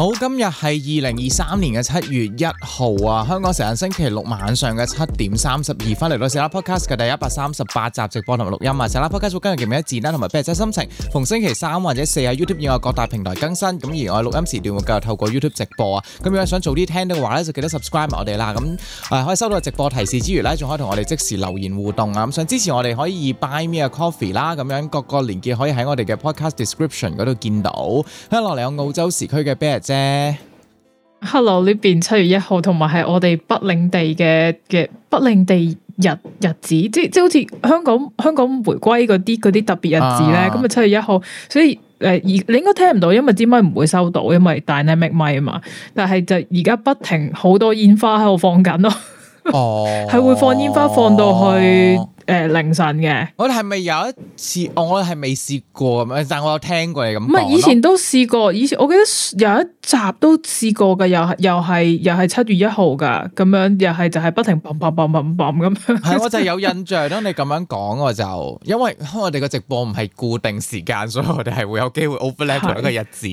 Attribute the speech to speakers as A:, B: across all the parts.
A: 好，今日係二零二三年嘅七月一號啊！香港時間星期六晚上嘅七點三十二分，嚟到成粒 podcast 嘅第一百三十八集直播同埋錄音啊！成啦 podcast 會今日嘅名一字啦，同埋啤仔心情。逢星期三或者四喺 YouTube 以外各大平台更新。咁而我錄音時段會繼續透過 YouTube 直播啊！咁如果想早啲聽到嘅話咧，就記得 subscribe 我哋啦。咁誒、呃，可以收到直播提示之餘呢，仲可以同我哋即時留言互動啊！咁、嗯、想支持我哋可以 buy me a coffee 啦，咁樣各個連結可以喺我哋嘅 podcast description 嗰度見到。喺落嚟有澳洲時區嘅啤仔
B: Hello 呢邊，七月一號，同埋係我哋北領地嘅嘅北領地日日子，即即好似香港香港回歸嗰啲啲特別日子咧，咁啊七月一號，所以誒而、呃、你應該聽唔到，因為支咪唔會收到，因為 dynamic 咪啊嘛，但係就而家不停好多煙花喺度放緊咯。
A: 哦，係會放煙花，放到去誒、呃、凌晨嘅。我哋係咪有一次？哦、我哋係未試過，但係我有聽過你咁講。以前
B: 都試過，以前我記得有一集都試過嘅，又係又係又係七月一號噶，咁樣又係就係不停砰砰砰砰砰咁。係，我就有印
A: 象咯。 當你咁樣講，我就因為我哋嘅直播唔係固定時間，所以我哋係會有機會 overlap 一個日子，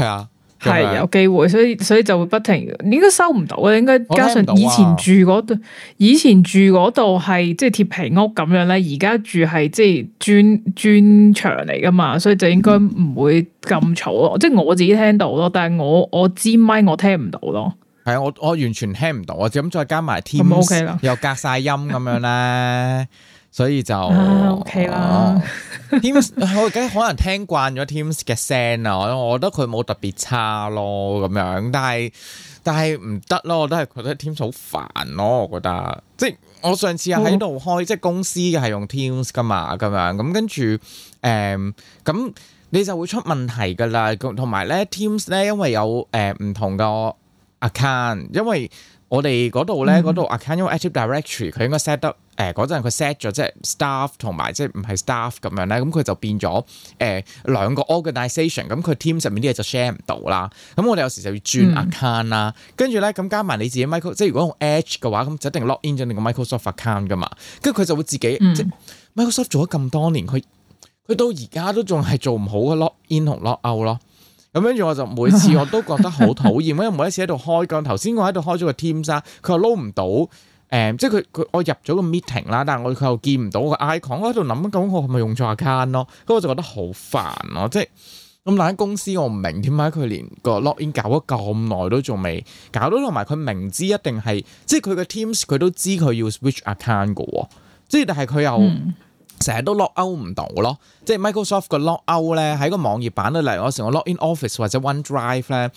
A: 係啊的。係有
B: 機會，所以所以就會不停。應該收唔到，到啊！應該加上以前住嗰度，以前住嗰度係即係鐵皮屋咁樣咧，而家住係即係磚磚牆嚟噶嘛，所以就應該唔會咁嘈咯。嗯、即係我自己聽到咯，但係我我支咪我
A: 聽唔到咯。係啊，我我完全聽唔到啊！咁再加埋天，又隔晒音咁樣咧。 所以就、ah, OK 啦。Teams 我可能聽慣咗 Teams 嘅聲啊，我覺得佢冇特別差咯，咁樣。但係但係唔得咯，我都係覺得 Teams 好煩咯。我覺得即係我上次喺度開，oh. 即係公司嘅係用 Teams 噶嘛，咁樣咁跟住誒，咁、嗯、你就會出問題噶啦。同同埋咧，Teams 咧因為有誒唔、呃、同個 account，因為我哋嗰度咧嗰度 account 因為 Active Directory 佢應該 set 得。誒嗰陣佢 set 咗即係 staff 同埋即係唔係 staff 咁樣咧，咁佢就變咗誒、欸、兩個 organisation。咁佢 Teams 上面啲嘢就 share 唔到啦。咁我哋有時就要轉 account 啦。跟住咧，咁加埋你自己 micro 即係如果用 Edge 嘅話，咁就一定 lock in 咗你個 Microsoft account 㗎嘛。跟住佢就會自己、嗯、即 Microsoft 做咗咁多年，佢佢到而家都仲係做唔好嘅、嗯、lock in 同 lock out 咯。咁跟住我就每次 我都覺得好討厭，因為每一次喺度開講，頭先我喺度開咗個 Teams 佢又撈唔到。誒、嗯，即係佢佢我入咗個 meeting 啦，但係我佢又見唔到個 icon，我喺度諗緊我係咪用錯 account 咯，咁我就覺得好煩咯，即係咁但間公司我唔明點解佢連個 login 搞咗咁耐都仲未搞到，同埋佢明知一定係即係佢嘅 teams 佢都知佢要 switch account 嘅喎，即係但係佢又成日、嗯、都 lock out 唔到咯，即係 Microsoft 個 lock out 咧喺個網頁版度嚟，我成日 log in Office 或者 One Drive 咧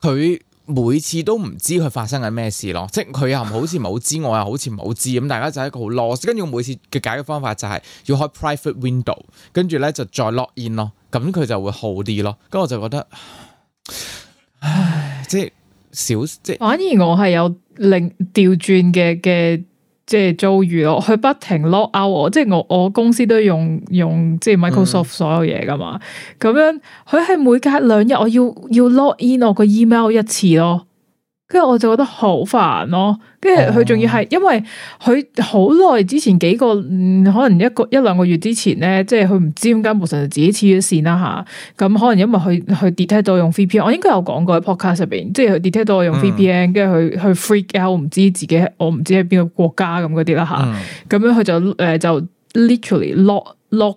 A: 佢。每次都唔知佢發生緊咩事咯，即係佢又唔好似冇知， 我又好似冇知，咁大家就係一個好 lost。跟住我每次嘅解決方法就係要開 private window，跟住咧就再 login 咯，咁佢就會好啲咯。咁我就覺得，唉，即係少，即係反
B: 而我係有另調轉嘅嘅。即係遭遇咯，佢不停 lock out 我，即係我我公司都用用即係 Microsoft 所有嘢㗎嘛，咁、嗯、樣佢係每隔兩日我要要 lock in 我個 email 一次咯。跟住我就覺得好煩咯、哦，跟住佢仲要係，因為佢好耐之前幾個，嗯，可能一個一兩個月之前咧，即係佢唔知點解無神就自己黐咗線啦吓，咁可能因為佢佢 detect 到我用 VPN，我應該有講過喺 podcast 入邊，即係 detect 到我用 VPN，跟住佢去 freak out，唔知自己我唔知係邊個國家咁嗰啲啦吓，咁、嗯、樣佢就誒就 literally lock lock。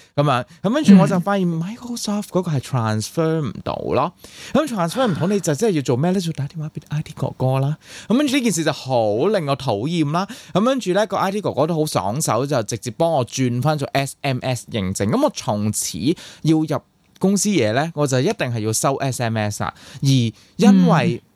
A: 咁啊，咁跟住我就發現 Microsoft 嗰個係 transfer 唔到咯。咁 transfer 唔到，你就即係要做咩咧？就打電話俾 IT 哥哥啦。咁跟住呢件事就好令我討厭啦。咁跟住咧，個 IT 哥哥都好爽手，就直接幫我轉翻做 SMS 認證。咁我從此要入公司嘢咧，我就一定係要收 SMS 喇。而因為、嗯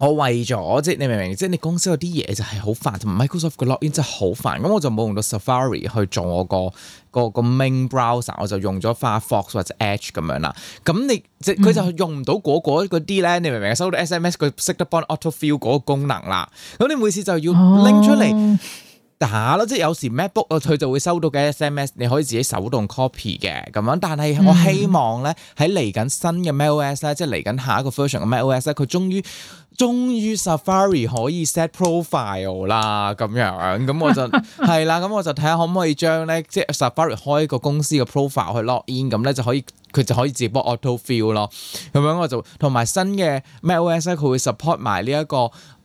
A: 我為咗即係你明唔明？即係你公司有啲嘢就係好煩，Microsoft 嘅 login 真係好煩，咁我就冇用到 Safari 去做我個個個 main browser，我就用咗 Firefox 或者 Edge 咁樣啦。咁你即佢就用唔到嗰個嗰啲咧，嗯、你明唔明？收到 SMS 佢識得幫 Auto Fill 嗰個功能啦。咁你每次就要拎出嚟打咯。哦、即係有時 MacBook 佢就會收到嘅 SMS，你可以自己手動 copy 嘅咁樣。但係我希望咧，喺嚟緊新嘅 macOS 咧、嗯，即係嚟緊下一個 version 嘅 macOS 咧，佢終於。終於 Safari 可以 set profile 啦，咁樣咁我就係啦，咁 我就睇下可唔可以將咧，即係 Safari 開一個公司嘅 profile 去 login，咁咧就可以佢就可以接駁 auto fill 咯，咁樣我就同埋新嘅 MacOS 咧、啊，佢會 support 埋呢、這、一個。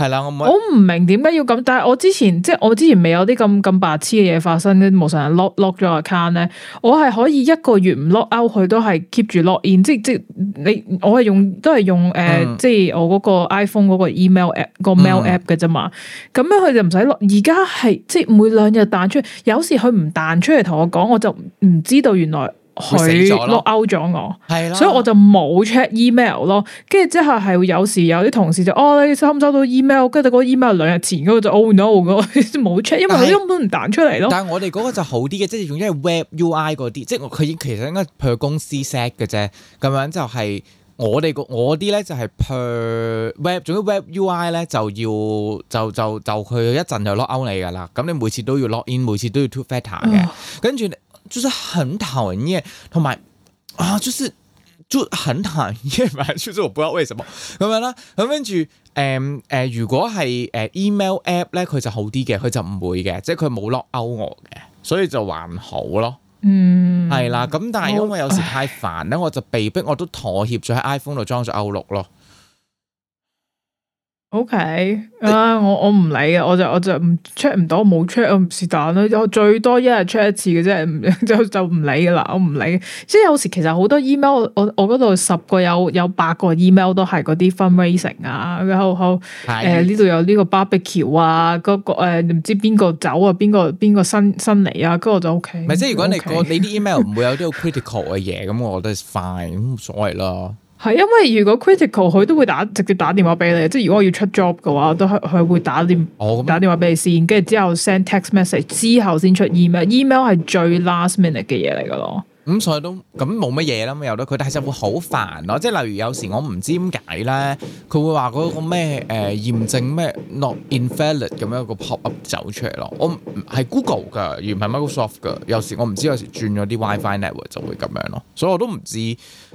A: 係啦，我
B: 唔明點解要咁。但係我之前即係我之前未有啲咁咁白痴嘅嘢發生，無神人 lock lock 咗個 account 咧，我係可以一個月唔 lock out 佢都係 keep 住 login。即係即係你，我係用都係用誒、呃，即係我嗰個 iPhone 嗰個 email app、嗯、個 mail app 嘅啫嘛。咁樣佢就唔使 lock。而家係即係每兩日彈出，有時佢唔彈出嚟同我講，我就唔知道原來。佢落勾咗我，的所以我就冇 check email 咯。跟住之後係會有時有啲同事就哦，你收唔收到 email？跟住嗰個 email 兩日前嗰個就 oh no 嘅冇 check，因為佢根本
A: 唔彈出嚟咯。但係我哋嗰個就好啲嘅，即係用因為 web UI 嗰啲，即係佢其實應該 per 公司 set 嘅啫。咁樣就係我哋個我啲咧就係 per web，總之 web UI 咧就要就就就佢一陣就落勾你噶啦。咁你每次都要 login，每次都要 two factor 嘅，唉跟住。就是很討厭，同埋啊，就是就是，很討厭嘛，就是我不知道為什麼。咁樣啦，咁跟住，誒、嗯、誒、呃，如果係誒 email app 咧，佢就好啲嘅，佢就唔會嘅，即係佢冇 lock out 我嘅，所以就還好咯。嗯，係啦，咁但係因為有時太煩咧，唉我就被逼我都妥協咗喺 iPhone 度裝咗 Outlook 咯。
B: O K，啊，我
A: 我唔理啊，我
B: 就我就唔 check 唔到，冇 check，我唔是但啦，我最多一日 check 一次嘅啫，就就唔理噶啦，我唔理。即係有時其實好多 email，我我嗰度十個有有八個 email 都係嗰啲 fund raising 啊，好好，誒呢度有呢個 barbecue 啊，嗰個誒唔知邊個走啊，邊個邊個新新嚟啊，跟住就 O K。唔係即係如果你你
A: 啲 email 唔會有啲好 critical 嘅嘢，咁我覺得 fine，咁冇所謂啦。
B: 係，因為如果 critical 佢都會打直接打電話俾你，即係如果我要出 job 嘅話，都係佢會打啲打電話俾你先，跟住之後 send text message 之後先出 email，email 係 em 最 last minute 嘅嘢嚟噶
A: 咯。咁、嗯、所以都咁冇乜嘢啦，咁由得佢，但係就會好煩咯。即係例如有時我唔知點解咧，佢會話嗰個咩誒驗證、呃、咩 not invalid 咁一個 pop up 走出嚟咯。我係 Google 㗎，唔係 Microsoft 㗎。有時我唔知，有時轉咗啲 WiFi network 就會咁樣咯。所以我都唔知、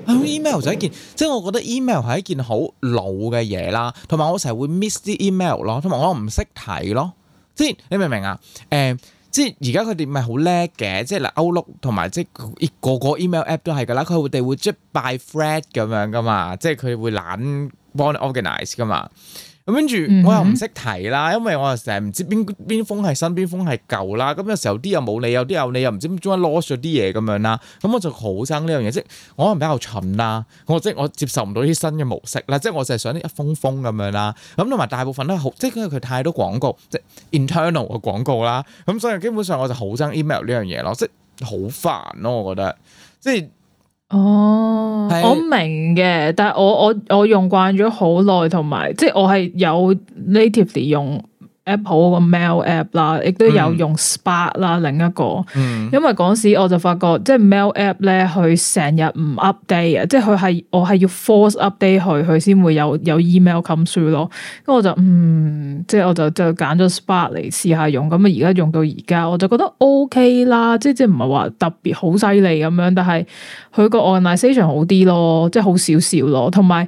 A: 啊、email 就係一件，即係我覺得 email 係一件好老嘅嘢啦。同埋我成日會 miss 啲 email 咯，同埋我唔識睇咯。即係你明唔明啊？誒、欸。即係而家佢哋咪好叻嘅，即係嗱 Outlook 同埋即係個個 email app 都係噶啦，佢哋會即係 by thread 咁樣噶嘛，即係佢會懶幫你 organise 噶嘛。咁跟住我又唔識睇啦，因為我又成日唔知邊邊封係新，邊封係舊啦。咁有時候啲又冇你，有啲有你，又唔知點解 lost 咗啲嘢咁樣啦。咁我就好憎呢樣嘢，即係我可能比較蠢啦。我即係我接受唔到啲新嘅模式啦，即係我就係想一封封咁樣啦。咁同埋大部分都，好即係佢太多廣告，即係 internal 嘅廣告啦。咁所以基本上我就好憎 email 呢樣嘢咯，即係好煩咯，我覺得即係。
B: 哦，是我明嘅，但係我我我用慣咗好耐，同埋即係我係有 native 地用。Apple 個 mail app 啦，亦都有用 Spark 啦，另一個。嗯、因為嗰時我就發覺，即係 mail app 咧，佢成日唔 update 啊，即係佢係我係要 force update 佢，佢先會有有 email come through 咯。咁我就嗯，即係我就就揀咗 Spark 嚟試下用。咁啊，而家用到而家，我就覺得 OK 啦，即係即係唔係話特別好犀利咁樣，但係佢個 organisation 好啲咯，即係好少少咯，同埋。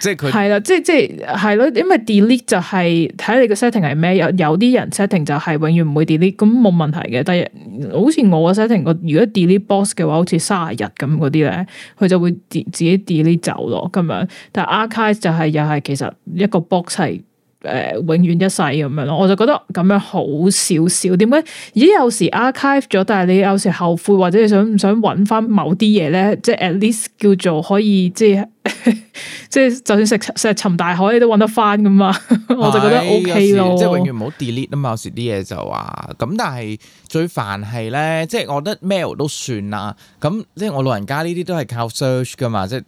B: 即係佢係啦，即係即係係咯，因為 delete 就係睇你個 setting 係咩，有有啲人 setting 就係永遠唔會 delete，咁冇問題嘅。但係好似我個 setting，如果 delete box 嘅話，好似三十日咁嗰啲咧，佢就會自自己 delete 走咯咁樣。但係 archives 就係又係其實一個 box 係。誒、呃，永遠一世咁樣咯，我就覺得咁樣好少少。點解而家有時 archive 咗，但係你有時後悔或者你想唔想揾翻某啲嘢咧？即係 at least 叫做可以，即係 即係就算石石沉大海你都揾得翻噶嘛。是 我就覺得 OK 咯，即係永遠
A: 唔好 delete 啊嘛。有時啲嘢就話咁，但係最煩係咧，即係我覺得 mail 都算啦。咁即係我老人家呢啲都係靠 search 噶嘛，即係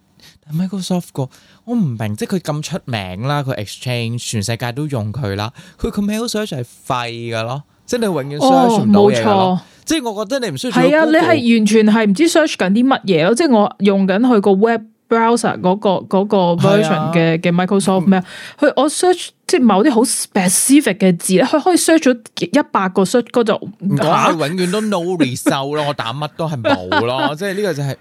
A: Microsoft 個。我唔明，即係佢咁出名啦，佢 Exchange 全世界都用佢啦，佢個 mail search 係廢噶咯，即係你永遠 search 唔、哦、到嘢噶錯即係我覺得你唔需要。係啊，你係完
B: 全係唔知 search 緊啲乜嘢咯。即係我用緊佢 we、那個 web browser 嗰個個 version 嘅嘅 Microsoft 咩啊？佢我 search 即係某啲好 specific 嘅字咧，佢可以 search 咗一百個 search 嗰度。唔該，
A: 佢、啊、永遠都 no result 咯， 我打乜都係冇咯， 即係呢個就係、是。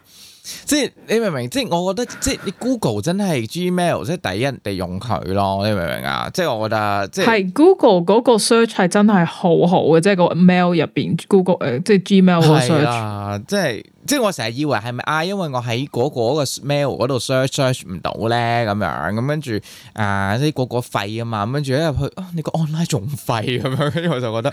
A: 即係你明唔明？即係我覺得即係你 Google 真係 Gmail，即係第一人哋用佢咯，你明唔明、就是、Google, 啊？即係我覺得即係
B: Google 嗰個 search 係真係好好嘅，即係個 mail 入邊 Google 誒，即係 Gmail 個 search，即
A: 係。即係我成日以為係咪啊？因為我喺嗰個嘅 mail 嗰度 search search 唔到咧。咁樣，咁跟住啊即係個個廢啊嘛。咁跟住一入去，啊你個 online 仲廢咁樣，跟住我就覺得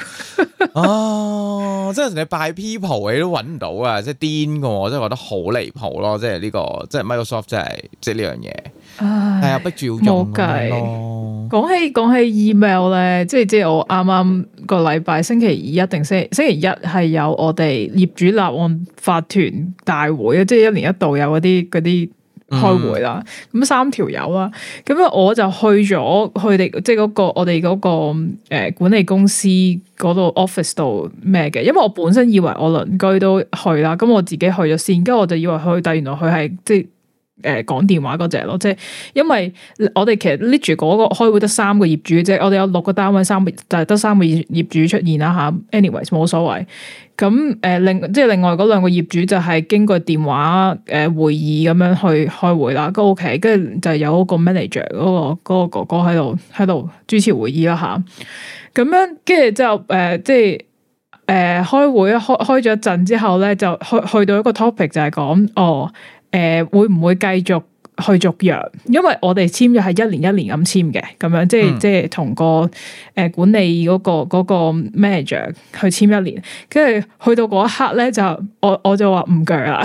A: 哦、 啊，即係你拜 people 你都揾唔到啊，即係癲嘅，我真係覺得好離譜咯，即係呢個即係 Microsoft 即係即係呢樣嘢。係啊，逼住唉要用咯。
B: 講起講起 email 咧，即係即係我啱啱個禮拜星期二一，一定星期星期一係有我哋業主立案法團大會啊，即係一年一度有嗰啲嗰啲開會啦。咁、嗯、三條友啦，咁啊我就去咗佢哋，即係、嗰、嗰個我哋嗰個誒管理公司嗰度、嗰個、office 度咩嘅？因為我本身以為我鄰居都去啦，咁我自己去咗先，跟住我就以為去，但係原來佢係即係。誒講、呃、電話嗰隻咯，即係因為我哋其實 list 住嗰個開會得三個業主即啫，我哋有六個單位，三個就係、是、得三個業主出現啦。anyways，冇所謂。咁誒、呃，另即係另外嗰兩個業主就係經過電話誒、呃、會議咁樣去開會啦。都 OK，跟住就有一個 manager 嗰、嗰個、嗰個哥哥喺度喺度主持會議啦。吓，咁樣跟住之後誒、呃，即係誒、呃、開會開開咗一陣之後咧，就去去到一個 topic 就係講哦。誒，會唔會繼續去續約？因為我哋簽約係一年一年咁簽嘅，咁樣即係即係同個誒、呃、管理嗰、嗰個、嗰個 manager 去簽一年，跟住去到嗰一刻咧，就我我就話唔鋸啦，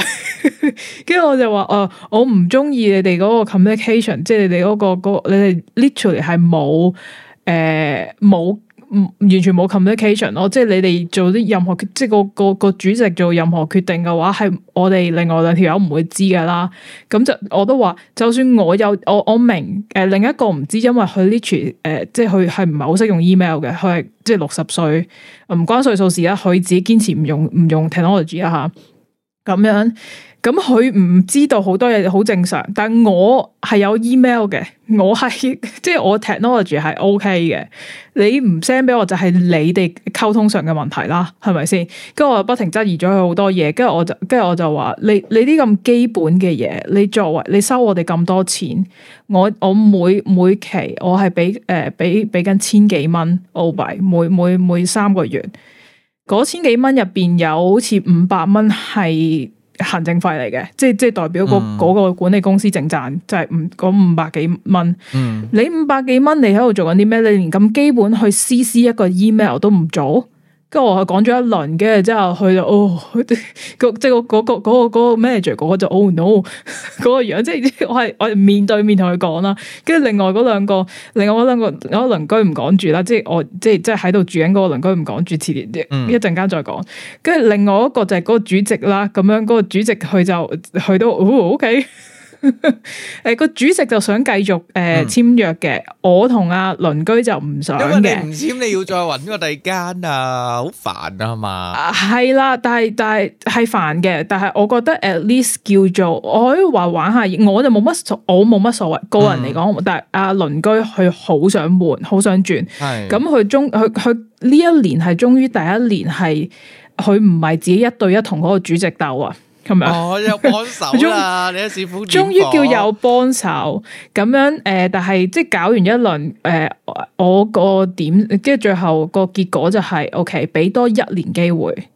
B: 跟 住我就話、呃、我我唔中意你哋嗰個 communication，即係你哋嗰、嗰個、嗰個你哋 literally 係冇誒冇。呃完全冇 communication 咯，即係你哋做啲任何，即係個個主席做任何決定嘅話，係我哋另外兩條友唔會知㗎啦。咁就我都話，就算我有，我我明，誒、呃、另一個唔知，因為佢呢條即係佢係唔係好識用 email 嘅，佢係即係六十歲，唔、呃、關歲數事啊。佢自己堅持唔用唔用 technology 啊嚇。咁樣，咁佢唔知道好多嘢好正常，但我係有 email 嘅，我係即係我 technology 係 OK 嘅。你唔 send 俾我就係、是、你哋溝通上嘅問題啦，係咪先？跟住我就不停質疑咗佢好多嘢，跟住我就跟住我就話：你你啲咁基本嘅嘢，你作為你收我哋咁多錢，我我每每期我係俾誒俾俾緊千幾蚊 o b 每每每，每三個月。嗰千幾蚊入邊有好似五百蚊係行政費嚟嘅，即係即係代表個嗰個管理公司淨賺、嗯、就係五五百幾蚊。嗯、你五百幾蚊你喺度做緊啲咩？你連咁基本去 CC 一個 email 都唔做？跟住我講咗一輪，跟住之後佢就哦，佢哋，即係嗰嗰嗰嗰個、嗰個嗰個嗰個 manager 嗰個就 oh、哦、no，嗰個樣，即係我係我面對面同佢講啦。跟住另外嗰兩個，另外嗰兩個，嗰個鄰居唔講住啦，即係我即係即係喺度住緊嗰個鄰居唔講住，遲啲一一陣間再講。跟住、嗯、另外一個就係嗰個主席啦，咁樣嗰個主席佢就佢都、哦、ok。誒，個 主席就想繼續誒簽、呃嗯、約嘅，我同阿鄰居就唔想嘅。因為你唔簽，
A: 你要再搵個第二間啊，好煩 啊嘛啊。
B: 係啦，但係但係係煩嘅，但係我覺得 at least 叫做我話玩下，我就冇乜，我冇乜所謂。個人嚟講，嗯、但係阿鄰居佢好想換，好想轉。係咁是，佢終佢佢呢一年係終於第一年係佢唔係自己一對一同嗰個主席鬥啊。我、哦、有幫
A: 手啦！你 終於叫有
B: 幫手咁 樣，呃、但係即搞完一輪，呃，我個點，即係最後個結果就係、是，OK，俾多一年機會。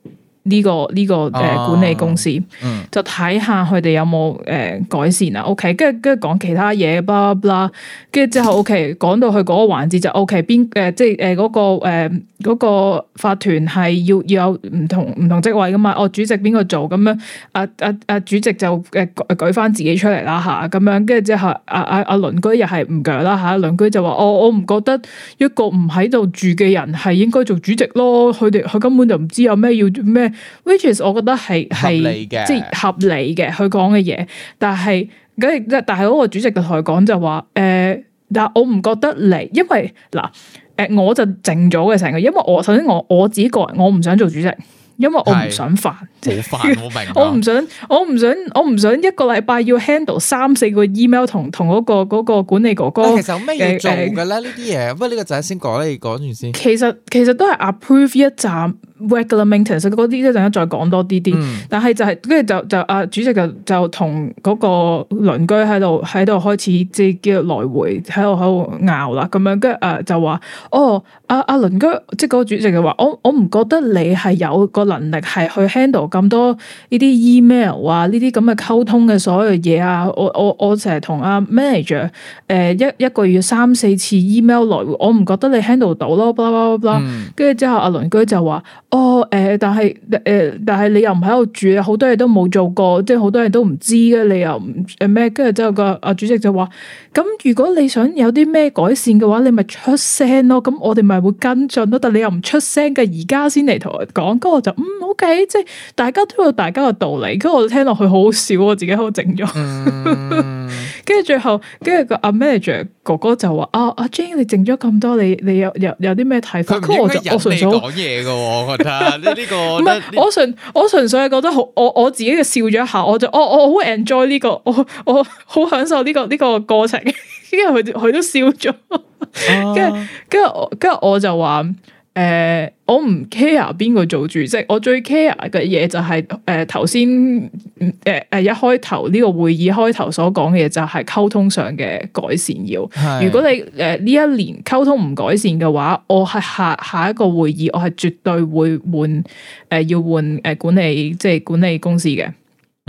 B: 呢個呢個誒管理公司、啊嗯、就睇下佢哋有冇誒改善啊？OK，跟住跟住講其他嘢，巴拉，跟住之後 OK，講到去嗰個環節就 OK，邊誒、呃、即係誒嗰個誒嗰個法團係要要有唔同唔同職位噶嘛？哦，主席邊個做咁樣？阿阿阿主席就誒舉翻自己出嚟啦吓，咁樣跟住之後阿阿阿鄰居又係唔鋸啦嚇，鄰、啊、居就話、哦、我我唔覺得一個唔喺度住嘅人係應該做主席咯，佢哋佢根本就唔知有咩要咩。which is 我覺得係係即係合理嘅，佢講嘅嘢，但係咁但係嗰個主席就同佢講就話誒嗱我唔覺得嚟，因為嗱誒、呃、我就靜咗嘅成日。因為我首先我我自己個人我唔想做主席，因為我唔想煩，好煩 我明，我唔想我唔想我唔想一個禮拜要 handle 三四個 email 同同嗰、嗰個同個管理哥哥，其實咩嘢做嘅
A: 咧呢啲嘢，不如呢個仔先講咧，你講完先，其
B: 實其實都係 approve 一站。regulators 嗰啲一陣間再講多啲啲，嗯、但係就係跟住就就阿、啊、主席就就同嗰個鄰居喺度喺度開始即叫來回喺度喺度拗啦咁樣，跟住誒就話哦，阿阿鄰居即嗰個主席就話 2 previous、嗯 uh, e、我我唔覺得你係有個能力係去 handle 咁多呢啲 email 啊呢啲咁嘅溝通嘅所有嘢啊，我我我成日同阿 manager 誒一一個月三四次 email 來回，我唔覺得你 handle 到咯，blah blah blah，跟住之後阿鄰居就話。哦，誒、呃，但係誒、呃，但係你又唔喺度住，好多嘢都冇做過，即係好多嘢都唔知嘅，你又唔誒咩？跟住之後個阿、啊、主席就話：，咁、嗯、如果你想有啲咩改善嘅話，你咪出聲咯，咁我哋咪會跟進咯。但你又唔出聲嘅，而家先嚟同我講，咁我就嗯 OK，即係大家都有大家嘅道理。跟住我聽落去好好笑，我自己喺度整咗。 跟住最後，跟住個阿 manager 哥哥就話：啊，阿 Jane 你靜咗咁多，你你有有有啲咩睇法？佢點解入嚟講嘢嘅？ 我，我純純
A: 覺得呢呢個唔係
B: 我純我純粹係覺得好，我我自己就笑咗一下，我就我我好 enjoy 呢個，我我好享受呢個呢個過程。跟住佢佢都笑咗，跟住跟住我跟住我就話。誒、呃，我唔 care 邊個做住，即係我最 care 嘅嘢就係誒頭先誒誒一開頭呢、這個會議開頭所講嘅嘢就係溝通上嘅改善要。是如果你誒呢、呃、一年溝通唔改善嘅話，我係下下一個會議我係絕對會換誒、呃、要換誒管理即係管理公司嘅。嗯，嗯，跟住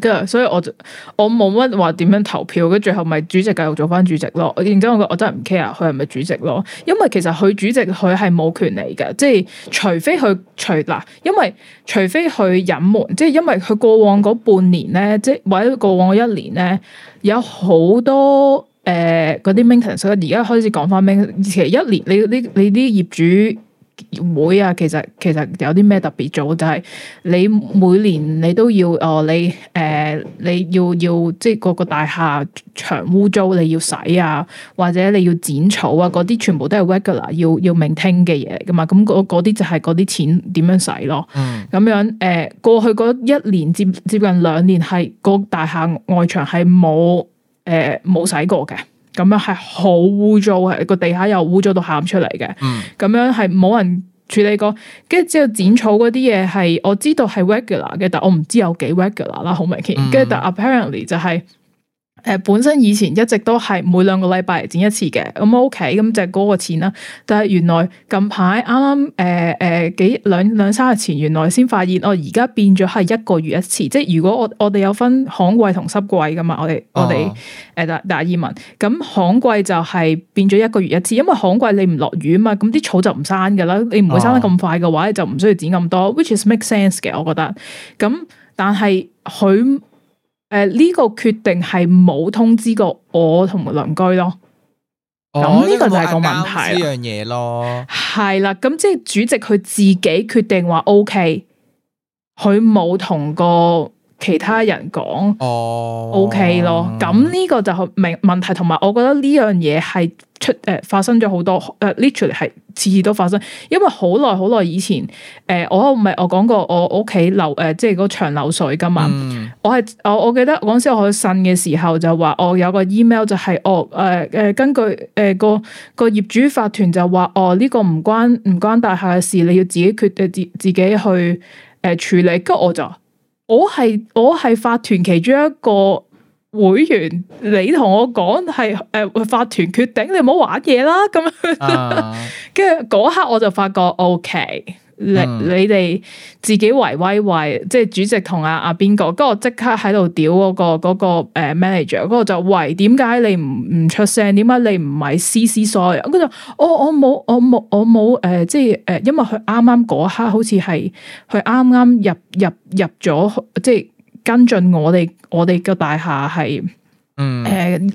B: 跟住，所以我就我冇乜話點樣投票，跟住最後咪主席繼續做翻主席咯。我認真，我覺得我真係唔 care 佢係咪主席咯，因為其實佢主席佢係冇權利嘅，即係除非佢除嗱，因為除非佢隱瞞，即係因為佢過往嗰半年咧，即係或者過往一年咧，有好多誒嗰啲 maintenance，而家開始講翻 maintenance，其實一年你你你啲業主。會啊，其實其實有啲咩特別做就係、是、你每年你都要哦，你誒、呃、你要要即係個個大廈牆污糟，你要洗啊，或者你要剪草啊，嗰啲全部都係 regular 要要明聽嘅嘢噶嘛。咁嗰啲就係嗰啲錢點樣使咯。咁、嗯、樣誒、呃，過去嗰一年接接近兩年係、那個大廈外牆係冇誒冇洗過嘅。咁樣係好污糟，係個地下又污糟到喊出嚟嘅。嗯、咁樣係冇人處理過，跟住之後剪草嗰啲嘢係我知道係 regular 嘅，但我唔知有幾 regular 啦，好明顯。跟住、嗯、但 apparently 就係、是。誒、呃、本身以前一直都係每兩個禮拜剪一次嘅，咁、嗯、OK，咁就嗰個錢啦。但係原來近排啱啱誒誒幾兩兩三日前，原來先發現我而家變咗係一個月一次。即係如果我我哋有分旱季同濕季噶嘛，我哋我哋誒達達爾文，咁旱季就係變咗一個月一次，因為旱季你唔落雨啊嘛，咁啲草就唔生噶啦，你唔會生得咁快嘅話，啊、你就唔需要剪咁多，which is make sense 嘅，我覺得。咁但係佢。誒，呢、呃，這個決定係冇通知過我同鄰居咯。
A: 咁呢、哦、個就係個問題呢樣嘢咯。
B: 係啦，咁即係主席佢自己決定話 O K，佢冇同過其他人講，OK。哦，O K 咯。咁呢個就係問問題，同埋我覺得呢樣嘢係。出誒、呃、發生咗好多誒、呃，literally 係次次都發生，因為好耐好耐以前誒、呃，我唔係我講過我屋企漏誒，即係嗰長流水㗎嘛，嗯。我係我我記得嗰陣時我去信嘅時候就話我有個 email 就係我誒誒根據誒、呃、個個業主法團就話哦呢、這個唔關唔關大廈嘅事，你要自己決誒自自己去誒、呃、處理。跟住我就我係我係法團其中一個。會員，你同我講係誒，法團，呃、決定，你唔好玩嘢啦咁樣。跟住嗰刻我就發覺，OK，你你哋自己圍圍圍，即係主席同阿阿邊個，跟住我即刻喺度屌嗰個個誒 manager，跟住就喂，點解你唔唔出聲，點解你唔係 C C C？跟住我我冇我冇我冇誒，即係誒，因為佢啱啱嗰刻好似係佢啱啱入入入咗、就是哦，即係。啊跟進我哋，我哋個大廈係，誒兩、嗯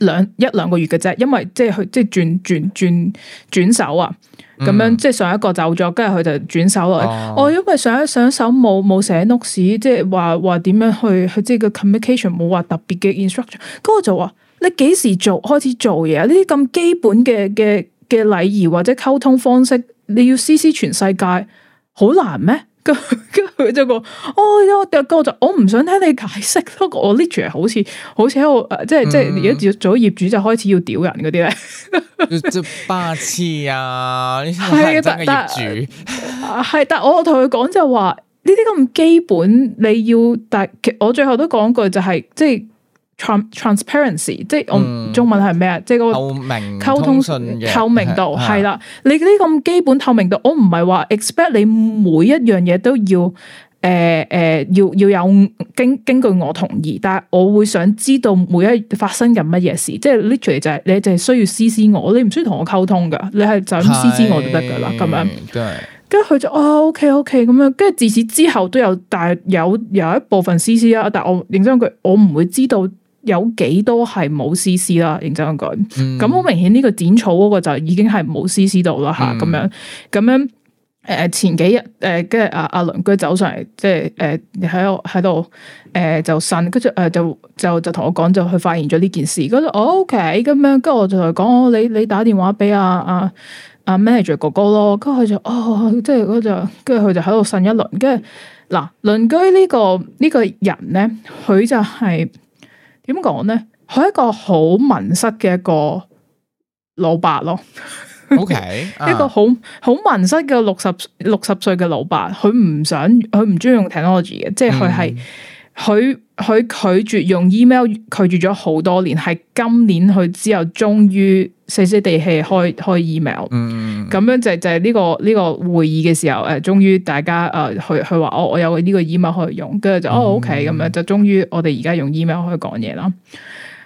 B: 呃、一兩個月嘅啫，因為即係去即係轉轉轉轉手啊，
C: 咁、嗯、樣
B: 即係上一個走咗，跟住佢就轉手嚟。我、哦哦、因為上一上一手冇冇寫 notes 即係話話點樣去去即係個 communication 冇話特別嘅 instruction，咁我就話你幾時做開始做嘢、啊？呢啲咁基本嘅嘅嘅禮儀或者溝通方式，你要 C C 全世界，好難咩？跟住，佢 就講、哦，我第二個就，我唔想聽你解釋。不過我 literally 好似，好似喺度、呃、即係即係，而家做咗業主就開始要屌人嗰啲咧，
A: 即係霸氣啊！呢個業主係，
B: 但係我同佢講就話呢啲咁基本你要，但其我最後都講句就係即係。就是 Transparency 即係我中文係咩啊？嗯、即係嗰個透明溝通，溝通透明度係啦的的。你呢咁基本透明度，我唔係話 expect 你每一樣嘢都要誒誒、呃呃，要要有經經過我同意。但係我會想知道每一發生緊乜嘢事，即係 literally 就係、是就是、你就係需要 CC 我，你唔需要同我溝通噶，你係就咁 CC 我就得噶啦咁樣。跟住佢就哦 OK OK 咁樣，跟住自此之後都有，但係有有一部分 CC 啊，但係我認真句，我唔會知道。有幾多係冇 CC 啦，認真講，咁好、嗯、明顯呢個剪草嗰個就已經係冇 CC 度啦吓，咁樣咁樣，誒前幾日，誒跟住阿阿鄰居走上嚟，即係誒喺度，喺度誒就呻，跟住誒就就就同我講，就佢、是呃呃、發現咗呢件事，嗰度 OK 咁樣，跟住我就講，你你打電話俾阿阿阿 manager 哥哥咯，跟住佢就哦，即係嗰就跟住佢就喺度呻一輪，跟住嗱鄰居呢個呢、呢個人咧，佢就係、是。點講咧？佢係一個好文質嘅一個老伯咯 ，OK，uh huh. 一個好好文質嘅六十六十歲嘅老伯，佢唔想佢唔中意用 technology 嘅，即係佢係佢。嗯佢拒絕用 email，拒絕咗好多年，係今年佢之後終於死死地氣開開 email。咁、嗯、樣就就係呢個呢、這個會議嘅時候，誒，終於大家誒，佢佢話我我有呢個 email 可以用，跟住就哦 OK 咁、嗯、樣，就終於我哋而家用 email 可以講嘢啦。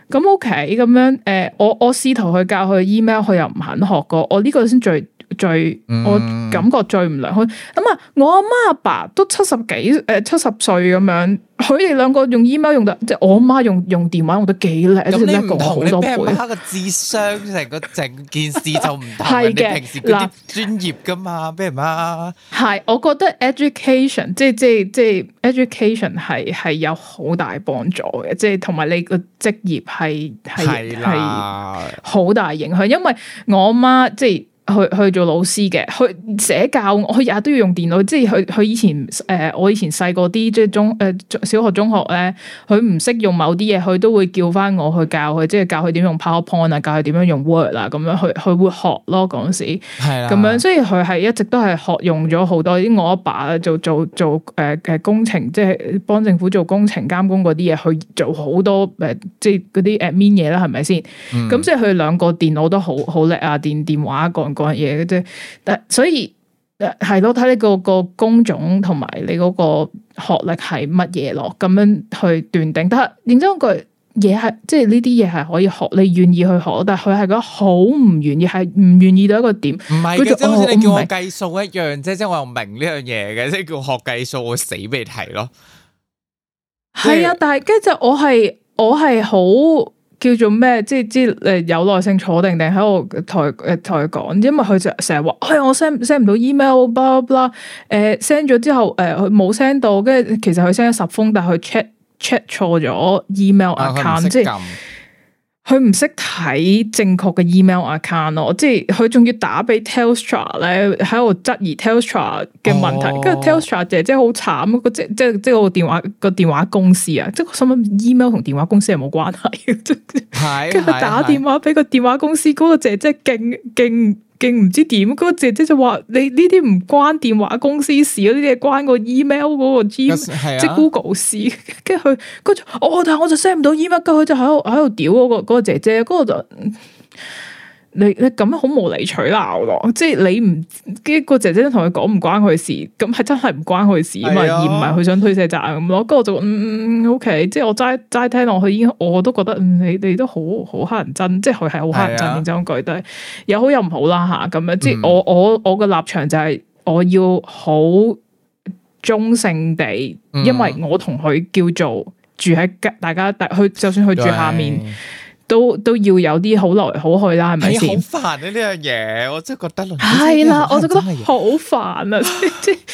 B: 咁、嗯、OK 咁樣，誒、呃，我我試圖去教佢 email，佢又唔肯學過，我呢個先最。最我感覺最唔良好。咁啊，我阿媽阿爸都七十幾誒七十歲咁樣，佢哋兩個用 email 用得，即係我阿媽用用電話用得我都幾叻。咁好，唔同你聽下
A: 個智商成個整件事就唔係嘅啦，平時專業噶嘛咩嘛？
B: 係，我覺得 education 即係即係即係 education 係係有好大幫助嘅，即係同埋你個職業係係係好大影響。因為我阿媽即係。即去去做老師嘅，去社教我，我日日都要用電腦。即係佢佢以前誒、呃，我以前細個啲，即係中誒、呃、小學、中學咧，佢唔識用某啲嘢，佢都會叫返我去教佢，即係教佢點用 PowerPoint 啊，教佢點樣用 Word 啦，咁樣去佢會學咯。嗰時係啦，咁樣，所以佢係一直都係學用咗好多。啲我阿爸，爸做做做誒誒、呃、工程，即係幫政府做工程監工嗰啲嘢，去做好多誒、呃，即係嗰啲 admin 嘢啦，係咪先？咁、嗯、即係佢兩個電腦都好好叻啊，電電，電話個。講嘢嘅啫，但所以係咯，睇你個個工種同埋你嗰個學歷係乜嘢咯，咁樣去斷定。但係認真句，嘢係，即係呢啲嘢係可以學，你願意去學，但係佢係覺得好唔願意，係唔願意到一個點。唔係，佢就好似你叫我
A: 計數、哦、一樣啫，即係我又明呢樣嘢嘅，即係叫我學計數，我死俾你睇咯。係啊，
B: 但係跟住我係我係好。叫做咩？即係即誒，有耐性坐定定喺度，同誒同佢講，因為佢就成日話，哎，我 send send 唔到 email，blabla，誒 send 咗之後，誒佢冇 send 到，跟住其實佢 send 咗十封，但係佢 check check 錯咗 email account，即係、啊。佢唔識睇正確嘅 email account 咯，即係佢仲要打俾 Telstra 咧，喺度質疑 Telstra 嘅問題，跟住、哦、Telstra 姐姐好慘，個即即即個電話個電話公司啊，即係我想問 email 同電話公司係冇關係，跟住佢打電話俾個電話公司嗰個姐姐，勁勁，勁唔知點，嗰個姐姐就話你呢啲唔關電話公司事，嗰啲嘢關個 email 嗰個 e 即係 Google 事。跟住佢，跟住我，但係我就 send 唔到 email，佢就喺度喺度屌嗰個嗰個姐姐，嗰個就。嗯你你咁樣好無理取鬧咯，即係你唔呢個姐姐都同佢講唔關佢事，咁係真係唔關佢事嘛，啊、而唔係佢想推卸責任咁咯。咁我就嗯嗯，OK，即係我齋齋聽落去，已經我都覺得、嗯、你哋都好好乞人憎，即係佢係好乞人憎。點樣講句都有好有唔好啦吓，咁樣、嗯、即係我我我個立場就係我要好中性地，嗯、因為我同佢叫做住喺大家但就算佢住下面。都都要有啲好來好去啦，係咪先？好
A: 煩啊呢樣嘢，我真係覺得咯。係啦， 啊、 我就覺得
B: 好煩啊！即 係。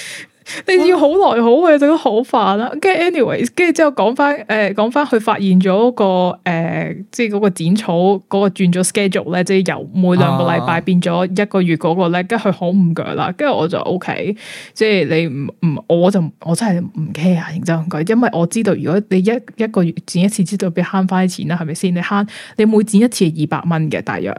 B: 你哇要好耐好嘅就都好煩啦。跟住 anyways，跟住之後講翻，誒、呃，講翻佢發現咗個，誒、呃，即係嗰個剪草嗰個轉咗 schedule 咧，即係由每兩個禮拜變咗一個月嗰個咧，跟住佢好唔鋸啦。跟住我就 OK，即係你唔唔，我就我真係唔 care 認真咁講，因為我知道如果你一一個月剪一次，知道比慳翻啲錢啦，係咪先？你慳，你每剪一次二百蚊嘅大約，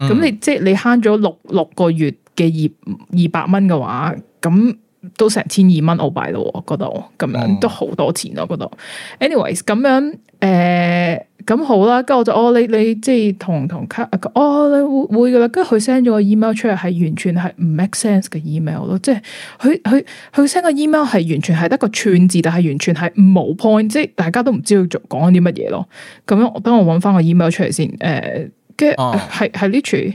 B: 咁、嗯、你即係你慳咗六六個月嘅二二百蚊嘅話，咁。都成千二蚊澳幣咯，嗰度咁樣都好多錢咯、啊，嗰度。anyways，咁樣誒，咁、呃、好啦，跟住我就哦，你你即係同同卡、啊、哦，你會會噶啦，跟住佢 send 咗個 email 出嚟，係完全係唔 make sense 嘅 email 咯，即係佢佢佢 send 個 email 係完全係得個串字，但係完全係冇 point，即係大家都唔知佢做講啲乜嘢咯。咁樣，我等我搵翻個 email 出嚟先。誒、呃，跟住係係 literally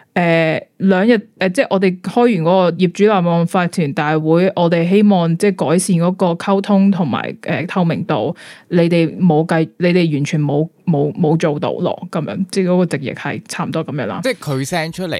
B: 誒，兩、呃、日誒、呃，即係我哋開完嗰個業主立案法團大會，我哋希望即係改善嗰個溝通同埋誒透明度，你哋冇計，你哋完全冇冇冇做到咯，咁樣即係嗰個直譯係差唔多咁樣啦，即係佢 send 出嚟。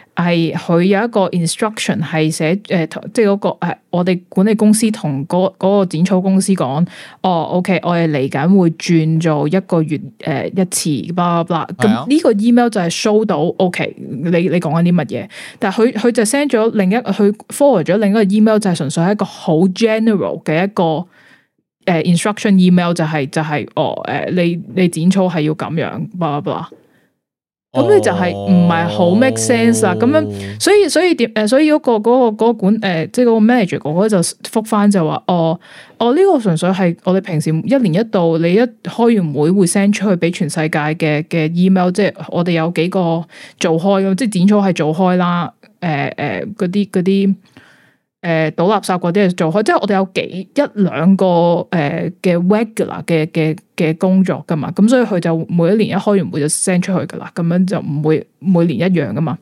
B: 係佢有一個 instruction 係寫誒、呃，即係嗰、嗰個誒、呃，我哋管理公司同嗰嗰個剪草公司講，哦，OK，我哋嚟緊會轉做一個月誒、呃、一次，咁咁呢個 email 就係 show 到，OK，你你講緊啲乜嘢？但係佢佢就 send 咗另一佢 forward 咗另一個 email 就係純粹係一個好 general 嘅一個誒、呃、instruction email 就係、是、就係、是、哦，誒、呃，你你剪草係要咁樣，咁咁。咁 你就係唔係好 make sense 啦，咁 樣，所以所以點誒，所以嗰、嗰個嗰、嗰個、嗰個管誒、呃，即係嗰個 manager 嗰個就覆返就話、是，哦，哦呢、呢個純粹係我哋平時一年一度，你一開完會會 send 出去俾全世界嘅嘅 email，即係我哋有幾個做開咯，即係展錯係做開啦，誒誒啲嗰啲。呃誒、呃，倒垃圾嗰啲嘢做開，即係我哋有幾一兩個誒嘅、呃、regular 嘅嘅嘅工作噶嘛，咁、嗯、所以佢就每一年一開完會就 send 出去噶啦，咁樣就唔會每年一樣噶嘛。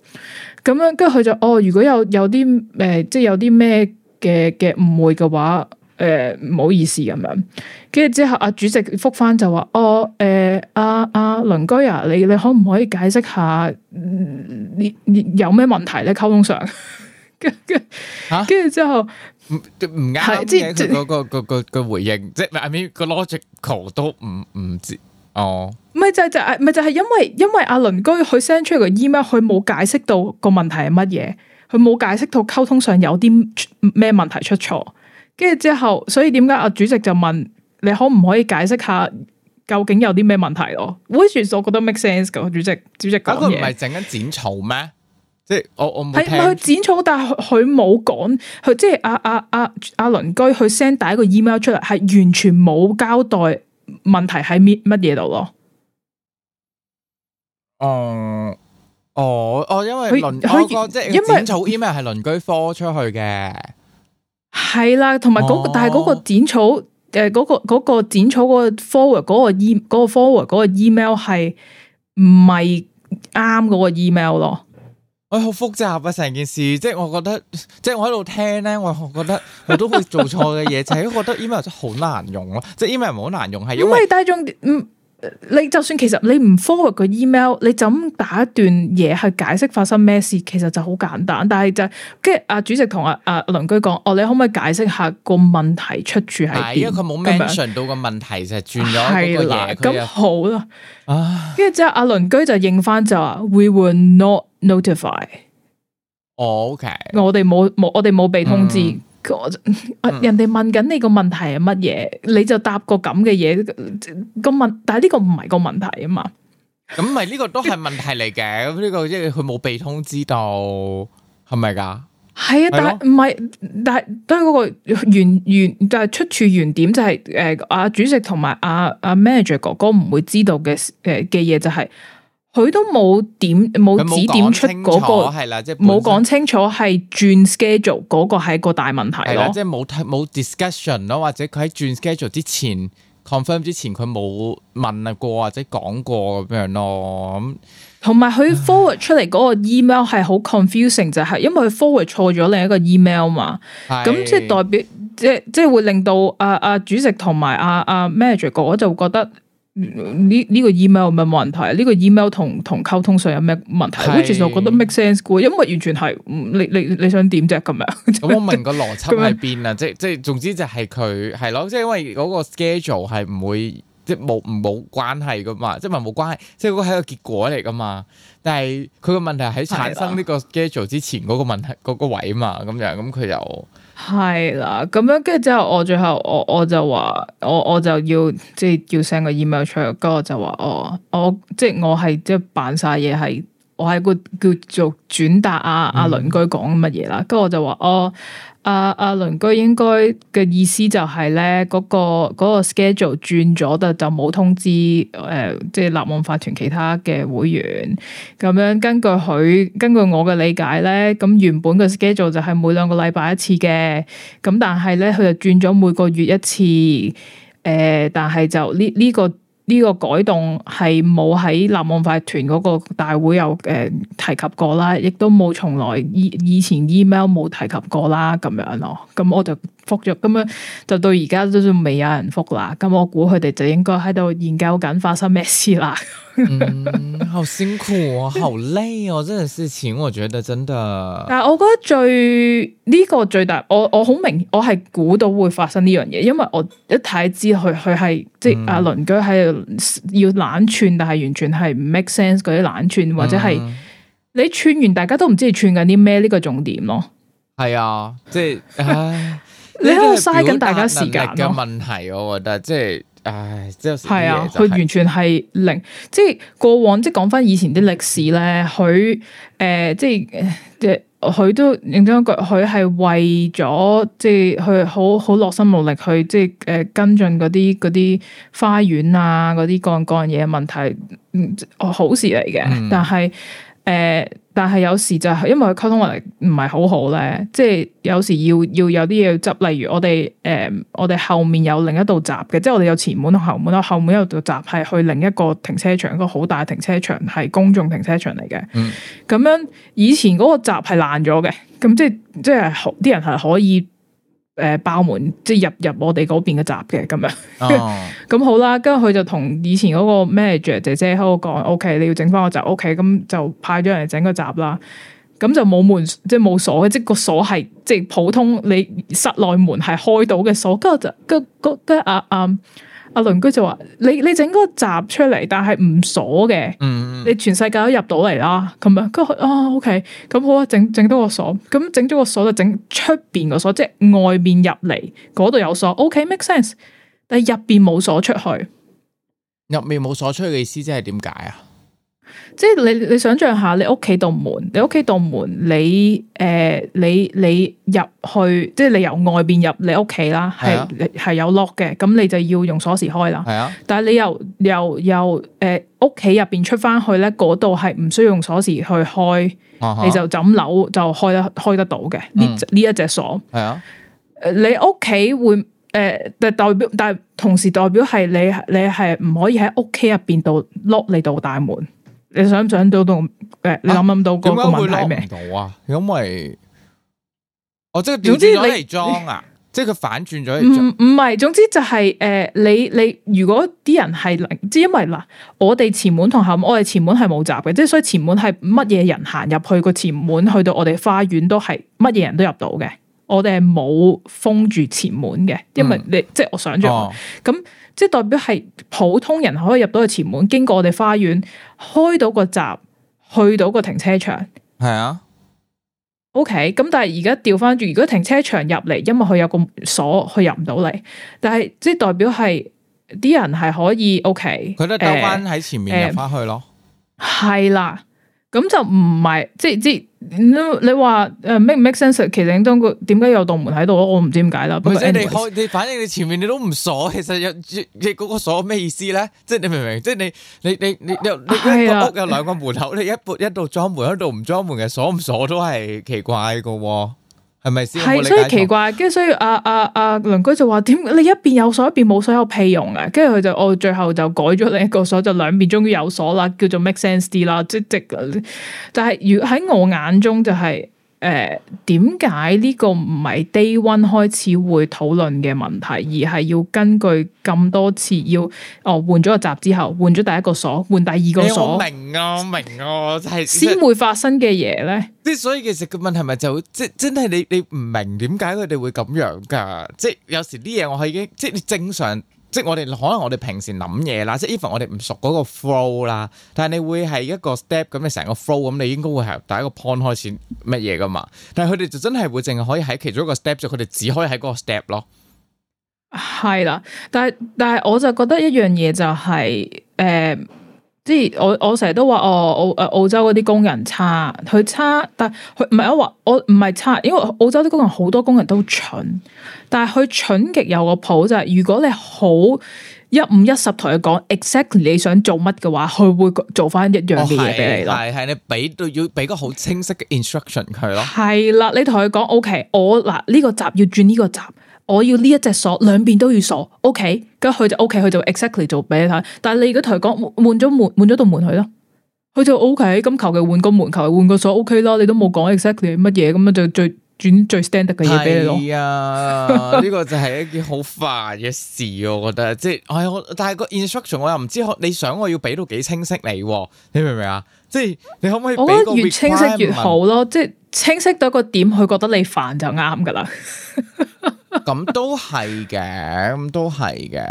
B: 咁樣跟住佢就哦，如果有有啲誒、呃，即係有啲咩嘅嘅誤會嘅話，誒、呃、唔好意思咁樣。跟住之後阿、啊、主席覆返就話哦，誒阿阿鄰居啊，你你可唔可以解釋下、嗯、你有咩問題咧？溝通上。
A: 跟 跟後，吓、啊，跟住之後唔唔啱嘅佢嗰個個個個回應，即係阿 M，個 logical 都唔唔知哦。
B: 咪就是、就誒、是，咪就係、是，因為因為阿鄰居佢 send 出嚟個 email，佢冇解釋到個問題係乜嘢，佢冇解釋到溝通上有啲咩問題出錯。跟住之後，所以點解阿主席就問你可唔可以解釋下究竟有啲咩問題咯？Which is, 我完全覺得 make sense 噶，
A: 主席主席講嘢，佢唔係整緊剪草咩？即係
B: 我我唔係佢剪草，但係佢冇講佢即係阿阿阿阿鄰居佢 send 第一個 email 出嚟，係完全冇交代問題喺咩乜嘢度咯。
A: 哦，哦，我因為鄰佢、哦、即係剪草 email 係鄰居 forward 出去嘅，係啦，同埋、嗰個、哦、
B: 但係嗰個剪草誒嗰、呃嗰個、嗰個剪草 forward，個、e, 個 forward 嗰個 e m 個 forward 嗰個 email 係唔係啱嗰個 email 咯？
A: 好、哎、複雜啊！成件事，即係我，我覺得，即係我喺度聽咧，我我覺得佢都會做錯嘅嘢，就係覺得 email 真好難用咯。即係 email 好難用係因為大眾、嗯、你
B: 就算其實你唔 forward 個 email，你就咁打一段嘢去解釋發生咩事，其實就好簡單。但係就跟住阿主席同阿阿鄰居講，哦，你可唔可以解釋下個問
A: 題出處喺邊？因為佢冇 mention 到個樣問題轉個的，就轉咗一個嘢。咁好啦，跟
B: 住之後阿鄰居就應翻就話，We were not。Notify，哦、oh,，OK，我哋冇冇，我哋冇被通知。嗯、 人哋問緊你個問題係乜嘢，你就答過個咁嘅嘢個問，但係呢個唔係個問題啊嘛。
A: 咁咪呢個都係問題嚟嘅，呢、 這個即係佢冇被通知到，係咪噶？
B: 係啊，但係唔係，但係都係嗰個原原就係出處原點、就是，就係誒阿主席同埋、啊、阿阿、啊、manager 哥哥唔會知道嘅誒嘅嘢就係、是。佢都冇點冇指點出嗰、嗰個係啦，
A: 即係冇講
B: 清楚係轉 schedule 嗰個係一個大問題咯。即係
A: 冇冇 discussion 咯，或者佢喺轉 schedule 之前 confirm 之前，佢冇問啊過或者講過咁樣咯。
B: 同埋佢 forward 出嚟嗰個 email 係好 confusing，就係、是、因為佢 forward 錯咗另一個 email 嘛。咁的即係代表的即係即係會令到阿、啊、阿、啊、主席同埋阿阿 manager，我就覺得。呢呢個 email 有咩問題？呢、這個 email 同同溝通上有咩問題？是其實我覺得 make sense，因為完全係，你你你想點啫咁樣？咁 我問
A: 個邏輯喺邊啊？問即即總之就係佢係咯，即因為嗰個 schedule 係唔會即冇冇關係噶嘛，即冇冇關係，即嗰個係一個結果嚟噶嘛。但係佢個，個問題係喺產生呢個 schedule 之前嗰個問題嗰個位啊嘛，咁樣咁佢就。嗯.
B: 係啦，咁樣跟住之後，我最後我我就話，我我就要即係叫 send 個 email 出嚟。跟住我就話，哦，我即係我係即係扮晒嘢，係我係個叫做轉達啊，阿鄰、嗯、居講乜嘢啦，跟住我就話哦。阿阿鄰居應該嘅意思就係咧，嗰個嗰個 schedule 轉咗，就冇通知誒、呃，即立案法團其他嘅會員咁樣。根據佢，根據我嘅理解咧，咁原本嘅 schedule 就係每兩個禮拜一次嘅，咁但係咧佢就轉咗每個月一次。誒、呃，但係就呢呢個。呢個改動係冇喺立案法團嗰個大會有提及過啦，亦都冇從來以前 email 冇提及過啦，咁樣咯，咁我就。覆咗咁樣，就到而家都仲未有人覆啦。咁我估佢哋就應該喺度研究緊發生咩事啦。
A: 好辛苦啊、哦，好累哦。真、這個事情我覺得真嘅。但係
B: 我覺得最呢、這個最大，我我好明，我係估到會發生呢樣嘢，因為我一睇知佢佢係即係阿鄰居喺度要冷串，但係完全係唔 make sense 嗰啲冷串，或者係你串完大家都唔知串緊啲咩呢個重點咯。
A: 係啊，即係。
B: 你喺度嘥緊大家時間嘅
A: 問題，我覺得即係，唉，即係。係啊，佢完全係
B: 零，即係過往，即係講翻以前啲歷史咧，佢誒即係即係佢都認真一個，佢係為咗即係佢好好落心落力去即係誒跟進嗰啲嗰啲花園啊嗰啲各樣各樣嘢問題，嗯，好事嚟嘅，嗯，但係誒。呃但係有時就係因為佢溝通能力唔係好好咧，即係有時要要有啲嘢執，例如我哋誒，呃，我哋後面有另一道閘嘅，即係我哋有前門同後門啦，後門有道閘係去另一個停車場，一個好大嘅停車場係公眾停車場嚟嘅。嗯，咁樣以前嗰個閘係爛咗嘅，咁即係即係啲人係可以。誒，爆門即係入入我哋嗰邊嘅閘嘅咁樣，咁好啦。跟住佢就同以前嗰個 manager 姐姐喺度講，OK，你要整翻個閘，OK，咁就派咗人嚟整個閘啦。咁就冇門，即係冇鎖嘅，即係個鎖係即係普通，你室內門係開到嘅鎖跟住就，跟跟啊啊。嗯鄰居就話：你你整嗰個閘出嚟，但係唔鎖嘅，嗯、你全世界都入到嚟啦。咁啊，佢啊、哦、OK，咁好啊，整整多個鎖。咁整咗個鎖就整出邊個鎖，即係外面入嚟嗰度有鎖。OK，make sense。但係入邊冇鎖出去，
A: 入面冇鎖出去嘅意思即係點解啊？
B: 即係你你想象下，你屋企度門，你屋企度門，你誒、呃，你你入去，即係你由外邊入你屋企啦，係係是、啊、有 lock 嘅，咁你就要用鎖匙開啦。係是啊但，但係你又又又誒，屋企入邊出翻去咧，嗰度係唔需要用鎖匙去開，啊、哈 你就枕樓就開得開得到嘅呢呢一隻鎖。係是啊你，你屋企會誒，代表但係同時代表係你你係唔可以喺屋企入邊度 lock 你度大門。你想唔想到、啊、想想到誒，你諗諗到嗰個問題咩？
A: 諗唔到啊，
B: 因為哦，即係點知你嚟裝
A: 啊，即係佢反轉咗嚟裝
B: 唔唔係，總之就係、是、誒、呃，你你如果啲人係即係因為嗱，我哋前門同後門，我哋前門係冇閘嘅，即係所以前門係乜嘢人行入去個前門去到我哋花園都係乜嘢人都入到嘅，我哋係冇封住前門嘅，因為你、嗯、即係我想象咁。哦即係代表係普通人可以入到去前門，經過我哋花園，開到個閘，去到個停車場。係啊，OK。咁但係而家調翻轉，如果停車場入嚟，因為佢有個鎖，佢入唔到嚟。但係即係代表係啲人係可以 OK。佢都掉翻喺前面、呃、入翻去咯。係、嗯、啦。咁就唔係，即係即你你話、呃、make 唔 make sense？其實應該個點解有道門喺度咧？我唔知點解啦。或者你，
A: 你反正你前面你都唔鎖，其實有你、那個、即你嗰個鎖咩意思咧？即係你明唔明？即係你你你你你你，個屋有兩個門口，的你一度一道裝門，一道唔裝門嘅鎖唔鎖都係奇怪噶、哦。係咪先？係所以奇
B: 怪，跟住所以阿阿阿鄰居就話點？你一邊有鎖一邊冇鎖有屁用啊！跟住佢就我最後就改咗另一個鎖，就兩邊終於有鎖啦，叫做 make sense 啲啦，即係但係如喺我眼中就係、是。誒，點解呢個唔係 day one 開始會討論嘅問題，而係要根據咁多次要哦，換咗個閘之後，換咗第一個鎖，換第二個鎖，欸、
A: 我明啊，明啊，我係先
B: 會發生嘅嘢咧。
A: 即所以其實個問題咪就即真係你你唔明點解佢哋會咁樣噶？即有時啲嘢我係已經即你正常。即係我哋可能我哋平時諗嘢啦，即係 even 我哋唔熟嗰個 flow 啦，但係你會係一個 step 咁你成個 flow，咁你應該會係第一個 point 開始乜嘢㗎嘛？但係佢哋就真係會淨係可以喺其中一個 step，就佢哋只可以喺嗰個 step 咯。
B: 係啦，但係但係我就覺得一樣嘢就係、是、誒。呃即係我我成日都話，哦、澳、誒、澳洲嗰啲工人差，佢差，但係佢唔係我話我唔係差，因為澳洲啲工人好多工人都蠢，但係佢蠢極有個譜就係、是、如果你好一五一十同佢講 exactly 你想做乜嘅話，佢會做翻一樣嘢俾你
A: 但係、哦、你俾到要俾個好清晰嘅 instruction 佢咯。
B: 係啦，你同佢講，OK，我嗱呢、這個集要轉呢個集。我要呢一隻鎖，兩邊都要鎖，OK，咁佢就 OK，佢就 exactly 做俾你睇。但係你而家同佢講換咗門，換咗道門佢咯，佢就 OK。咁求其換個門，求其換個鎖 OK 啦。你都冇講 exactly 乜嘢，咁樣就最轉最 standard 嘅嘢俾你咯。啊，呢
A: 個就係一件好煩嘅事，我覺得，即係，哎但係個 instruction 我又唔知，你想我要俾到幾清晰你，你明唔明啊？即係你可唔可以我覺得越清晰越好
B: 咯？ 即係清晰到一個點，佢覺得你煩就啱噶啦。
A: 咁 都係嘅，咁都係嘅。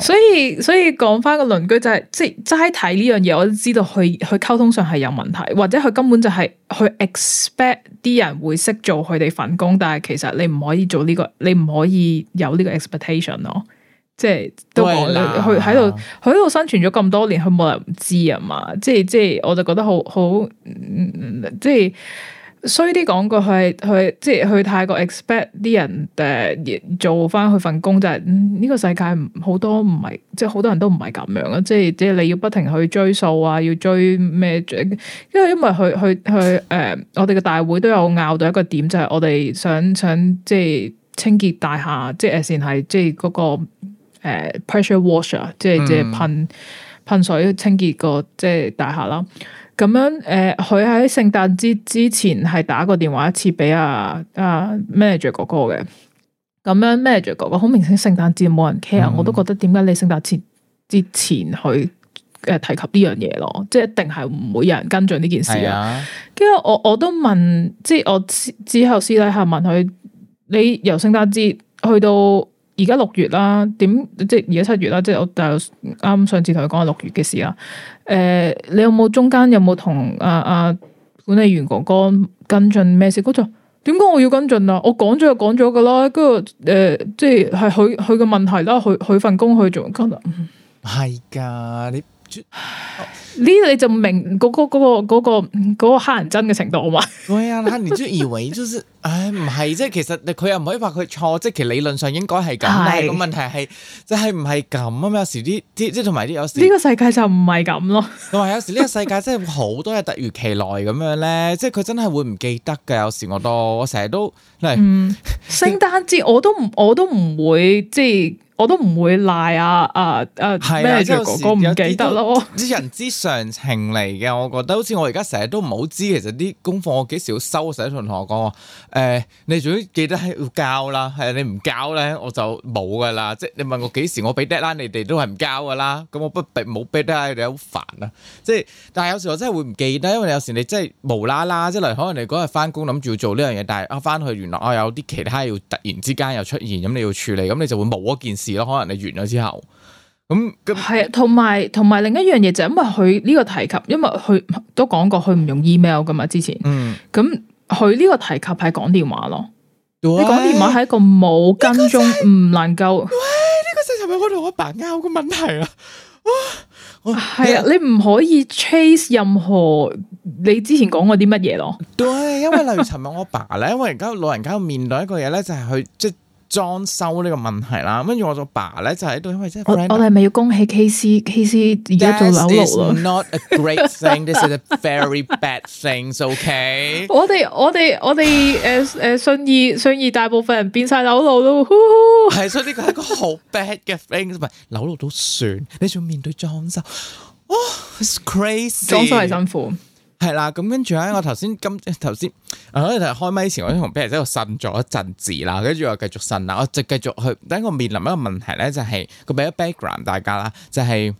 B: 所以所以講翻個鄰居就係、是，即係齋睇呢樣嘢，我都知道佢佢溝通上係有問題，或者佢根本就係去 expect 啲人會識做佢哋份工，但係其實你唔可以做呢、這個，你唔可以有呢個 expectation 咯。即係都講佢喺度，佢喺度生存咗咁多年，佢冇人唔知啊嘛。即係即係，我就覺得好好、嗯，即係。衰啲講句，係佢即係佢太過 expect 啲人誒做翻佢份工，就係呢個世界好多唔係即係好多人都唔係咁樣咯，即係即係你要不停去追數啊，要追咩？因為因為佢佢佢誒，我哋嘅大會都有拗到一個點，就係我哋想想即係清潔大廈，即係先係即係嗰個誒 pressure washer 即係即係噴噴水清潔個即係大廈啦。咁樣誒，佢喺聖誕節之前係打過電話一次俾阿阿 manager 哥哥嘅。咁樣 manager 哥哥好明顯聖誕節冇人 care、嗯、我都覺得點解你聖誕節之前去誒提及呢樣嘢咯？即係一定係唔會有人跟進呢件事啦。跟住、嗯、我我都問，即係我之後私底下問佢，你由聖誕節去到。而家六月啦，點即係而家七月啦，即係我就啱上次同佢講係六月嘅事啦。誒、呃，你有冇中間有冇同阿阿管理員哥哥跟進咩事？我就點解我要跟進啊？我講咗就講咗噶啦，跟住誒，即係係佢佢嘅問題啦，佢佢份工去做，其實
A: 係噶你。
B: 呢，你就明嗰、那個、嗰、那個、嗰、那個、嗰、那個黑人憎嘅程度啊嘛？對
A: 啊、哎，黑人憎以為就是，唉，唔係即係其實佢又唔可以話佢錯，即係其實理論上應該係咁，是但係個問題係即係唔係咁啊？有時啲即同埋啲有，有時，呢個世界就唔係咁咯。同 埋有時呢、這個世界真係好多嘢突如其來咁樣咧，即係佢真係會唔記得嘅。有時我都我成日都嚟，聖、嗯、 誕節我都唔我都唔會
B: 即係。我都唔會賴啊！啊啊咩？長哥哥唔記得
A: 咯，啲人之常情嚟嘅，我覺得好似我而家成日都唔好知，其實啲功課我幾時要收？成日都同我講話誒，你總之記得要交啦。係你唔交咧，我就冇噶啦。即係你問我幾時我俾 deadline，你哋都係唔交噶啦。咁我不俾冇俾 deadline，你哋好煩啊！即係，但係有時我真係會唔記得，因為有時你真係無啦啦，即係可能你嗰日翻工諗住要做呢樣嘢，但係啊翻去原來我有啲其他要突然之間又出現，咁你要處理，咁你就會冇嗰件事。可能你完咗之後，
B: 咁係啊，同埋同埋另一樣嘢就係，因為佢呢個提及，因為佢都講過佢唔用 email 噶嘛，之前，嗯，咁佢呢個提及係講電話咯，喂你講電話係一個冇跟蹤，唔能夠喂，呢、這個事實係我同我爸拗嘅問題哇啊，係啊麼，你唔可以 chase 任何你之前講過啲乜嘢咯，
A: 對，因為例如尋日我爸咧， 因為而家老人家面對一個嘢咧，就係佢即裝修呢個問題啦，跟住我咗爸咧就喺、是、度，因為即係我我哋係咪
B: 要恭喜 KC KC 而家做樓奴咯。
A: Not a great thing. This is a very bad thing. o、okay?
B: k 我哋我哋我哋誒誒，信義信義，義大部分人變晒樓奴咯，係所以呢個係一
A: 個好 bad 嘅 thing，唔係樓奴都算，你仲要面對裝修，哇、oh,，crazy！裝修係辛苦。係啦，咁跟住咧，我頭先今頭先，我喺度開麥前，我已經同 Peter 喺度呻咗一陣字啦，跟住我繼續呻啦，我就繼續去。等我面臨一個問題咧，就係個俾咗 background 大家啦，就係。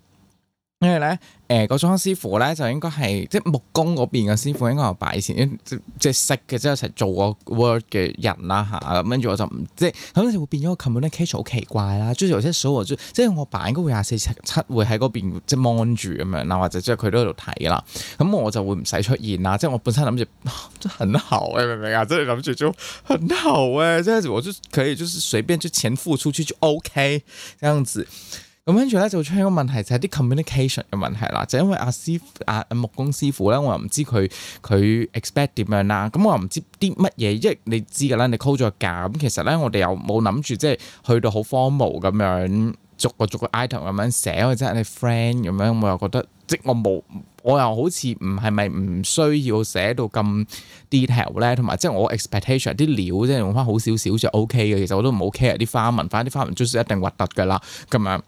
A: 因為咧，誒、呃，那個裝修師傅咧就應該係即木工嗰邊嘅師傅，應該係擺前即即識嘅，即一齊做過 word 嘅人啦吓。跟、啊、住我就唔即咁就會變咗個 communication，好奇怪啦。即、啊就是、有些時候我即即我爸應該會廿四七會喺嗰邊即望住咁樣，嗱或者即佢都喺度睇啦。咁、啊、我就會唔使出現啦。即我本身諗住真很好、欸，明唔明啊？即諗住就很好誒，即我就可以，就是隨便就錢付出去就 OK，這樣子。咁跟住咧就出現一個問題，就係、是、啲 communication 嘅問題啦。就是、因為阿、啊、師阿木工師傅咧，我又唔知佢佢 expect 點樣啦。咁、嗯、我又唔知啲乜嘢，即係你知㗎啦，你 call 咗個價咁，其實咧我哋又冇諗住即係去到好荒謬咁樣逐個逐個 item 咁樣寫，或者係 friend 咁樣。我又覺得即我冇，我又好似唔係咪唔需要寫到咁 detail 咧，同埋即係我 expectation 啲料即係用返好少少就 OK 嘅。其實我都唔好 care 啲花紋，反正啲花紋 d r 一定核突㗎啦，咁樣。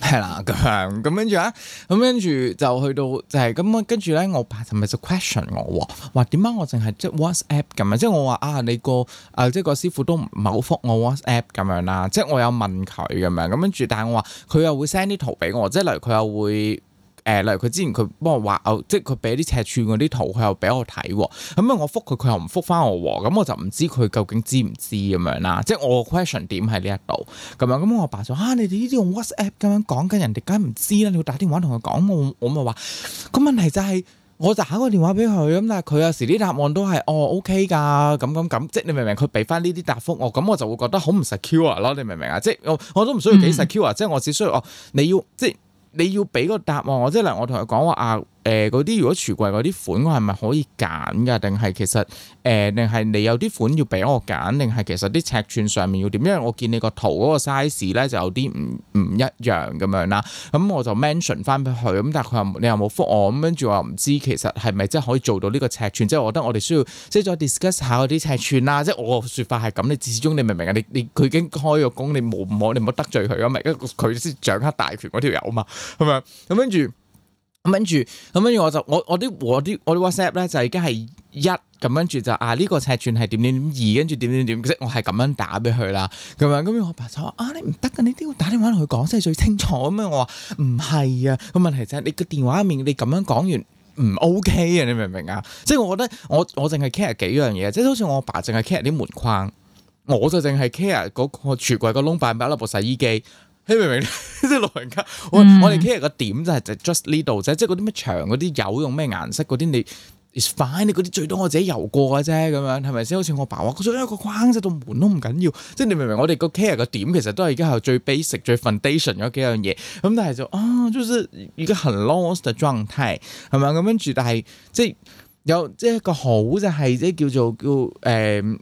A: 係啦，咁樣、嗯，咁跟住咧，咁跟住就去到，就係咁跟住咧，我爸係咪就 question 我？話點解我淨係即 WhatsApp 咁樣？即係我話啊，你個誒，即係個師傅都唔係好覆我 WhatsApp 咁樣啦。即係我有問佢咁樣，咁跟住，但係我話佢又會 send 啲圖俾我，即係例如佢又會。誒，例如佢之前佢幫我畫，即係佢俾啲尺寸嗰啲圖，佢又俾我睇，咁啊我覆佢，佢又唔覆翻我，咁我就唔知佢究竟知唔知咁樣啦。即係我個 question 點喺呢一度，咁啊，咁我爸就話：，吓你哋呢啲用 WhatsApp 咁樣講，緊人哋梗係唔知啦。你要打電話同佢講，我咪話，咁問題就係、是、我就打個電話俾佢，咁但係佢有時啲答案都係，哦，OK 噶，咁咁咁，即係你明唔明？佢俾翻呢啲答覆我，咁我就會覺得好唔 secure 咯。你明唔明啊？即係我，我都唔需要幾 secure，、嗯、即係我只需要，你要即你要俾個答案我，我，我，即係嗱，我同佢講話啊。誒嗰啲如果櫥櫃嗰啲款，我係咪可以揀㗎？定係其實誒，定、呃、係你有啲款要俾我揀？定係其實啲尺寸上面要點？因為我見你個圖嗰個 size 咧就有啲唔唔一樣咁樣啦。咁、嗯、我就 mention 翻俾佢，咁但係佢又你又冇覆我，咁跟住話唔知其實係咪真係可以做到呢個尺寸？即係我覺得我哋需要即係再 discuss 下嗰啲尺寸啦。即係我個説法係咁，你始終你明唔明啊？你你佢已經開咗工，你冇唔好，你唔好得罪佢啊！咪佢先掌握大權嗰條友啊嘛，係咪？咁跟住。咁跟住，咁跟住我就我我啲我啲我啲 WhatsApp 咧就已經係一咁跟住就啊呢、呢個尺寸係點點點二跟住點點點，即我係咁樣打俾佢啦。咁樣咁樣我爸就話：啊你唔得㗎，你都要打電話落去講先最清楚啊嘛。我話唔係啊，個問題就係、係、你個電話入面你咁樣講完唔 OK 啊，你明唔明啊？即係我覺得我我淨係 care 幾樣嘢，即係好似我爸淨係 care 啲門框，我就淨係 care 嗰個櫥櫃個窿擺唔擺得落部洗衣機。你、hey, 明唔明即係 老人家，mm. 我我哋 care 個點就係就 just 呢度啫，即係嗰啲咩牆嗰啲油用咩顏色嗰啲，你 it's fine, 你嗰啲最多我自己游過嘅啫，咁樣係咪先？好似我爸話，我做一、啊、個框即到門都唔緊要。即係你明唔明？我哋個 care 個點其實都係而家係最 basic、最 foundation 嗰幾樣嘢。咁但係就啊，即、就是一個很 lost 嘅狀態，係咪？咁跟住但係即係。有即係一個好就係、是、即叫做叫誒，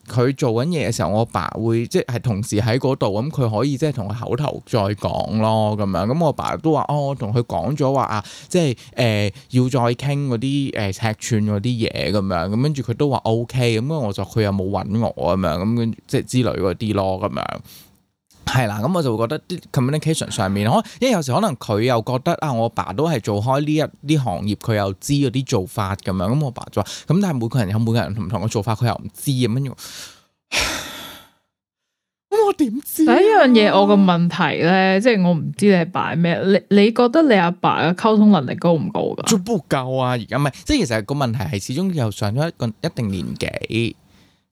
A: 佢、呃、做緊嘢嘅時候，我爸會即係同時喺嗰度咁，佢、嗯、可以即係同佢口頭再講咯咁樣。咁、嗯嗯、我爸都話：哦，我同佢講咗話啊，即係誒、呃、要再傾嗰啲誒尺寸嗰啲嘢咁樣。咁跟住佢都話 OK。咁跟住我就佢又冇搵我咁樣，咁跟即係之類嗰啲咯咁樣。嗯係啦，咁我就會覺得啲 communication 上面，可因為有時可能佢又覺得啊，我爸都係做開呢一啲行業，佢又知嗰啲做法咁樣，咁我爸就話，但係每個人有每個人唔同嘅做法，佢又唔知咁樣樣，
B: 咁我點知、啊？第一樣嘢，我個問
A: 題咧，即係我唔知你係擺咩？你你覺得你阿爸嘅溝通能力高唔高噶？足夠啊！而家咪即係其實個問題係始終又上咗一個一定年紀，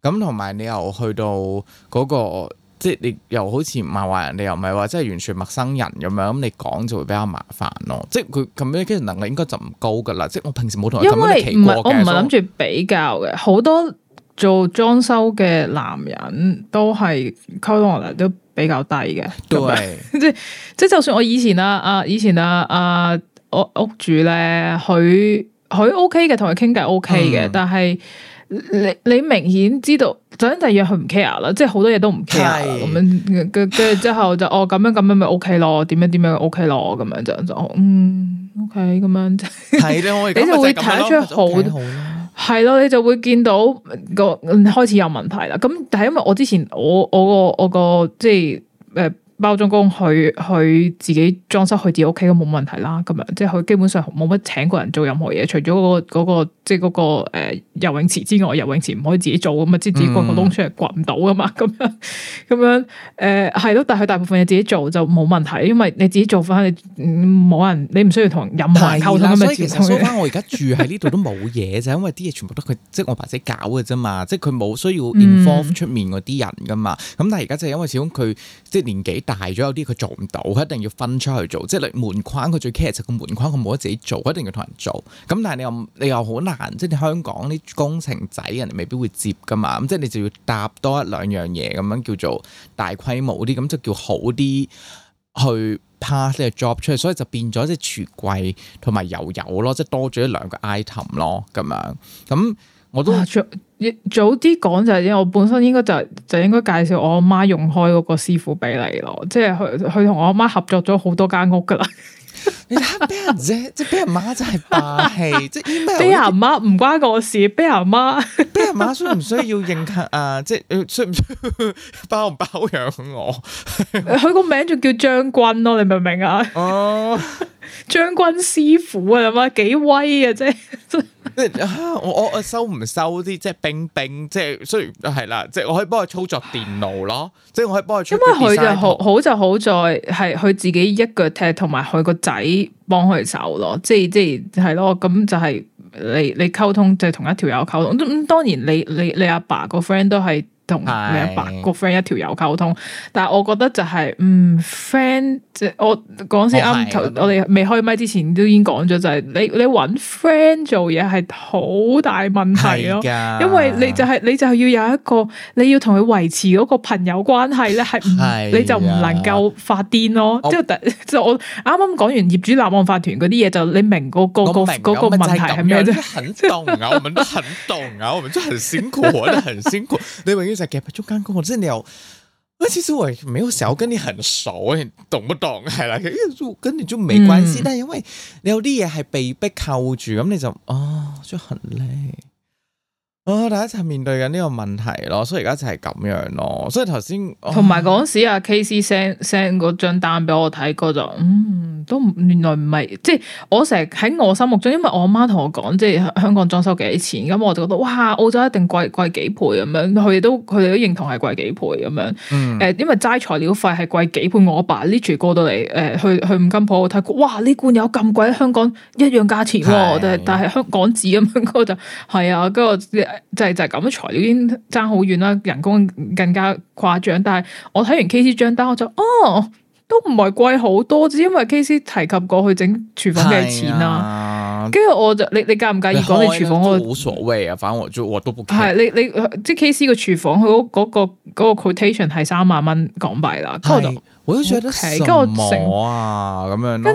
A: 咁同埋你又去到嗰，那個。即係你又好似唔係話人哋又唔係話，即係完全陌生人咁樣，咁你講就會比較麻煩咯。即係佢咁樣嘅能力應該就唔高噶啦。即係我平時冇同佢咁樣傾過。因為唔係，我唔諗住
B: 比較嘅，好以多做裝修嘅男人都係溝通能力都比較低嘅。都係是， 即係即係，就算我以前啊啊，以前啊啊，我屋主咧，佢佢 OK 嘅，同佢傾偈 OK 嘅，嗯、但係。你你明顯知道，首先就約佢唔 care 啦，即係好多嘢都唔 care 咁樣，跟跟住之後就哦咁樣咁樣咪 OK 咯，點樣點樣 OK 咯，咁樣就點樣點樣就嗯 OK 咁樣就，嗯、okay，樣的 你就會睇得出好，係咯，你就會見到個、嗯、開始有問題啦。咁但係因為我之前我我個我個即係誒。呃包裝工去去自己裝修，去自己屋企都冇問題啦。咁樣即係佢基本上冇乜請過人做任何嘢，除咗嗰嗰個、嗰個、即係、嗰個誒游、呃、泳池之外，游泳池唔可以自己做㗎嘛，自己個個窿出嚟掘唔到噶嘛。咁樣咁樣誒係咯，但係佢大部分嘢自己做就冇問題，因為你自己做翻，你冇人，你唔需要同任何人溝通。所以其實講翻，我
A: 而家住喺呢度都冇嘢咋， 因為啲嘢全部都佢即係我或者搞嘅啫嘛，即係佢冇需要 inform 出面嗰啲人噶嘛。咁但係而家就因為始終佢即係年紀大大咗有啲佢做唔到，佢一定要分出去做，即係你門框佢最 care 就個門框，佢冇得自己做，佢一定要同人做。咁但係你又你又好難，即係你香港啲工程仔人未必會接噶嘛。咁即係你就要搭多一兩樣嘢咁樣叫做大規模啲，咁就叫好啲去 pass 你嘅 job 出去。所以就變咗即係櫥櫃同埋油油咯，即係多咗一兩個 item 咯，咁樣咁。我都，啊，早早啲
B: 講就係，因為我本身應該就就應該介紹我阿媽用開嗰個師傅俾你咯，即係佢佢同我阿媽合作咗好多間屋噶啦。你睇俾
A: 人啫？ 即係俾人媽真係霸氣， 即係俾人媽唔關我事，俾人媽俾 人媽需唔需要應克啊？即係需唔需要包唔包養我？佢 個名就叫將軍咯，你明唔明啊？哦，將軍師傅啊，媽幾威啊，即係。即係、 啊、我我我收唔收啲即係冰冰，即係雖然係啦，即係我可以幫佢操作電腦咯，即係我可以幫佢。因為佢就好、嗯、好，
B: 好就好在係佢自己一腳踢，同埋佢個仔幫佢手咯，即係即係係咯，咁就係、係、你你溝通就係、同一條友溝通，咁當然你你你阿爸個 friend 都係。同你阿爸個 friend 一條友溝通，但係我覺得就係、是，嗯，friend 即係我講先啱頭，我哋未開麥之前都已經講咗就係、是，你你搵 friend 做嘢係好大問題咯、啊，的因為你就係、是、你就要有一個，你要同佢維持嗰個朋友關係咧，係的你就唔能夠發癲咯。即係即係我啱啱講完業主立案法團嗰啲嘢，就你明、那個個個嗰個問題係咩？ 很凍啊，我
A: 們都很凍啊，我們就很、啊、很辛苦、啊，活得很辛苦，你明？就喺 gap 就剛跟我哋聊，但其實我沒有想要跟你很熟，懂不懂？係、嗯、啦，因為跟你就沒關係，但因為有啲嘢係被逼扣住，咁你就哦，就很累。啊！大家一齊面對緊呢個問題咯，所以而家就係咁樣咯。所以頭先同埋嗰
B: 時阿 KC send send 嗰張單俾我睇嗰種，嗯，都原來唔係，即係我成日喺我心目中，因為我阿媽同我講，即係香港裝修幾錢，咁我就覺得哇，澳洲一定貴貴幾倍咁樣。佢哋都佢哋都認同係貴幾倍咁樣。誒、呃，因為齋材料費係貴幾倍。我阿爸拎住過到嚟，誒、呃，去去五金鋪，我睇，哇，呢罐有咁貴？香港一樣價錢，但係但係香港紙咁樣，就係啊、樣，我就係啊，跟就係就係咁，材料已經爭好遠啦，人工更加誇張。但係我睇完 KC 張單，我就哦，都唔係貴好多，只因為 KC 提及過去整廚房嘅錢
A: 啦，跟
B: 住、啊、我就你你介唔介意講你廚房我
A: 冇，啊、所謂啊，反正我就我都不
B: 係、啊、你你即係 KC 個廚房佢嗰、嗰個嗰、那個那個 quotation 係三萬蚊港幣啦，我都覺得、啊，跟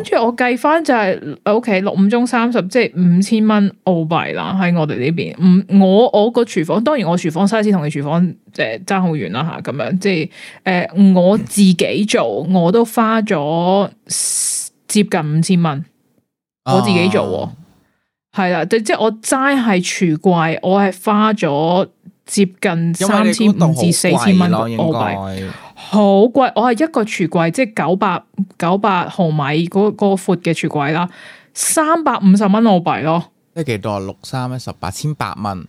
B: 住、okay, 我計翻就係、是、，OK 六五中三十，即係五千蚊澳幣啦，喺我哋呢邊。五我我個廚房，當然我廚房 size 同你廚房，即係爭好遠啦吓。咁樣即係，誒、呃、我自己做，我都花咗接近五千蚊。啊、我自己做，係啦、啊，即係我齋係櫥櫃，我係花咗接近三千五至四千蚊澳幣。好貴，我係一個櫥櫃，即係九百九百毫米嗰個嗰個闊嘅櫥櫃啦，三百五十蚊澳幣咯，即係幾多啊？六
A: 三一十八千八蚊，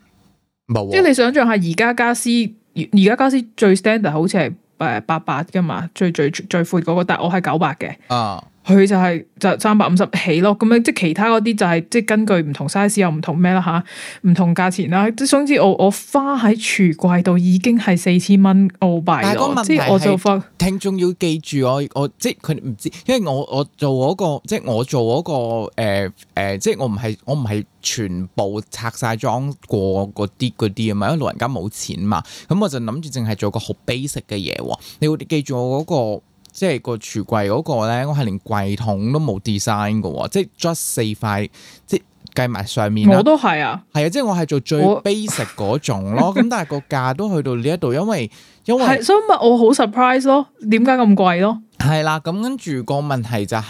A: 冇，即係你想
B: 象下，而家家私而家家私最 standard 好似係誒八百噶嘛，最最最闊嗰個，但我係九百嘅啊。佢就係就三百五十起咯，咁樣即係其他嗰啲就係即係根據唔同 size 又唔同咩啦吓，唔同價錢啦。即總之我我花喺櫥櫃度已經係四千蚊澳幣。即係我做題
A: 係聽眾要記住我我即係佢唔知，因為我我做嗰個即係我做嗰個誒誒、呃，即係我唔係我唔係全部拆晒裝過嗰啲嗰啲啊嘛，因為老人家冇錢嘛，咁我就諗住淨係做個好 basic 嘅嘢。你會記住我嗰個？即係個櫥櫃嗰個咧，我係連櫃桶都冇 design 噶、哦，即係 just 四塊，即係計埋上面。我都係啊，係啊，即係我係做最 basic 嗰種咯我。咁 但係個價都去到呢一度，因為因為所以咪我好 surprise 咯，點解咁貴咯？係啦，咁跟住個問題就係、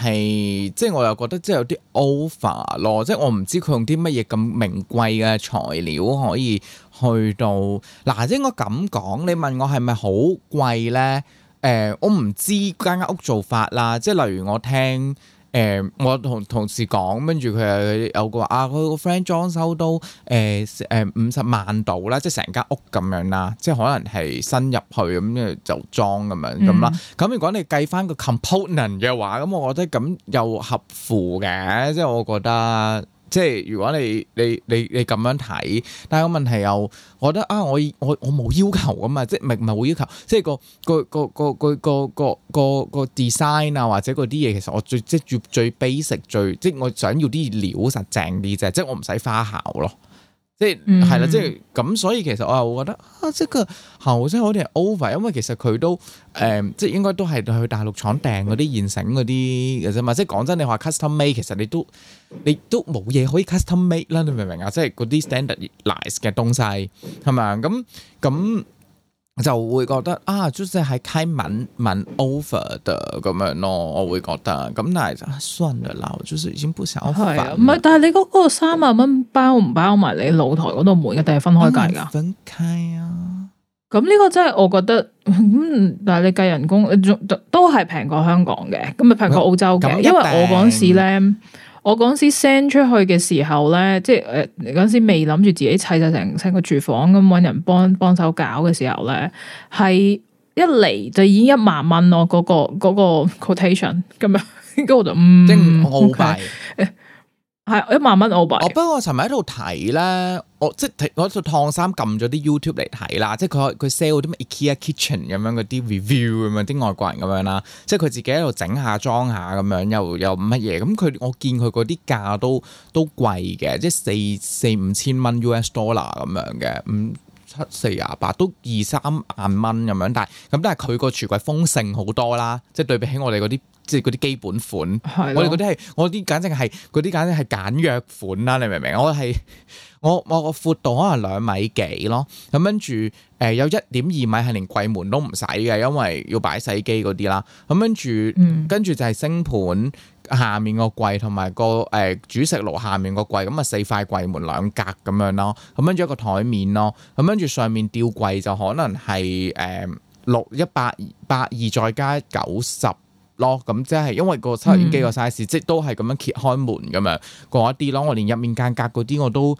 A: 是，即係我又覺得即係有啲 over 咯，即係我唔知佢用啲乜嘢咁名貴嘅材料可以去到嗱，應該咁講，你問我係咪好貴咧？誒、呃，我唔知間間屋做法啦，即係例如我聽誒、呃，我同同事講，跟住佢有個啊，佢個 friend 裝修都誒誒五十萬度啦，即係成間屋咁樣啦，即係可能係新入去咁，跟住就裝咁樣咁啦。咁、嗯、如果你計翻個 component 嘅話，咁我覺得咁又合乎嘅，即係我覺得。即係如果你你你你咁樣睇，但係個問題又我覺得啊，我我我冇要求㗎嘛，即係唔係冇要求，即係個個個個個個個個個 design 啊或者嗰啲嘢，其實我最即係最最 basic 最即係我想要啲料實正啲啫，即係我唔使花巧咯。即係係啦，即係咁，所以其實我又覺得啊，即個後生好似係 over，因為其實佢都誒，即係應該都係去大陸廠訂嗰啲現成嗰啲嘅啫嘛。即係講真，你話 custom made，其實你都你都冇嘢可以 custom made 啦。你明唔明啊？即係嗰啲 standardized 嘅東西係咪啊？咁咁。就會覺得啊，就是還開蠻蠻 over 的咁樣咯，我會覺得咁，但那、啊、算啦，我就是已經不想。係
B: 唔係？但係你嗰個三萬蚊包唔包埋你露台嗰度，門一定係分開計噶、
A: 嗯？分開啊！
B: 咁呢個真係我覺得咁、嗯，但係你計人工，嗯人工嗯、都係平過香港嘅，咁咪平過澳洲嘅？因為我嗰時咧。我嗰時 send 出去嘅時候咧，即係誒，嗰、呃、時未諗住自己砌晒成成個廚房咁，揾人幫幫手搞嘅時候咧，係一嚟就已經一萬蚊咯，嗰、嗰個嗰、嗰個 quotation 咁樣，應 該我就唔即係傲
A: 係一萬蚊澳幣。我不過我尋日喺度睇咧，我即係我套燙衫撳咗啲 YouTube 嚟睇啦，即係佢佢 sell 啲 IKEA kitchen 咁樣嗰啲 review 咁樣，啲外國人咁樣啦，即係佢自己喺度整下裝下咁樣，又又乜嘢咁，佢我見佢嗰啲價都都貴嘅，即係四四五千蚊 US dollar 咁樣嘅，五七四廿八都二三萬蚊咁樣，但係咁但係佢個櫥櫃豐盛好多啦，即係對比起我哋嗰啲。即係嗰啲基本款，的我哋嗰啲係，我啲簡直係嗰啲簡直係簡約款啦，你明唔明？我係我我個闊度可能兩米幾咯，咁跟住誒有一點二米係連櫃門都唔使嘅，因為要擺洗機嗰啲啦。咁、嗯、跟住，跟住就係升盤下面櫃個櫃同埋個誒主食爐下面個櫃，咁啊四塊櫃門兩格咁樣咯。咁跟住一個台面咯。咁跟住上面吊櫃就可能係誒六一百百二再加九十咯，咁即係因為個抽油煙機個 size，即都係咁樣揭開門咁樣過一啲咯。我連入面間隔嗰啲我都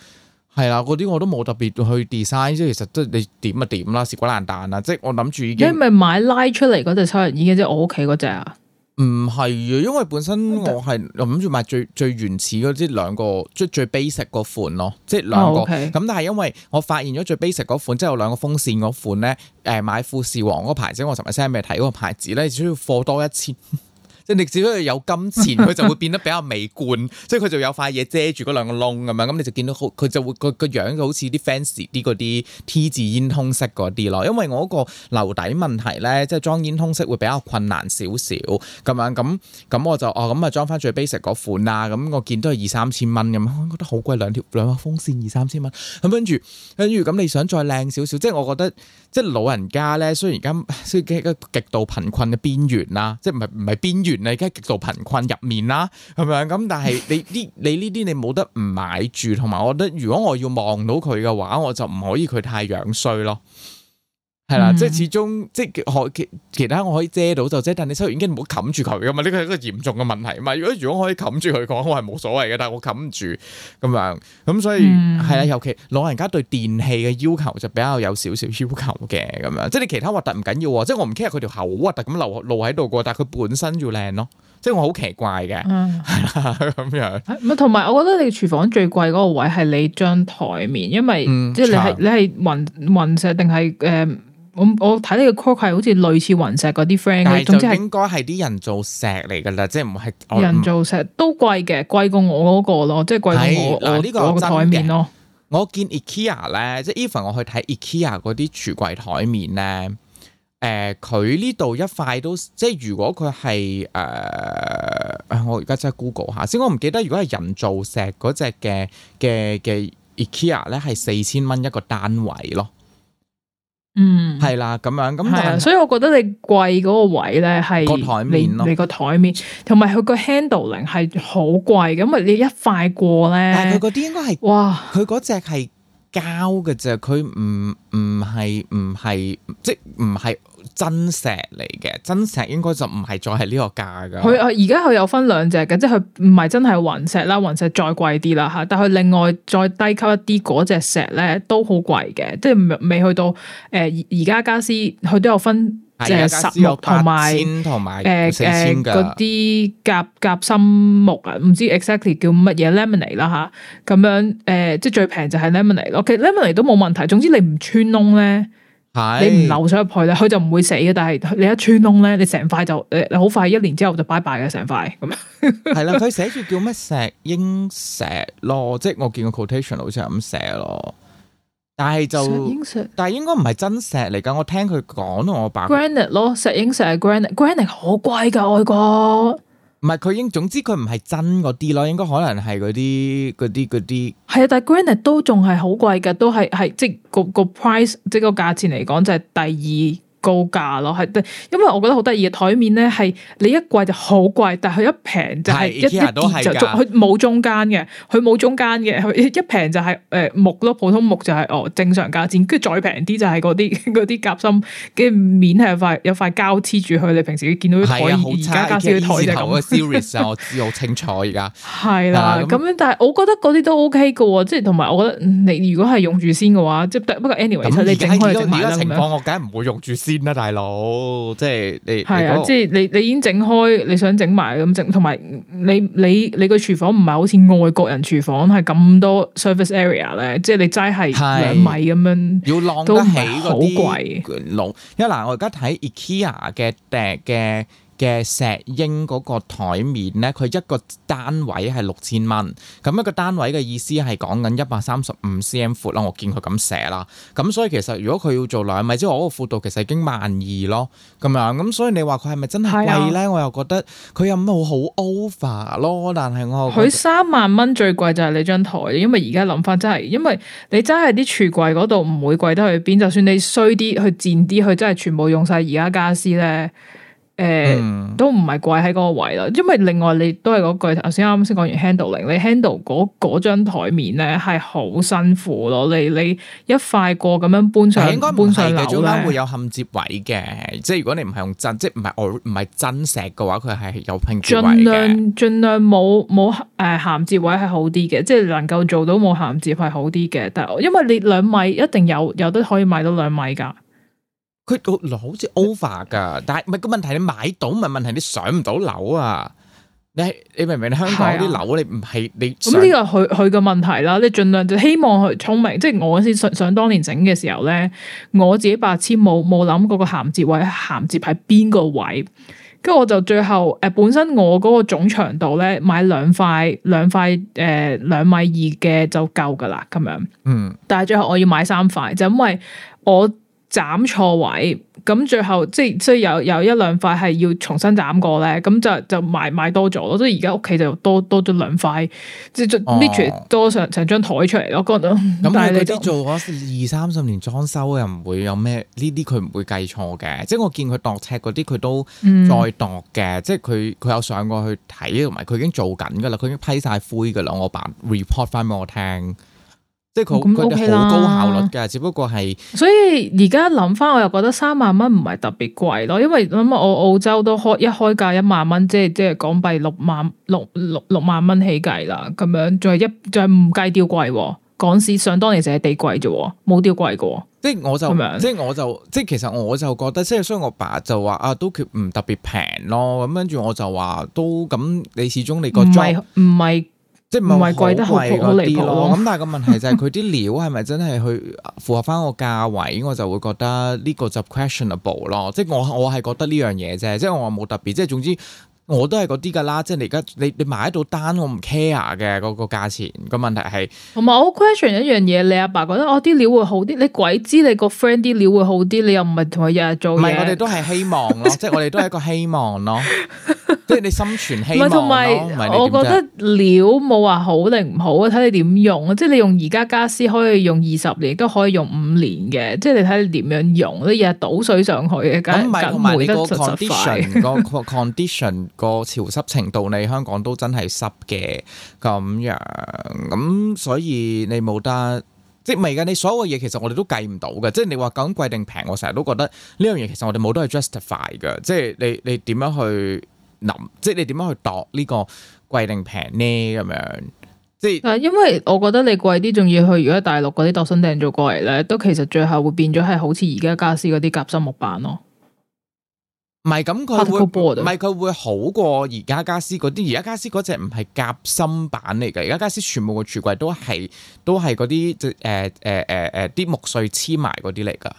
A: 係啦，嗰啲、啊、我都冇特別去 design。即係其實即係你點就點啦，是鬼爛蛋啊！即係我諗住已經，你
B: 咪買拉出嚟嗰隻抽油煙機啫，即我屋企嗰隻啊。
A: 唔係啊，因為本身我係諗住買最最原始嗰啲兩個，即係最 basic 嗰款咯，即係兩個。咁、oh, okay. 但係因為我發現咗最 basic 嗰款，即係有兩個風扇嗰款咧，誒買富士王嗰個牌子，我尋日先係睇嗰個牌子咧，只需要貨多一千。 你只不過有金錢，佢就會變得比較美觀，即係佢就有塊嘢遮住嗰兩個窿咁樣，咁你就見到好，佢就會個個樣好似啲 fancy 啲嗰啲 T 字煙通式嗰啲咯。因為我嗰個樓底問題咧，即係裝煙通式會比較困難少少咁樣。咁咁我就哦咁啊裝翻最 basic 嗰款啦。咁我見都係二三千蚊咁，覺得好貴兩條兩個風扇二三千蚊。咁跟住跟住咁你想再靚少少，即係我覺得即係老人家咧，雖然而家雖經一個極度貧困嘅邊緣啦，即係唔係唔係邊緣。你而家極度貧困入面啦，係咪啊？咁但係你啲 你呢啲你冇得唔買住，同埋我覺得如果我要望到佢嘅話，我就唔可以佢太樣衰咯。係啦，即係始終即係其他我可以遮到就遮，但係你收完機唔好冚住佢噶嘛？呢個係一個嚴重嘅問題嘛。如果如果可以冚住佢嘅話我係冇所謂嘅。但係我冚唔住咁樣，咁、嗯、所以係啦。尤其老人家對電器嘅要求就比較有少少要求嘅咁樣。即係你其他核突唔緊要啊，即係我唔 care 佢條喉核突咁留路喺度過，但係佢本身要靚咯。即係我好奇怪嘅，咁樣。
B: 同埋，我覺得你廚房最貴嗰個位係你張台面，因為、嗯、即係你係、呃、你係雲雲石定係誒？我我睇呢個 Cork 好似類似雲石嗰啲 friend，但係就應該
A: 係啲人造石嚟噶啦，即係唔係人造
B: 石我都貴嘅，貴過我嗰，嗰個咯，即係貴過我我個台面咯。
A: 我見 IKEA 咧，呃，即係 even 我去睇 IKEA 嗰啲櫥櫃台面咧，誒，佢呢度一塊都即係如果佢係誒，我而家真係 Google 下先我，我唔記得如果係人造石嗰隻嘅嘅嘅 IKEA 咧，係四千蚊一個單位咯。嗯，係啦，咁樣咁，所
B: 以我覺得你貴嗰個位咧係個台面咯，你個台面同埋佢個 handling 係好貴，咁啊你一塊過咧，但係佢嗰
A: 啲應該係哇，佢嗰隻係。膠嘅啫，佢唔唔係唔係，即係唔係真石嚟嘅，真石應該就唔係再係呢個價㗎。佢
B: 而家佢有分兩隻嘅，即係佢唔係真係雲石啦，雲石再貴啲啦吓，但係佢另外再低級一啲嗰隻石咧都好貴嘅，即係未去到誒而而家家私佢都有分。 即係實木同埋，
A: 誒誒，嗰啲
B: 夾夾心木、exactly、ade，啊，唔知 exactly 叫乜嘢 laminate 啦吓，咁樣誒，即係最平就係 laminate 咯。其 k、okay, laminate 都冇問題，總之你唔穿窿咧，是你唔漏水入去咧，佢就唔會死嘅。但係你一穿窿咧，你成塊就誒，好快一年之後就拜拜嘅成塊。
A: 係啦，佢寫住叫咩石英石咯，即係我見個 quotation 好似係咁寫咯。但係就，石英石，但係應該唔係真石嚟噶，我聽佢講我阿爸 Granite
B: 咯，石英石係 Granite，Granite 好貴噶，我覺
A: 得。唔係佢應，總之佢唔係真嗰啲咯，應該可能係嗰啲嗰啲嗰啲。
B: 係啊，但係 Granite 都仲係好貴噶，都係係即係個個 price，即係個價錢嚟講就係第二。高價咯，係，因為我覺得好得意嘅台面咧，係你一貴就好貴，但係佢一平就係一啲，啊、一就佢冇中間嘅，佢冇中間嘅，佢一平就係誒木咯，普通木就係、是、哦正常價錢，跟住再平啲就係嗰啲嗰啲夾心跟住面係塊有塊膠黐住佢，你平時你見到啲台而家夾絲嘅台就咁。serious 我
A: 知好清楚而家係啦，咁
B: 樣的、啊、但係我覺得嗰啲都 OK 嘅，即係同埋我覺得你、嗯、如果係用住、anyway, 先嘅話，即不過 anyway，咁而家情況吧我梗
A: 唔會用住。啦，大佬，即係你係啊，即係
B: 你你已經整開，你想整埋咁整，同埋你你你個廚房唔係好似外國人廚房係咁多 service area 咧，即係你齋係
A: 兩米咁樣，都好貴，要晾得起嗰啲，因為嗱，我而家睇 IKEA 嘅嘅。嘅石英嗰個台面咧，佢一個單位係六千蚊，咁一個單位嘅意思係講緊一百三十五 cm 闊啦。我見佢咁寫啦，咁所以其實如果佢要做兩米，即係我個闊度其實已經萬二咯，咁樣，咁所以你話佢係咪真係貴咧？啊、我又覺得佢有冇好 over 咯？但係我佢
B: 三萬蚊最貴就係你張台，因為而家諗返真係，因為你真係啲櫥櫃嗰度唔會貴得去邊，就算你衰啲去賤啲，佢真係全部用晒而家家私咧。誒、嗯、都唔係貴喺嗰個位咯，因為另外你都係嗰句頭先啱啱先講完 handling，你 handle 嗰嗰張台
A: 面咧係好辛苦咯，你你一塊過咁樣搬上去，應該唔係嘅，中間會有嵌接位嘅，即係如果你唔係用真，即係唔係外唔係真石嘅話，佢係有拼接位嘅，儘量
B: 儘量冇冇誒嵌接位係好啲嘅，即係能夠做到冇嵌接係好啲嘅，但因為你兩米一定有有都可以買到兩米㗎。
A: 佢個樓好似 over 噶，但係唔係個問題，你買到咪係問題，你上唔到樓啊！你你明唔明？香港啲樓、啊、你唔係你咁呢個
B: 佢佢個問題啦。你儘量就希望佢聰明，即係我先想想，當年整嘅時候咧，我自己白痴冇冇諗過個銜接位，銜接喺邊個位？跟住我就最後誒、呃，本身我嗰個總長度咧買兩塊兩塊誒兩、呃、米二嘅就夠噶啦咁樣。嗯，但係最後我要買三塊，就是、因為我。斬錯位，咁最後即係即係有有一兩塊係要重新斬過咧，咁就就賣賣多咗咯，即係而家屋企就多多咗兩塊，哦、即係多上
A: 成張台出嚟咯，嗰度、哦。咁但係你都做咗二三十年裝修又唔會有咩呢啲佢唔會計錯嘅， 即係我見佢度尺嗰啲佢都再度嘅，嗯、即係佢佢有上過去睇同埋佢已經做緊㗎啦，佢已經批晒灰㗎啦，我辦 report 翻畀我聽。
B: 即係佢佢哋好高效
A: 率嘅，只不過係，
B: 所以而家諗翻，我又覺得三萬蚊唔係特別貴咯，因為諗我澳洲都開一開價一萬蚊，即係即係港幣六萬六六六萬蚊起計啦，咁樣仲係一仲係唔計掉貴，港市上當年雞雞雞就係地貴啫，冇吊貴嘅。
A: 即係我就即係我就即係其實我就覺得即係，所以我爸就話啊，都唔特別平咯。咁跟住我就話都咁，你始終你個唔係唔係。即係唔係貴得好啲咯，咁但係個問題就係佢啲料係咪真係去符合翻個價位，我就會覺得呢個就 questionable 咯。即係我我係覺得呢樣嘢啫，即係我冇特別，即係總之。我都係嗰啲噶啦，即係你而家你你買到單我唔 care 嘅嗰個價錢，個問題係。
B: 同埋我 question 一樣嘢，你阿爸，爸覺得我啲、哦、料會好啲，你鬼知你個 friend 啲料會好啲，你又唔係同佢日日做。唔係，我哋都係希
A: 望咯， 即係我哋都係一個希望咯，即係 你心存希望。唔係同埋我覺得
B: 料冇話好定唔好，睇你點用。即係你用而家家私可以用二十年，都可以用五年嘅。即係你睇你點樣用，你日日倒水上去嘅梗係，同埋你個 condition 個
A: condition。個潮濕程度，你香港都真係濕嘅，咁樣，咁所以你冇得即係未噶。你所有嘢其實我哋都計唔到嘅。即係你話咁貴定平，我成日都覺得呢樣嘢其實我哋冇得去 justify 嘅。即係你你點樣去諗？即係你點樣去度呢個貴定平呢？咁樣即係。因為我
B: 覺得你貴啲，仲要去如果喺大陸嗰啲度身訂造過嚟咧，都其實最後會變咗係好似而家家私嗰啲夾心木板咯。
A: 唔係咁，佢會唔係佢會好過而家家私嗰啲。而家家私嗰隻唔係夾心板嚟㗎，而家家私全部個櫥櫃都係都係嗰啲誒誒誒誒啲木碎黐埋嗰啲嚟噶。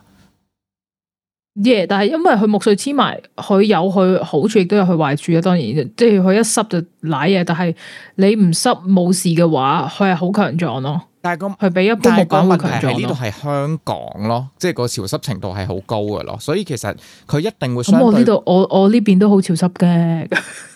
B: 耶！Yeah, 但係因為佢木碎黐埋，佢有佢好處，亦都有佢壞處啊。當然，即係佢一濕就瀨嘢。但係你唔濕冇事嘅話，佢係好強壯咯。但係咁，佢俾一半，我講嘅係喺呢度係
A: 香港咯，即係個潮濕程度係好高嘅咯，所以其實佢一定會。咁我呢度，
B: 我我邊 呢邊都好潮濕嘅。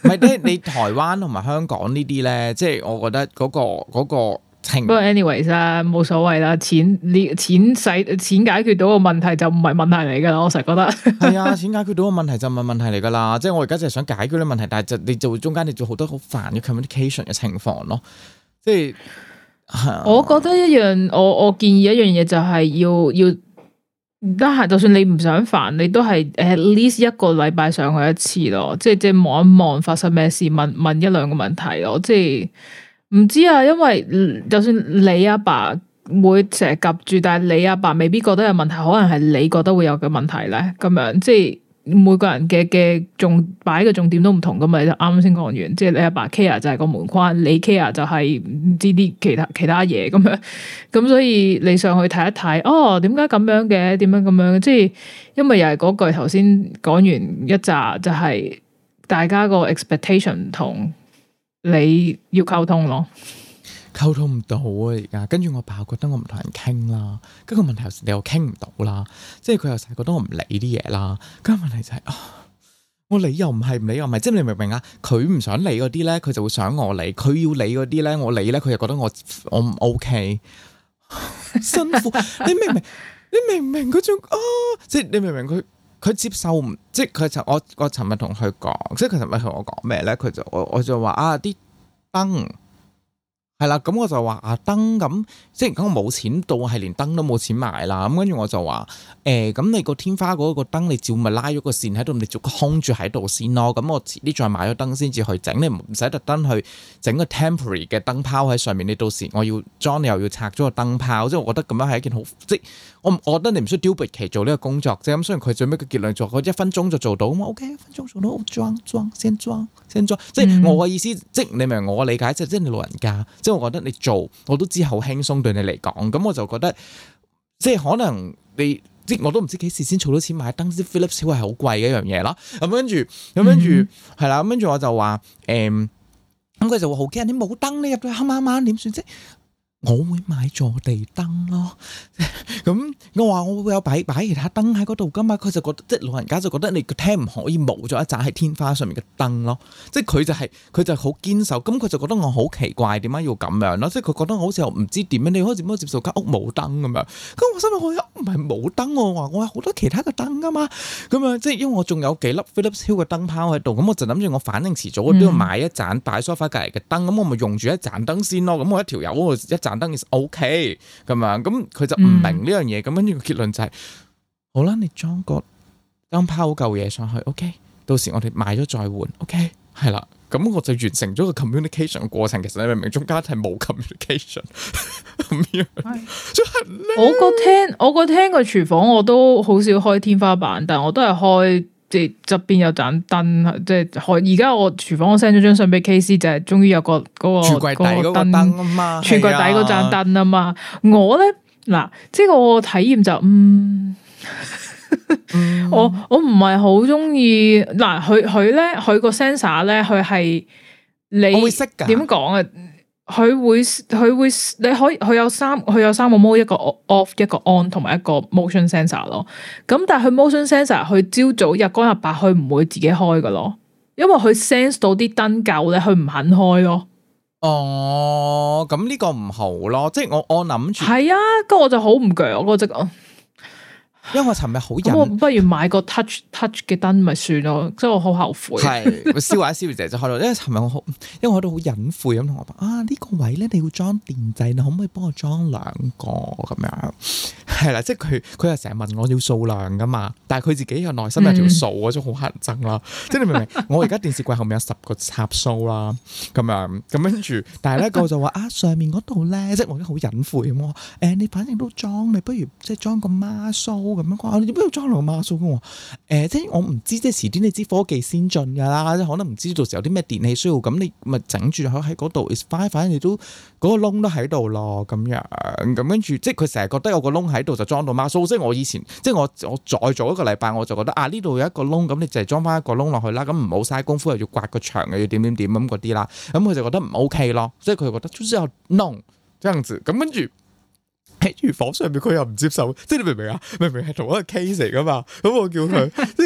A: 唔係你台灣同埋香港呢啲咧，即係我覺得嗰個嗰個情。不過
B: anyways 啊，冇所謂啦，錢你錢使錢解決到個問題就唔係問
A: 題嚟噶啦，我成日覺得。係 啊，錢解決到個問題就唔係問題嚟噶啦，即係我而家就係想解決啲問題，但係就你就會中間你做好多好煩嘅 communication 嘅情況咯，即係。
B: 我覺得一樣，我我建議一樣嘢就係要要得閒，就算你唔想煩，你都係 at least 一個禮拜上去一次咯，即係即係望一望發生咩事，問問一兩個問題咯。即係唔知啊，因為就算你阿爸會成日夾住，但係你阿爸未必覺得有問題，可能係你覺得會有嘅問題咧，咁樣即係。每個人嘅嘅重擺嘅重點都唔同噶嘛，啱先講完，即係你阿爸 care 就係個門框，你 care 就係唔知啲其他其他嘢咁樣，咁所以你上去睇一睇，哦，點解咁樣嘅？點樣咁樣？即係因為又係嗰句頭先講完一集，就係大家個 expectation 唔同，
A: 你要溝通咯。溝通唔到啊！而家跟住我爸覺得我唔同人傾啦，跟個問題又你又傾唔到啦，即係佢又成日覺得我唔理啲嘢啦，跟住問題就係啊，我理又唔係唔理又唔係，即係你明唔明啊？佢唔想理嗰啲咧，佢就會想我理；佢要理嗰啲咧，我理咧，佢又覺得我我唔 OK。辛苦！你明唔 明？你明唔明嗰種啊？即係你明唔明佢佢接受唔？即係佢我我尋日同佢講，即係佢尋日同我講咩咧，佢就我我就話啊啲燈。係啦，咁、嗯、我就話啊燈咁，即係講我冇錢到，係連燈都冇錢買啦。咁跟住我就話，誒、欸，咁你個天花嗰個燈，你照咪拉咗個線喺度，你做空住喺度先咯。咁我遲啲再買咗燈先至去整，你唔使特登去整個 temporary 嘅燈泡喺上面。你到時我要裝，你又要拆咗個燈泡，即係我覺得咁樣係一件好即。我我覺得你唔需要 double 其做呢個工作，即，咁雖然佢最尾嘅結論做佢一分鐘就做到，咁啊 OK，一分鐘做到，好裝裝先裝先裝，即係、mm hmm. 我嘅意思，即你明我嘅理解，即即係你老人家，即係我覺得你做我都知好輕鬆對你嚟講，咁我就覺得即係可能你，即我都唔知幾時先儲到錢買燈，啲 Philips 小係好貴嘅一樣嘢啦，咁跟住咁跟住係啦，咁跟住我就話誒，咁、嗯、佢就會好 o 你冇燈你入到黑晚晚點算啫？我會買座地燈咯，咁 我話我會有擺擺其他燈喺嗰度噶嘛佢就覺得即係老人家就覺得你個廳唔可以冇咗一盞喺天花上面嘅燈咯，即係佢就係、是、佢就好堅守，咁佢就覺得我好奇怪點解要咁樣咯，即係佢覺得我好似又唔知點樣，你可以點樣接受間屋冇燈咁樣。咁我心諗我唔係冇燈，我話我有好多其他嘅燈噶嘛咁樣，即係因為我仲有幾粒 Philips Hue 嘅燈泡喺度，咁我就諗住我反正遲早都要買一盞擺梳化隔籬嘅燈，咁、嗯、我咪用住一盞燈先咯，咁我一條友一等其實 O K 咁啊，咁佢、okay, 就唔明呢樣嘢，咁跟住個結論就係、是、好啦，你裝個燈泡舊嘢上去，O、okay, K，到時我哋買咗再換，O K，係啦，咁、okay, 我就完成咗個 communication 嘅過程。其實你明唔明？中間係冇 communication，真
B: 係呢。我個廳我個廳個廚房我都好少開天花板，但係我都係開。即係側邊有盞燈，即係可。而家我廚房我 send 咗張信俾 KC，就係終於有個嗰、嗰個嗰個燈是啊嘛，櫥櫃底嗰盞燈啊嘛。我咧嗱，即係我個體驗就嗯，我我唔係好中意嗱，佢佢咧佢個 sensor 咧，佢係你會識噶點講啊？佢會，佢會你可以佢有三，佢有三個模式，一個 off 一個 on 同埋一個 motion sensor 咯。咁但係佢 motion sensor 佢朝早日光日白佢唔會自己開㗎咯，因為佢 sense 到啲燈夠咧，佢唔肯開咯。
A: 哦，咁呢個唔好
B: 咯，即係我我諗住係啊，咁我就好唔強我覺得、那。個因為我尋日好，咁我不如買個 touch touch 嘅燈咪算咯，即係我好後悔。係，
A: 燒壞燒完就就開到，因為尋日我好，因為我都好隱晦咁同我講，啊呢、這個位咧你要裝電掣，你可唔可以幫我裝兩個咁樣？係啦，即係佢佢又成日問我要數量㗎嘛，但係佢自己嘅內心有條數，咁好乞人憎啦，即係你明唔明？ 我而家電視櫃後面有十個插蘇啦，咁樣咁跟住，但係咧個就話啊上面嗰度咧，即係我而家好隱晦咁，我誒、欸、你反正都裝，你不如即係裝個孖蘇。咁樣你點解要裝落馬蘇嘅？誒、欸，即係我唔知，即係遲啲你知科技先進噶啦，即可能唔知道到時有啲咩電器需要，咁你咪整住喺嗰度。反反正你都嗰、嗰個窿都喺度咯，咁樣咁跟住，即係佢成日覺得有個窿喺度就裝到馬蘇。即係我以前，即係我我再做一個禮拜，我就覺得啊呢度有一個窿，咁你就係裝翻一個窿落去啦。咁唔好嘥功夫，又要刮個牆，又要點點點咁嗰啲啦。咁佢就覺得唔 OK 咯，即係佢覺得就係要窿，樣子咁跟住。喺廚房上邊佢又唔接受，即係你明唔明啊？明唔明係同一個 case 嚟噶嘛？咁我叫佢， 即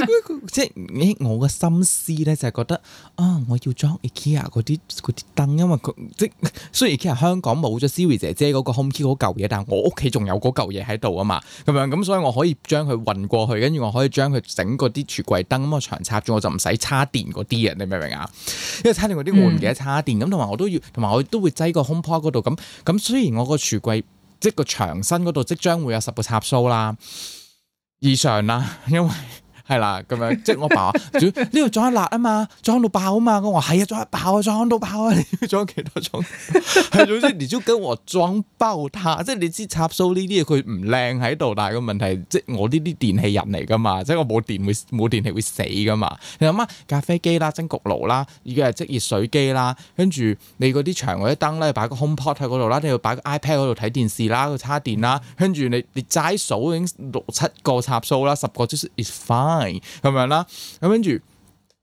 A: 係我嘅心思咧，就係、是、覺得啊，我要裝 IKEA 嗰啲嗰啲燈，因為佢即雖然 IKEA 香港冇咗 Siri 姐姐嗰、那個 home key 嗰嚿嘢，但係我屋企仲有嗰嚿嘢喺度啊嘛，咁樣咁所以我可以將佢運過去，跟住我可以將佢整嗰啲櫥櫃燈，咁我長插住，我就唔使叉電嗰啲啊！你明唔明啊？因為叉電嗰啲我唔記得叉電，咁同埋我都要，同埋我都會擠個 HomePod 嗰度，咁咁雖然我個櫥櫃。即個牆身嗰度即將會有十個插座啦，以上啦，因為。 係啦，咁、 嗯、樣即係我爸話：，呢度裝一壩啊嘛，裝到爆啊嘛！我話係啊，裝一爆啊，裝到爆啊！裝幾多種？係總之你只要跟我裝爆它，即係你知插蘇呢啲嘢佢唔靚喺度，但係個問題即係我呢啲電器入嚟噶嘛，即係我冇電會冇電,電器會死噶嘛。你諗下咖啡機啦、蒸焗爐啦，而家係即熱水機啦，跟住你嗰啲牆嗰啲燈咧，擺個 HomePod 喺嗰度啦，你要擺個 iPad 嗰度睇電視啦、插電啦，跟住你你齋數已經六七個插蘇啦，十個即、就是係，咁樣啦，咁跟住，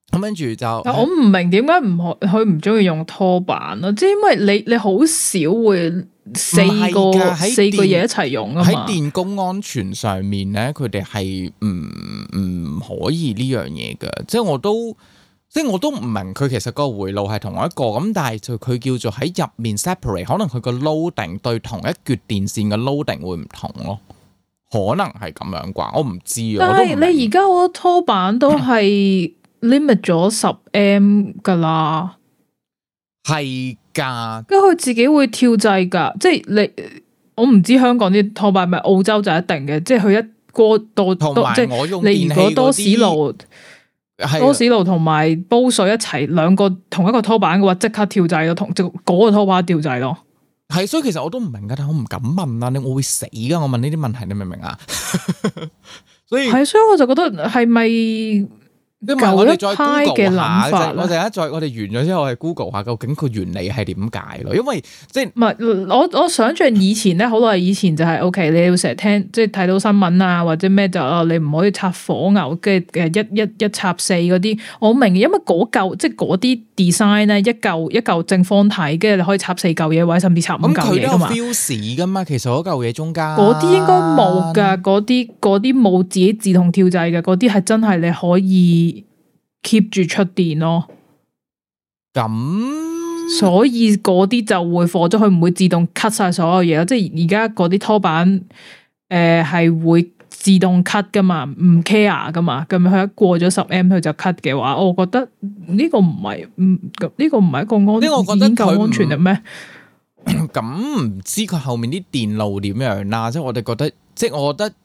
A: 咁跟住就，我唔
B: 明點解唔可，佢唔中意用拖板咯，即係因為你你好少會四個四個嘢一齊用啊。喺電、電
A: 工安全上面咧，佢哋係唔唔可以呢樣嘢噶，即係我都，即係我都唔明佢其實個回路係同一個咁，但係就佢叫做喺入面 separate，可能佢個 loading 對同一橛電線嘅 loading 會唔同咯。可能係咁樣啩，我唔知啊。但係是你而
B: 家嗰個拖板都係 limit 咗十 m 噶啦，係噶、嗯。因為佢自己會跳掣噶，即係你我唔知香港啲拖板咪澳洲就一定嘅，即係佢一過多，同埋我用電器你多士爐，多士爐同埋煲水一齊兩個
A: 同一個拖板嘅話，即刻跳掣咯，同即嗰個拖板跳掣咯。係，所以其實我都唔明噶，但係我唔敢問啦。你我會死噶，我問呢啲問題，你明唔明啊？
B: 所以係，所以我就覺得係咪？是咁咪我哋再嘅諗法，我哋一
A: 再我哋完咗之後，我哋 Google 下究竟佢原理係點解咯？因為
B: 即係唔係我我想象以前咧，好耐以前就係 OK，你要成日聽即係睇到新聞啊，或者咩就是、哦，你唔可以插火牛，跟住誒一一一插四嗰啲，我明，因為嗰嚿即係嗰啲 design 咧，一嚿一嚿正方體，跟住你可以插四嚿嘢，或者甚至插五嚿嘢噶嘛。咁佢、嗯、都有
A: fuse 噶嘛？其實嗰嚿嘢中間嗰啲應該冇噶，
B: 嗰啲啲冇自己自動跳掣嘅，嗰啲係真係你可以。keep 住出電咯，咁那所以嗰啲就會火咗佢，唔會自動 cut 晒所有嘢咯。即係而家嗰啲拖板，誒、呃、係會自動 cut 噶嘛，唔 care 噶嘛。咁佢一過咗十 m 佢就 cut 嘅話，我覺得呢個唔
A: 係，唔、這、呢個唔係一個安，呢個我覺得夠安全啦咩？咁唔 知佢後面啲電路點樣啦？即係我哋覺得，即係我覺得。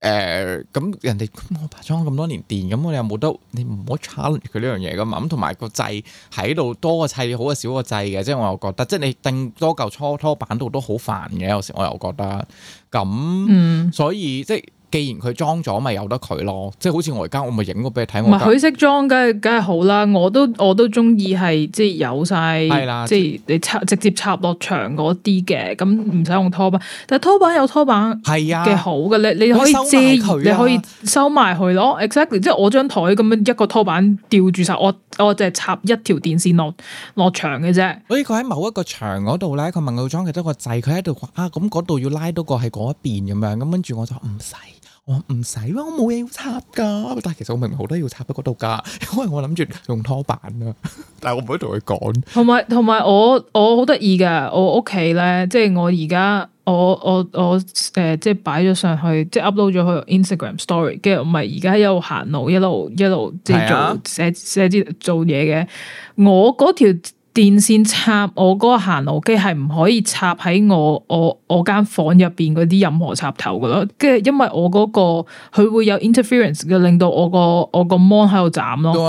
A: 誒，咁、呃、人哋咁我排咗咁多年電，咁我哋又冇得？你唔好 challenge 佢呢樣嘢噶嘛。咁同埋個掣喺度多個掣好啊，少個掣嘅，即係我又覺得，即係你定多嚿初拖板度都好煩嘅，有時我又覺得。咁，所以即係。既然佢裝咗，咪由得佢咯。即係好似我而家，我咪影個俾你睇。唔係佢識
B: 裝，梗係梗係好啦。我都我都中意係即係有晒，即係對啦 你插直接插落牆嗰啲嘅。咁唔使用拖板，但係拖板有拖板是啊，嘅好嘅，你你可以佢，你可以收埋佢咯。Exactly，即係我張台咁樣一個拖板吊住晒，我我淨係插一條
A: 電線落落牆嘅啫。所以佢喺某一個牆嗰度咧，佢問我裝幾多個掣，佢喺度講啊，咁嗰度要拉多個喺嗰一邊咁樣，咁跟住我就唔使。啊。我唔使咯，我冇嘢要插噶。但係其實我明明好多要插喺嗰度噶，因為我諗住用拖板啊。但係我唔好同佢講。
B: 同埋同埋，我我好得意噶，我屋企咧，即係我而家，我我我誒，即係擺咗上去，即係 upload 咗佢 Instagram story。跟住唔係而家一路行路，一路一路即係做寫寫啲做嘢嘅。我嗰條。電線插我嗰個行路機係唔可以插喺我我我間房入邊嗰啲任何插頭噶咯。跟住因為我嗰個佢會有 interference 嘅，令到我個我個 mon 喺度斬咯。
A: 對，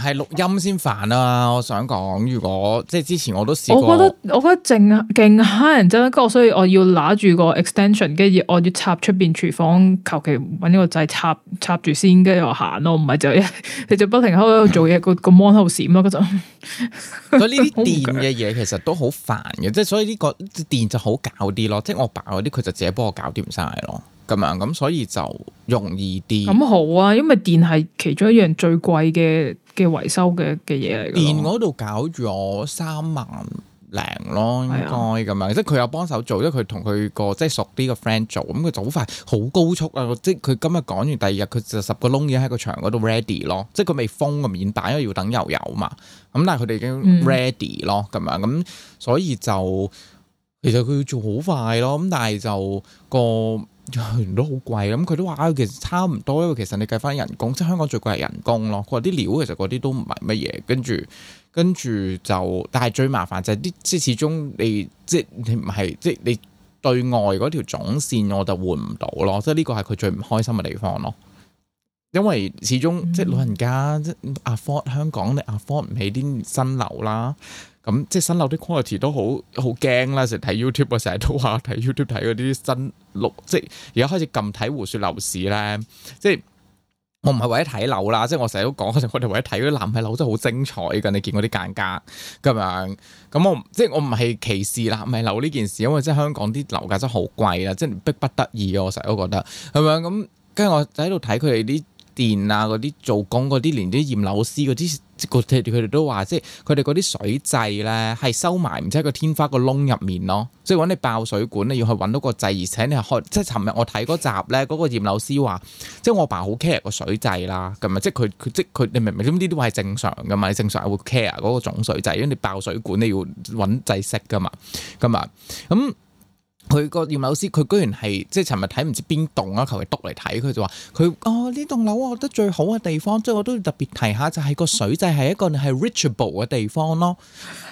A: 係錄音先煩啊！我想講，如果即係之前我都試過，我覺得
B: 我覺得靜勁乞人憎得個，所以我要拿住個 extension，跟住我要插出邊廚房，求其揾個掣插
A: 插住先，跟住我行咯。唔係
B: 就你就不停喺度做嘢， 個個 mon 喺度閃咯嗰
A: 呢啲 電嘅嘢，其實都好煩嘅，即係 所以呢個電就好搞啲咯。即係 我爸嗰啲，佢就自己幫我搞掂晒咯，咁樣咁所以就容易啲。咁
B: 好啊，因為電係其中一樣最貴嘅嘅維修嘅嘅嘢嚟。電嗰度
A: 搞咗三萬。零咯，應該咁樣，即係佢有幫手做，因為佢同佢個即係熟啲個 friend 做，咁佢就好快，好高速啊！即係佢今日講完，第二日佢就十個窿已經喺個牆嗰度 ready 咯，即係佢未封個面板，因為要等油油嘛。咁但係佢哋已經 ready 咯，咁、嗯、樣咁，所以就其實佢要做好快咯。咁但係就個都好貴咁，佢都話其實差唔多，因為其實你計返人工，即係香港最貴係人工咯。佢話啲料其實嗰啲都唔係乜嘢，跟住。跟住就，但係最麻煩就係、是、啲即係始終你即你唔係即係你對外嗰條總線我就換唔到咯，即係呢個係佢最唔開心嘅地方咯。因為始終即係老人家即 afford 香港你 afford 唔起啲新樓啦，咁即係新樓啲 quality 都好好驚啦。成日睇 YouTube 啊，成日都話睇 YouTube 睇嗰啲新樓，即係而家開始撳睇胡說樓市啦，即係。我唔係為咗睇樓啦，即係我成日都講，我哋為咗睇嗰啲納米樓真係好精彩㗎，你見過啲間隔咁樣，咁我即係我唔係歧視啦，唔係納米樓呢件事，因為即係香港啲樓價真係好貴啦，即係逼不得已咯，我成日都覺得咁樣，咁跟住我就喺度睇佢哋啲。電啊，嗰啲做工嗰啲連啲驗樓師嗰啲，佢哋都話，即係佢哋嗰啲水掣咧係收埋唔知喺個天花個窿入面咯，所以揾你爆水管你要去揾到個掣，而且你係開。即係尋日我睇嗰集咧，嗰個驗樓師話，即係我爸好 care 個水掣啦，咁啊，即係佢佢即係佢，你明唔明？咁呢啲話係正常噶嘛，你正常會 care 嗰個總水掣，因為你爆水管你要揾掣識噶嘛，咁啊咁。嗯。佢個葉某老師，佢居然係即係尋日睇唔知邊棟啊，求其督嚟睇，佢就話：佢哦呢棟樓，我覺得最好嘅地方，即係我都特別提下，就係、是、個水際係一個係 reachable 嘅地方咯。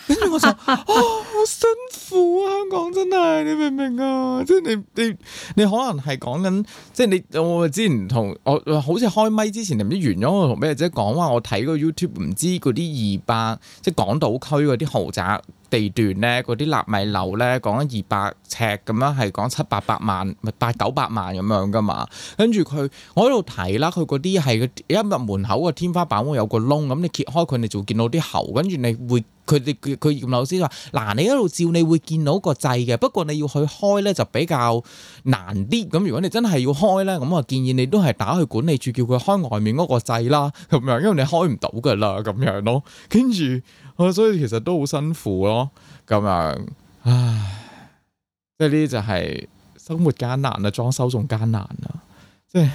A: 跟住我就啊、 哦，好辛苦啊！香港真係，你明唔明啊？即係你你你可能係講緊，即係你我之前同我好似開麥之前，你唔知完咗，我同咩姐講話，我睇個 YouTube 唔知嗰啲二百即係港島區嗰啲豪宅。地段咧，嗰啲納米樓咧，講緊二百尺咁樣，係講七八百萬，咪八九百萬咁樣噶嘛。跟住佢，我喺度睇啦，佢嗰啲係一入門口個天花板會有個窿，咁你揭開佢，你就會見到啲喉。跟住你會，佢哋佢佢老師話：嗱，你一度照，你會見到個掣嘅。不過你要去開咧，就比較難啲。咁如果你真係要開咧，咁我建議你都係打去管理處，叫佢開外面嗰個掣啦，咁樣，因為你開唔到噶啦，咁樣咯。跟住。所以其實都好辛苦咯，咁樣，唉，即係呢啲就係生活艱難，裝艱難啊，裝修仲艱難啊。即係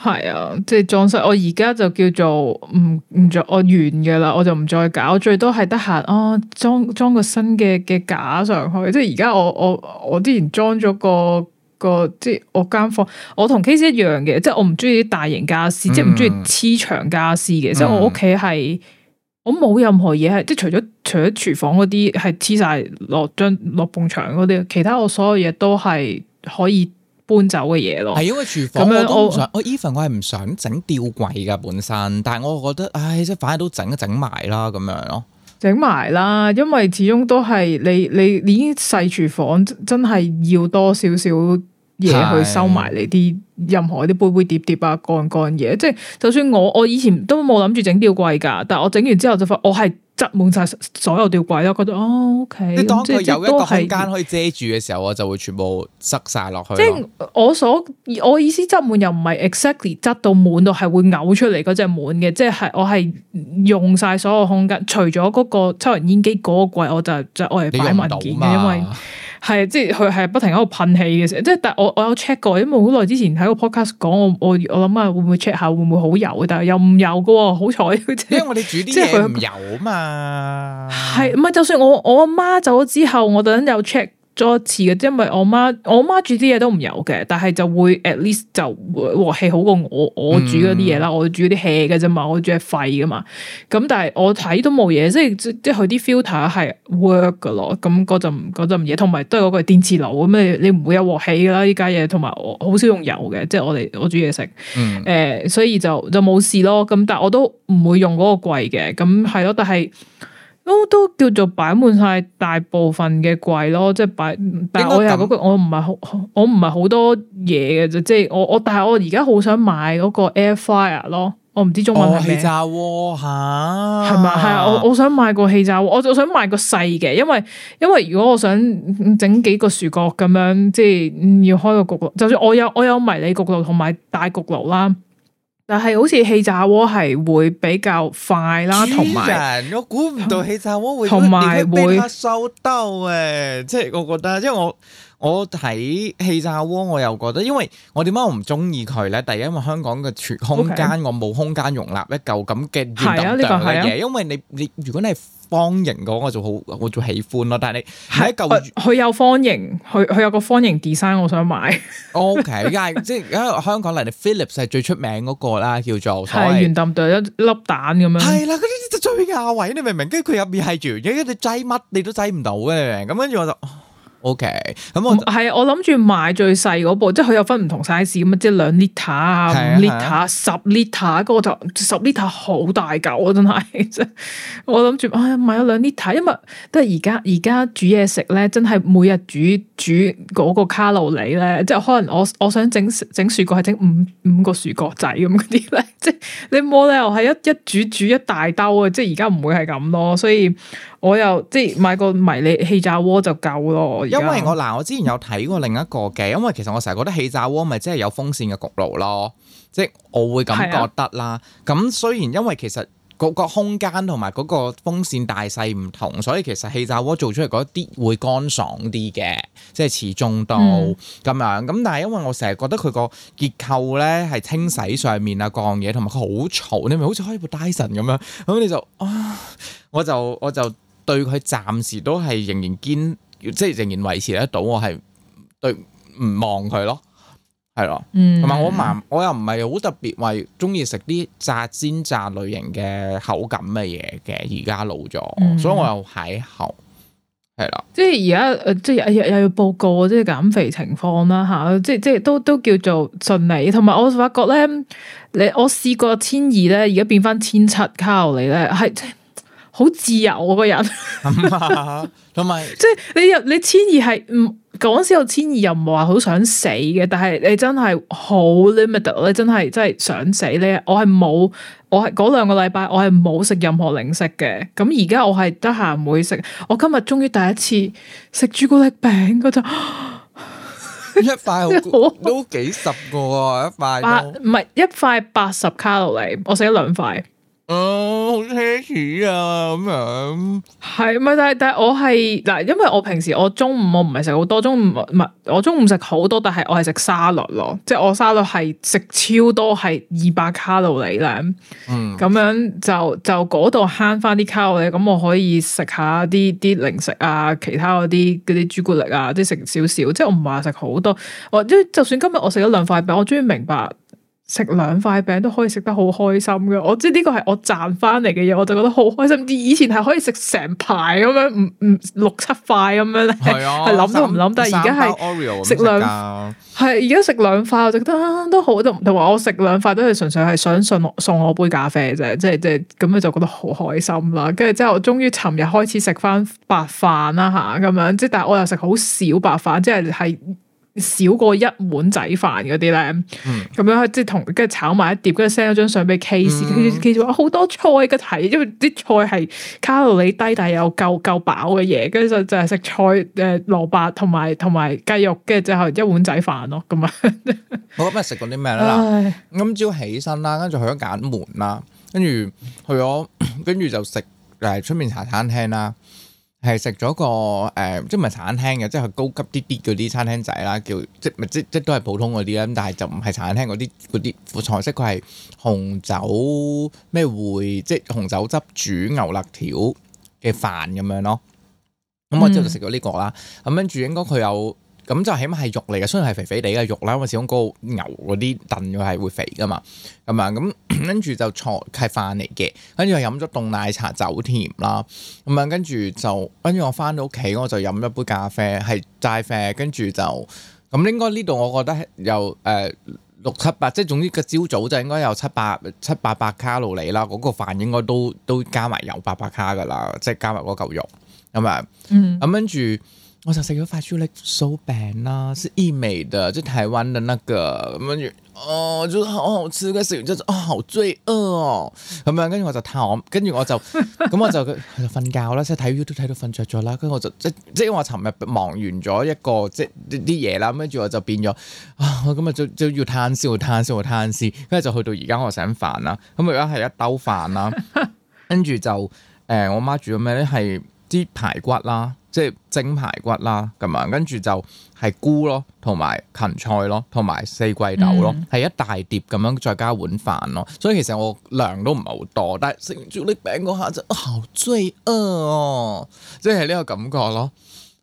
A: 係啊，
B: 即係裝修，我而家就叫做唔唔再我完嘅啦，我就唔再搞，最多係得閒啊裝裝個新嘅嘅架，上去，即係而家我我我之前裝咗個個即係我間房，我同 K 師一樣嘅，即係我唔中意啲大型家私，嗯、即係唔中意黐牆家私嘅，嗯、即係我屋企係。我冇任何嘢係，即係除咗除咗廚房嗰啲係黐晒落張落埲牆嗰啲，其他我所有嘢都係可以搬走嘅嘢咯。係因為廚房我都唔想，
A: 我 even 我係唔想整吊櫃㗎本身，但係我又覺得，唉，即反而都整一整埋啦咁樣咯，
B: 整埋啦，因為始終都係你你連細廚房真係要多少少。嘢是去收埋你啲任何啲杯杯碟碟啊，乾乾嘢，即係就算我我以前都冇諗住整吊櫃㗎，但係我整完之後就發，我係塞滿晒所有吊櫃，我覺得哦 OK 即。即，即當佢有一個空間可以
A: 遮住嘅時候，我就、exactly、會全部塞晒落去。即係
B: 我所我意思塞滿又唔係 exactly 塞到滿到係會嘔出嚟嗰隻滿嘅，即係我係用晒所有空間，除咗嗰個抽油煙機嗰個櫃，我就就係擺文件嘅，因為。係，即係佢係不停喺度噴氣嘅，即係但係我我有 check 過，因為好耐之前喺個 podcast 講我我諗下會唔會 check 下會唔會好油，但係又唔油㗎喎，好彩。即因為我哋煮啲嘢唔油
A: 嘛。
B: 係，唔係就算我我阿媽走咗之後，我特登有 check。再遲嘅，因為我媽我媽煮啲嘢都唔有嘅，但係就會 at least 就鑊氣好過我我煮嗰啲嘢啦，我煮啲 hea 嘅啫嘛，我煮係廢噶嘛，咁但係我睇都冇嘢，即係即係佢啲 filter 係 work 噶咯，咁嗰陣嗰陣嘢，同埋都係嗰個電磁爐，咁你你唔會有鑊氣噶啦呢家嘢，同埋我好少用油嘅，即係我哋我煮嘢食，誒、呃，所以就就冇事咯，咁但係我都唔會用嗰個櫃嘅，咁係咯，但係。都都叫做擺滿晒大部分嘅櫃咯，即係擺。但我又嗰、嗰個，我唔係好，我唔係好多嘢嘅啫。即係我我但係我而家好想買嗰個 air fryer 咯，我唔知中文係咩？哦、氣炸鍋吓，係咪係啊？我我想買個氣炸鍋，我就想買個細嘅，因為因為如果我想整幾個薯角咁樣，即係、嗯、要開個焗爐。就算我有我有迷你焗爐同埋大焗爐啦。但係好似氣炸鍋係會比較快啦，同埋人
A: 有我估唔到氣炸鍋會同埋有會收兜。誒，即係我覺得，即係我我睇氣炸鍋，我又覺得，因為我點解我唔中意佢咧？第一，因為香港嘅空間 Okay. 我冇空間容納一嚿咁嘅亂抌抌嘅嘢，係啊，呢個係啊，因為你你如果你係。方形嘅我就好，我就喜歡咯。但係你喺舊佢有方形，佢佢有個方形 design，我想買。O.K. 依家即係香港嚟，Philips 係最出名嗰個啦，叫做係圓凼一粒蛋咁樣。係啦，嗰啲就最亞位，你明唔明？跟住佢入面係圓嘅，你擠乜你都擠唔到嘅。咁跟住我就。O K，咁我係我
B: 諗住買最細嗰部，即係佢有分唔同 size 咁嘛，即係兩 l i t e 啊，五、啊、l i t e 十 l i t e 嗰個就十 l i t e 好大嚿啊！真係，我諗住，哎，買咗兩 l i t e 因為都係而家而家煮嘢食咧，真係每日煮煮嗰個卡路里咧，即係可能我我想整整薯角係整五五個薯角仔咁嗰啲咧，即係你冇理由係一一煮煮一大兜啊！即係而家唔會係咁咯，所以。
A: 我又即係買個迷你氣炸鍋就夠咯。因為我嗱，我之前有睇過另一個嘅，因為其實我成日覺得氣炸鍋咪即係有風扇嘅焗爐咯，即係我會咁覺得啦。咁是、啊、雖然因為其實嗰個空間同埋嗰個風扇大細唔同，所以其實氣炸鍋做出嚟嗰啲會乾爽啲嘅，即係始終都咁、嗯、樣。咁但係因為我成日覺得佢個結構咧係清洗上面啊各樣嘢，同埋佢好嘈，你咪好似開部 Dyson 咁樣，咁你就啊，我就我就。我就對佢暫時都係仍然堅，即係仍然維持得到，我係對唔望佢咯，係咯，同埋、嗯、我慢，我又唔係好特別話中意食啲炸煎炸類型嘅口感嘅嘢嘅，而家老咗，所以我又喺後係啦、嗯
B: 呃。即係而家，即係又又要報告即係減肥情況啦，吓，即係即係都都叫做順利。同埋我發覺咧，你我試過千二咧，而家變翻千七卡路里咧，係。好自由我個
A: 人，咁啊，咪
B: 即係你又你千二係唔講笑，時我千二又唔話好想死嘅，但係你真係好 limited 咧，真係真係想死咧。我係冇，我係嗰兩個禮拜我係冇食任何零食嘅。咁而家我係得閒會食。我今日終於第一次食朱古力餅嗰陣，
A: 一
B: 塊好都,都
A: 幾十個一塊，八
B: 唔係一塊八十卡路里，我食咗兩塊。
A: 哦，好奢侈啊！咁樣
B: 係咪？但係但係我係嗱，因為我平時我中午我唔係食好多，中午唔係我中午食好多，但係我係食沙律咯，即係我沙律係食超多，係二百卡路里咧。咁樣就就嗰度慳翻啲卡路里，咁、嗯、我可以食下啲啲零食啊，其他嗰啲啲朱古力啊，即係食少少，即係我唔話食好多。我即就算今日我食咗兩塊餅，我終於明白。食兩塊餅都可以食得好開心嘅，即我即係呢個係我賺翻嚟嘅嘢，我就覺得好開心。以前係可以食成排咁樣，唔唔六七塊咁樣，係諗都唔諗。但係而家係食兩，係而家食兩塊，我就覺得都好。都唔同，我食兩塊都係純粹係想送我送我杯咖啡啫，即係即係咁樣就覺得好開心啦。跟住之後，我終於尋日開始食翻白飯啦吓，咁樣即係，但係我又食好少白飯，即係係。少過一碗仔飯嗰啲咧，咁、嗯、樣即係、就是、同跟住炒埋一碟，跟住 send 咗張相俾 case，佢佢就話好多菜嘅睇，因為啲菜係卡路里低，但係、呃、有夠夠飽嘅嘢，跟住就就係食菜誒蘿蔔同埋同埋雞肉，跟住就係一碗仔飯咯，咁啊好。
A: 我今日食過啲咩咧？嗱，今朝起身啦，跟住去咗揀門啦，跟住去咗，跟 住就食誒出面茶餐廳啦。係食咗個誒、呃，即係唔係茶餐廳嘅，即係高級啲啲嗰啲餐廳仔啦，叫即係即即都係普通嗰啲啦。咁但係就唔係茶餐廳嗰啲啲副菜式，佢係紅酒咩燴，即係紅酒汁煮牛肋條嘅飯咁樣咯。咁我之、嗯、後就食咗呢個啦。咁跟住應該佢有。咁就起碼係肉嚟嘅，雖然係肥肥哋嘅肉啦，因為始終嗰牛嗰啲燉又係會肥噶嘛，咁樣咁跟住就錯係飯嚟嘅，跟住飲咗凍奶茶，酒甜啦，咁樣跟住就跟住我返到屋企，我就飲咗杯咖啡，係齋啡，跟住就咁、嗯嗯、應該呢度，我覺得有誒、呃、六七百，即係總之個朝早就應該有七百七八百卡路里啦，嗰、那個飯應該都都加埋有八百卡噶啦，即係加埋嗰嚿肉咁樣，嗯，咁跟住。嗯嗯嗯嗯我就食咗法式手啦，是意美的，就是、台灣的那個，跟住哦，就好好吃，跟住又叫做哦好罪惡咁樣，跟住我就探，我跟住我就咁我就就瞓覺啦，即係睇 YouTube 睇到瞓着咗啦，跟住我就即即係我尋日忙完咗一個即啲嘢啦，跟住我就變咗啊咁啊，就就要嘆絲，要嘆絲，要嘆絲，跟住就去到而家我食緊飯啦，咁而家係一兜飯啦，跟住就誒、呃、我媽煮咗咩咧，係啲排骨啦。即係蒸排骨啦，咁啊，跟住就係菇咯，同埋芹菜咯，同埋四季豆咯，係、嗯、一大碟咁樣，再加碗飯咯。所以其實我量都唔係好多，但係食完朱古力餅嗰下就好罪惡哦，即係呢個感覺咯，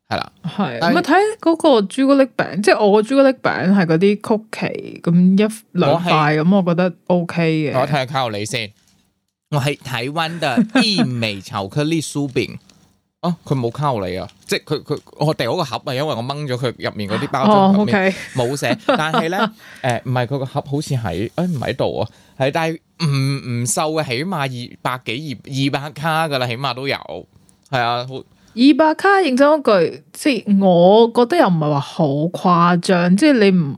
A: 係啦，係是。咁啊睇
B: 嗰個朱古力餅，即係我個朱古力餅係嗰啲曲奇，咁一兩塊咁，我，是我覺得 O K 嘅。我睇
A: 下卡路里先，我係台灣嘅義美巧克力酥餅。 啊！佢冇靠你啊，即係佢佢我掉嗰個盒啊，因為我掹咗佢入面嗰啲包裝冇寫，但係咧誒，唔係佢個盒好似喺，誒唔喺度啊，係但係唔唔收嘅，起碼二百幾二二百卡噶啦，起碼都有係啊，
B: 二百卡，啊，卡認真一句，即係我覺得又唔係話好誇張，即係你唔。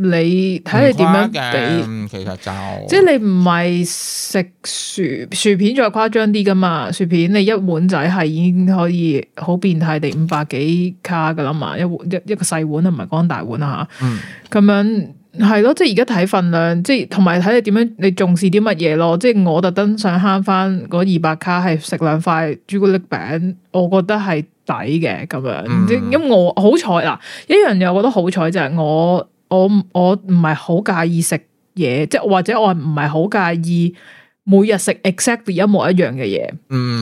B: 你睇你點樣俾，
A: 你其實就即係你
B: 唔係食薯薯片再誇張啲噶嘛？薯片你一碗仔係已經可以好變態地五百幾卡噶啦嘛？一碗一一個細碗啊，唔係乾大碗啊嚇。咁、嗯、樣係咯，即係而家睇份量，即係同埋睇你點樣，你重視啲乜嘢咯？即係我特登想慳翻嗰二百卡，係食兩塊朱古力餅，我覺得係抵嘅咁樣。咁、嗯嗯、我好彩啦，一樣嘢我覺得好彩就係、是、我。我我唔係好介意食嘢，即係或者我唔係好介意每日食 exactly 一模一樣嘅嘢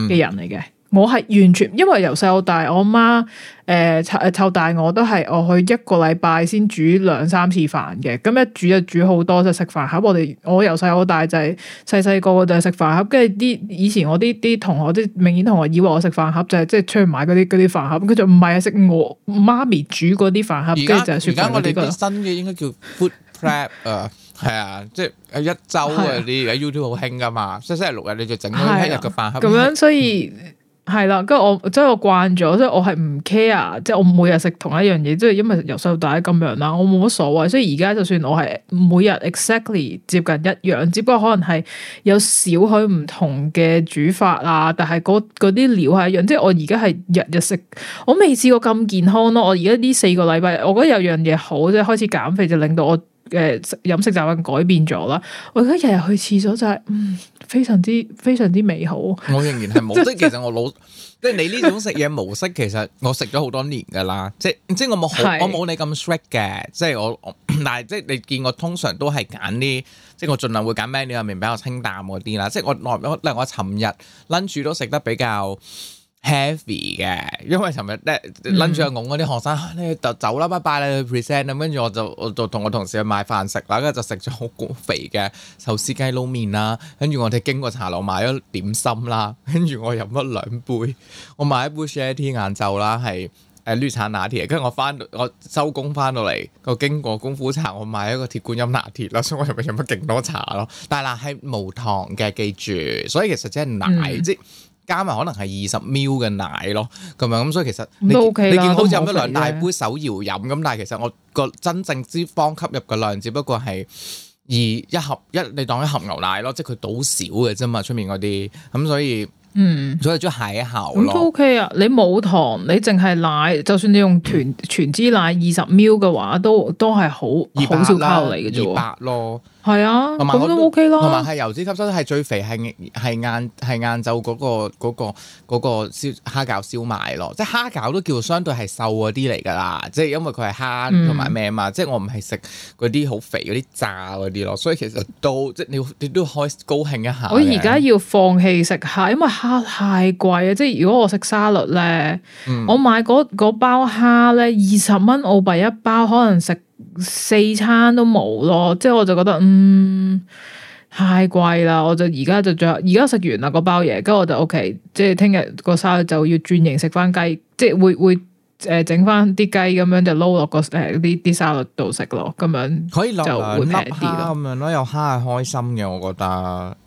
B: 嘅人嚟嘅。嗯我係完全因為由細到大我媽誒湊湊大我，都係我去一個禮拜先煮兩三次飯嘅，咁一煮就煮好多，就食飯盒。我哋我由細到大就係細細個就係食飯盒，跟住啲以前我啲啲同學即係明顯同學以為我食飯盒就係即係出去買嗰啲嗰啲飯盒，跟住唔係啊，食我媽咪煮嗰啲飯盒。跟住而家而家我哋新
A: 嘅應該叫 food prep 誒、呃、係 啊，即係一周啊，你而家 YouTube 好興噶嘛，即係星期六日你就整咗一日嘅飯盒。咁樣
B: 所以。 嗯係啦，跟住我即係我慣咗，即係我係唔 care，即係我每日食同一樣嘢，即係因為由細到大咁樣啦，我冇乜所謂，所以而家就算我係每日 exactly 接近一樣，只不過可能係有少許唔同嘅煮法啊，但係嗰啲料係一樣，即係我而家係日日食，我未試過咁健康咯，我而家呢四個禮拜，我覺得有樣嘢好，即係開始減肥就令到我。誒，飲食飲食習慣改變咗啦，我而家日日去廁所就係、是，嗯，非常之非常之美好。
A: 我仍然係冇，即係 其實我老，即係你呢種食嘢模式，其實我食咗好多年㗎啦，即係即係我冇，我冇你咁 shred 嘅，即係我,是我,即我但係即係你見我通常都係揀啲，即係我盡量會揀 menu 入面比較清淡嗰啲啦，即係我內，我例如我尋日 lunch 都食得比較。heavy 嘅，因為尋日拎住阿龔嗰啲學生咧就走啦，拜拜啦，present 咁跟住我就我就同我同事去買飯食啦，跟住就食咗好肥嘅壽司雞撈麵啦，跟住我哋經過茶樓買咗點心啦，跟住我飲咗兩杯，我買一杯雪梨晏晝啦，係誒綠茶拿鐵，跟住我翻到我收工翻到嚟，我經過功夫茶，我買咗個鐵觀音拿鐵啦，所以我尋日飲咗勁多茶咯，但係嗱係無糖嘅，記住，所以其實真係奶即。嗯加埋可能係二十 ml 嘅奶咯，咁樣咁所以其實你都你見好似飲咗兩大杯手搖飲咁，但係其實我個真正脂肪吸入嘅量，只不過係二一盒一，你當一盒牛奶咯，即係佢倒少嘅啫嘛，出面嗰啲咁所以，嗯，所以都係下一盒咯。嗯、都 OK
B: 啊！你冇糖，你淨係奶，就算你用全全脂奶二十 ml 嘅話，都都係好好少卡路里嘅啫喎，二百咯。係啊，咁都 OK 咯。同埋係
A: 油脂吸收，得係最肥，係係晏係晏晝嗰個嗰個嗰個燒蝦餃燒賣咯，即係蝦餃都叫相對係瘦嗰啲嚟噶啦，即係因為佢係蝦同埋咩啊嘛，即係我唔係食嗰啲好肥嗰啲炸嗰啲咯，所以其實都即係你你都開高興一下。我而家要
B: 放棄食蝦，因為蝦太貴啊！即係如果我食沙律咧，嗯、我買嗰包蝦咧二十蚊澳幣一包，可能食。四餐都冇咯，即係我就覺得嗯太貴啦，我就而家就最後而家食完啦個包嘢，跟住我就 OK，即係聽日個沙律就要轉型食翻雞，即係會會誒整翻啲雞咁樣就撈落個誒啲啲
A: 沙律度食咯，咁樣可以撈啊蝦蝦咁樣咯，有蝦係開心嘅，我覺得。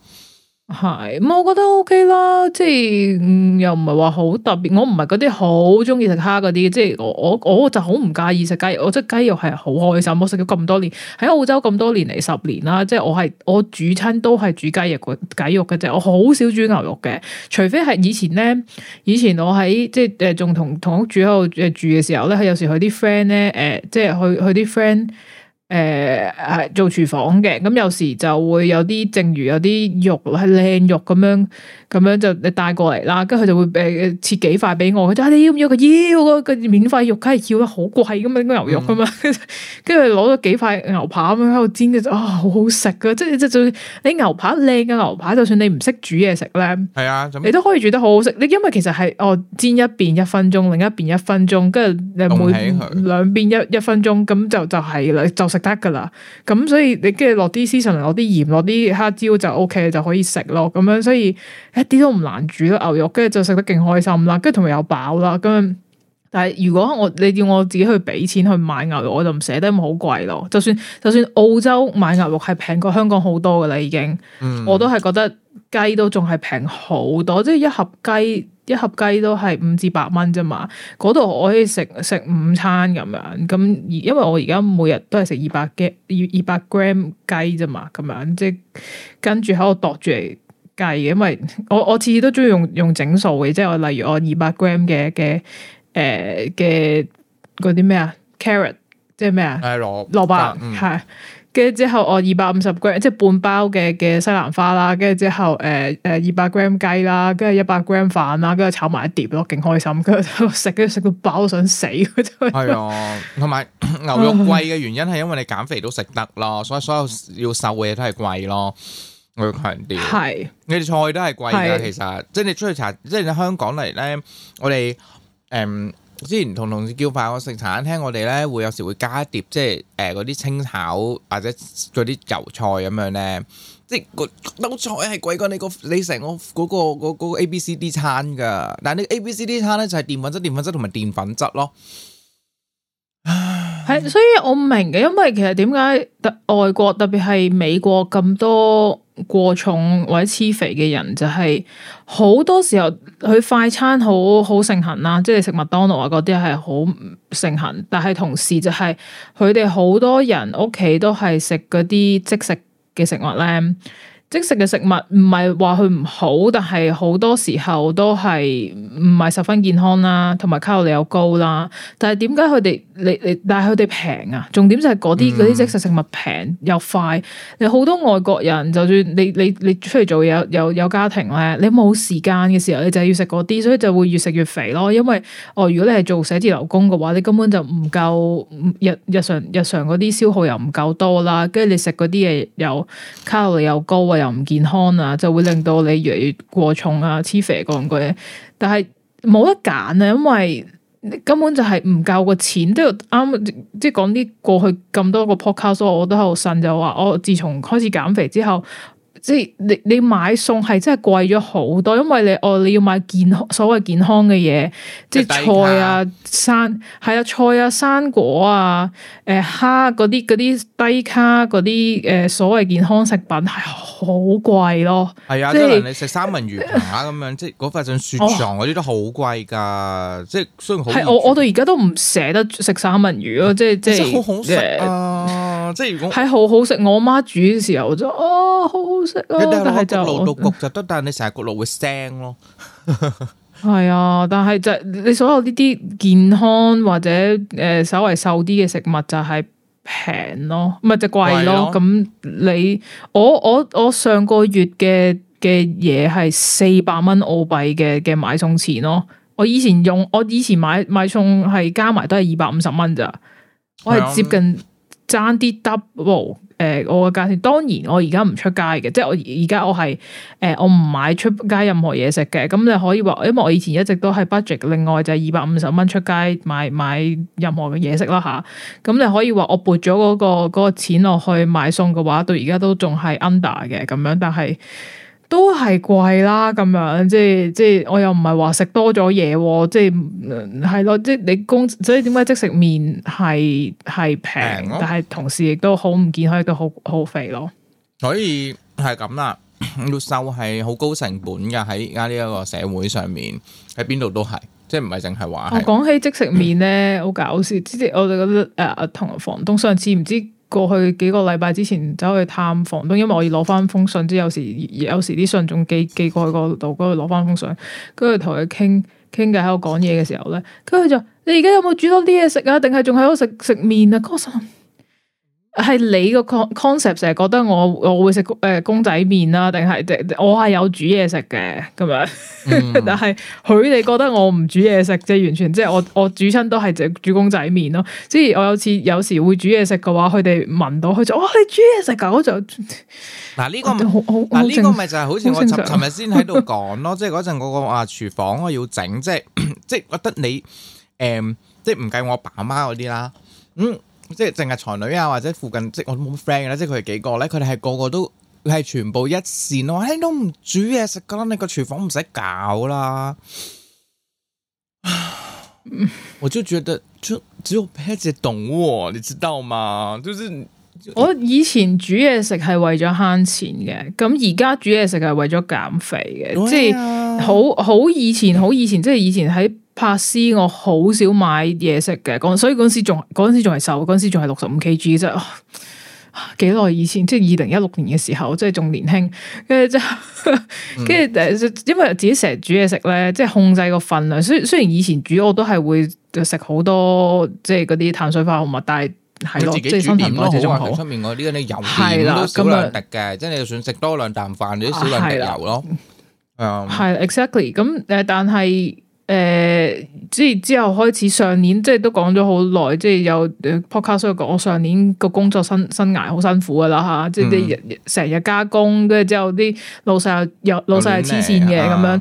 A: 係、嗯，我覺得 OK 啦，即係、嗯、又唔係話好
B: 特別。我唔係嗰啲好中意食蝦嗰啲，即係我我我就好唔介意食雞肉。我即係雞肉係好開心，我食咗咁多年喺澳洲咁多年嚟十年啦，即係我係我煮親都係煮雞肉個雞肉嘅啫，我好少煮牛肉嘅，除非係以前咧，以前我喺即係誒，仲、呃、同同屋主住喺度誒住嘅時候咧，佢有時佢啲 friend 咧誒，即係去去啲 friend。誒係做廚房嘅，咁有時就會有啲，正如有啲肉係靚肉咁樣，咁樣就你帶過嚟啦，跟住佢就會誒切幾塊俾我。佢就話、啊、你要唔要？佢要咯，免費肉梗係要啦，好貴噶嘛，牛肉噶嘛。跟住攞咗幾塊牛扒咁樣喺度煎嘅，哦、好啊好好食噶！即即即你牛扒靚啊，牛扒就算你唔識煮嘢食咧，係啊，你都可以煮得好好食。你因為其實係我、哦、煎一邊一分鐘，另一邊一分鐘，跟住你每兩邊一一分鐘，咁就，就就係、是、啦，就食。得噶啦，咁、嗯、所以你跟住落啲 season，落啲鹽，落啲黑椒就 OK，就可以食咯。咁樣，所以一啲都唔難煮咯。牛肉，跟住就食得勁開心啦，跟住同埋又飽啦。咁樣，但係如果我你叫我自己去俾錢去買牛肉，我就唔捨得，咁好貴咯。就算就算澳洲買牛肉係平過香港好多噶啦，已經、嗯，我都係覺得雞都仲係平好多，即係一盒雞。一盒雞都係五至八蚊啫嘛，嗰度我可以食食五餐咁樣，咁而因為我而家每日都係食二百嘅二二百 gram 雞啫嘛，咁樣即係跟住喺度度住嚟計，因為我 200, 200我，因為我，我次次都中意用用整數嘅，即係我例如我二百 gram 嘅嘅誒嘅嗰啲咩啊 carrot 即係咩啊蘿蠟蘿蔔蠟係。嗯跟住之後我二百五十 gram 即係半包嘅嘅西蘭花啦，跟住之後誒誒二百 gram 雞啦，跟住一百 gram 飯啦，跟住炒埋一碟咯，勁開心，跟住食跟住食到飽想死，係啊、
A: 嗯，同埋 牛肉貴嘅原因係因為你減肥都食得咯，所以所有要瘦嘅嘢都係貴咯，我要強調係，是你哋菜都係貴噶，是其實即係你出去查，即係你香港嚟咧，我哋誒。嗯之前同同事叫飯，我食茶餐廳，我哋咧會有時會加一碟，即係誒嗰啲清炒或者嗰啲油菜咁樣咧，即係嗰兜菜係貴過你個你成個嗰個嗰嗰個 A B C D 餐噶但係你 A B C D 餐咧就係澱粉質、澱粉質同埋澱粉質咯。係，所以
B: 我唔明嘅，因為其實點解特外國特別係美國咁多？過重或者黐肥嘅人就係、是、好多時候佢快餐好好盛行啦，即係食麥當勞啊嗰啲係好盛行，但係同時就係佢哋好多人屋企都係食嗰啲即食嘅食物咧，即食嘅食物唔係話佢唔好，但係好多時候都係唔係十分健康啦，同埋卡路里又高啦，但係點解佢哋？你你但係佢哋平啊，重點就係嗰啲嗰啲即食食物平又快，有好多外國人就算你你你出嚟做嘢，有有家庭咧，你冇時間嘅時候，你就係要食嗰啲，所以就會越食越肥咯。因為哦，如果你係做寫字樓工嘅話，你根本就唔夠日日常日常嗰啲消耗又唔夠多啦，跟住你食嗰啲嘢又卡路里又高啊，又唔健康啊，就會令到你越嚟越過重啊，黐肥嗰種嘅嘢。但係冇得揀啊，因為。根本就係唔夠個錢，都啱，即係講啲過去咁多個 Podcast，我都好信就話，我自從開始減肥之後。即係你你買餸係真係貴咗好多，因為你哦你要買健康所謂健康嘅嘢，即係菜啊生係啊菜啊生果啊誒蝦嗰啲嗰啲低卡嗰啲誒所謂健康食品係好貴咯。係啊，即係你
A: 食三文魚扒咁樣，即係嗰塊上雪藏嗰啲都好貴噶。哦、即係雖然好係我
B: 我到而家都唔捨得食三文魚咯，即係即係。啊
A: 即係如果 好好食，我媽煮嘅時候就哦好好食啊！但係焗焗就得，但係你成日焗爐會腥咯。
B: 係啊， 但係就你所有呢啲健康或者誒稍為瘦啲嘅食物就係平咯，咪就貴咯。咁是、啊、你我我我上個月嘅嘅嘢係四百蚊澳幣嘅嘅買餸錢咯。我以前用我以前買買餸係加埋都係二百五十蚊咋，
A: 我係接近。是啊
B: 嗯爭啲 double 誒、呃，我嘅價錢當然我而家唔出街嘅，即係我而家我係誒、呃、我唔買出街任何嘢食嘅，咁你可以話，因為我以前一直都係 budget，另外就係二百五十蚊出街買買任何嘅嘢食啦嚇，咁、啊、你可以話我撥咗嗰個嗰個錢落去買餸嘅話，到而家都仲係 under 嘅咁樣，但係。都係貴啦，咁樣即係即係，我又唔係話食多咗嘢，即係係咯，即係你工，所以點解即食麵係係平，但係同時亦都好唔健康，亦都好好肥咯。
A: 所以係咁啦，要瘦係好高成本噶，喺而家呢一個社會上面，喺邊度都係，即係唔係淨係話。哦，
B: 講起即食麵咧，好 搞笑，之前我就覺得誒、呃，同房東上次唔知。過去幾個禮拜之前走去探房東，因為我要攞翻封信，即有時有時啲信仲寄寄過去嗰度，嗰度攞翻封信，跟住同佢傾傾偈喺度講嘢嘅時候咧，跟住佢就你而家有冇煮多啲嘢食啊？定係仲喺度食食麵啊？嗰個心。係你個 concept 成日覺得我我會食誒公仔麵啦，定係我係有煮嘢食嘅咁樣。 嗯、 但係佢哋覺得我唔煮嘢食，即係完全即係我我煮親都係煮公仔麵咯。即係我有次有時會煮嘢食嘅話，佢哋聞到佢就哦，你煮嘢食噶我就。嗱呢、啊這個
A: 嗱呢、啊這個咪就係好似我尋日先喺度講咯，正 即係嗰陣我講話廚房我要整、就是， 即係即係覺得你誒即係唔計我爸媽嗰啲啦，嗯。即係淨係才女啊，或者附近即我都冇 friend 嘅咧，即係佢哋幾個咧，佢哋係個個都係全部一線咯、啊，你都唔煮嘢食噶啦，你個廚房唔使搞啦。我就覺得就只有 Pat 姐懂我，你知道嘛？就是
B: 就我以前煮嘢食係為咗慳錢嘅，咁而家煮嘢食係為咗減肥嘅，啊、即係好好以前好以前即係、就是、以前喺。拍師我好少買嘢食嘅，咁所以嗰時仲嗰時仲係瘦，嗰時仲係六十五 Kg 啫，啊。幾耐以前，即係二零一六年嘅時候，即係仲年輕，跟住就跟住誒，嗯、因為自己成日煮嘢食咧，即係控制個份量。雖雖然以前煮我都係會食好多，即係嗰啲碳水化合物，但係係咯，即係點咯，即係話出
A: 面嗰啲嗰啲油，係啦咁啊，滴嘅好，即係你就算食多兩啖飯，你都少量滴、嗯、量少量
B: 滴油咯。係係、啊嗯、exactly 咁誒，但係。誒，即係、呃、之後開始上年，即係都講咗好耐，即係有 podcast 都講。我上年個工作生，生涯好辛苦噶啦，吓，即係成日加工，跟住之後啲老細又老細係黐線嘅咁樣，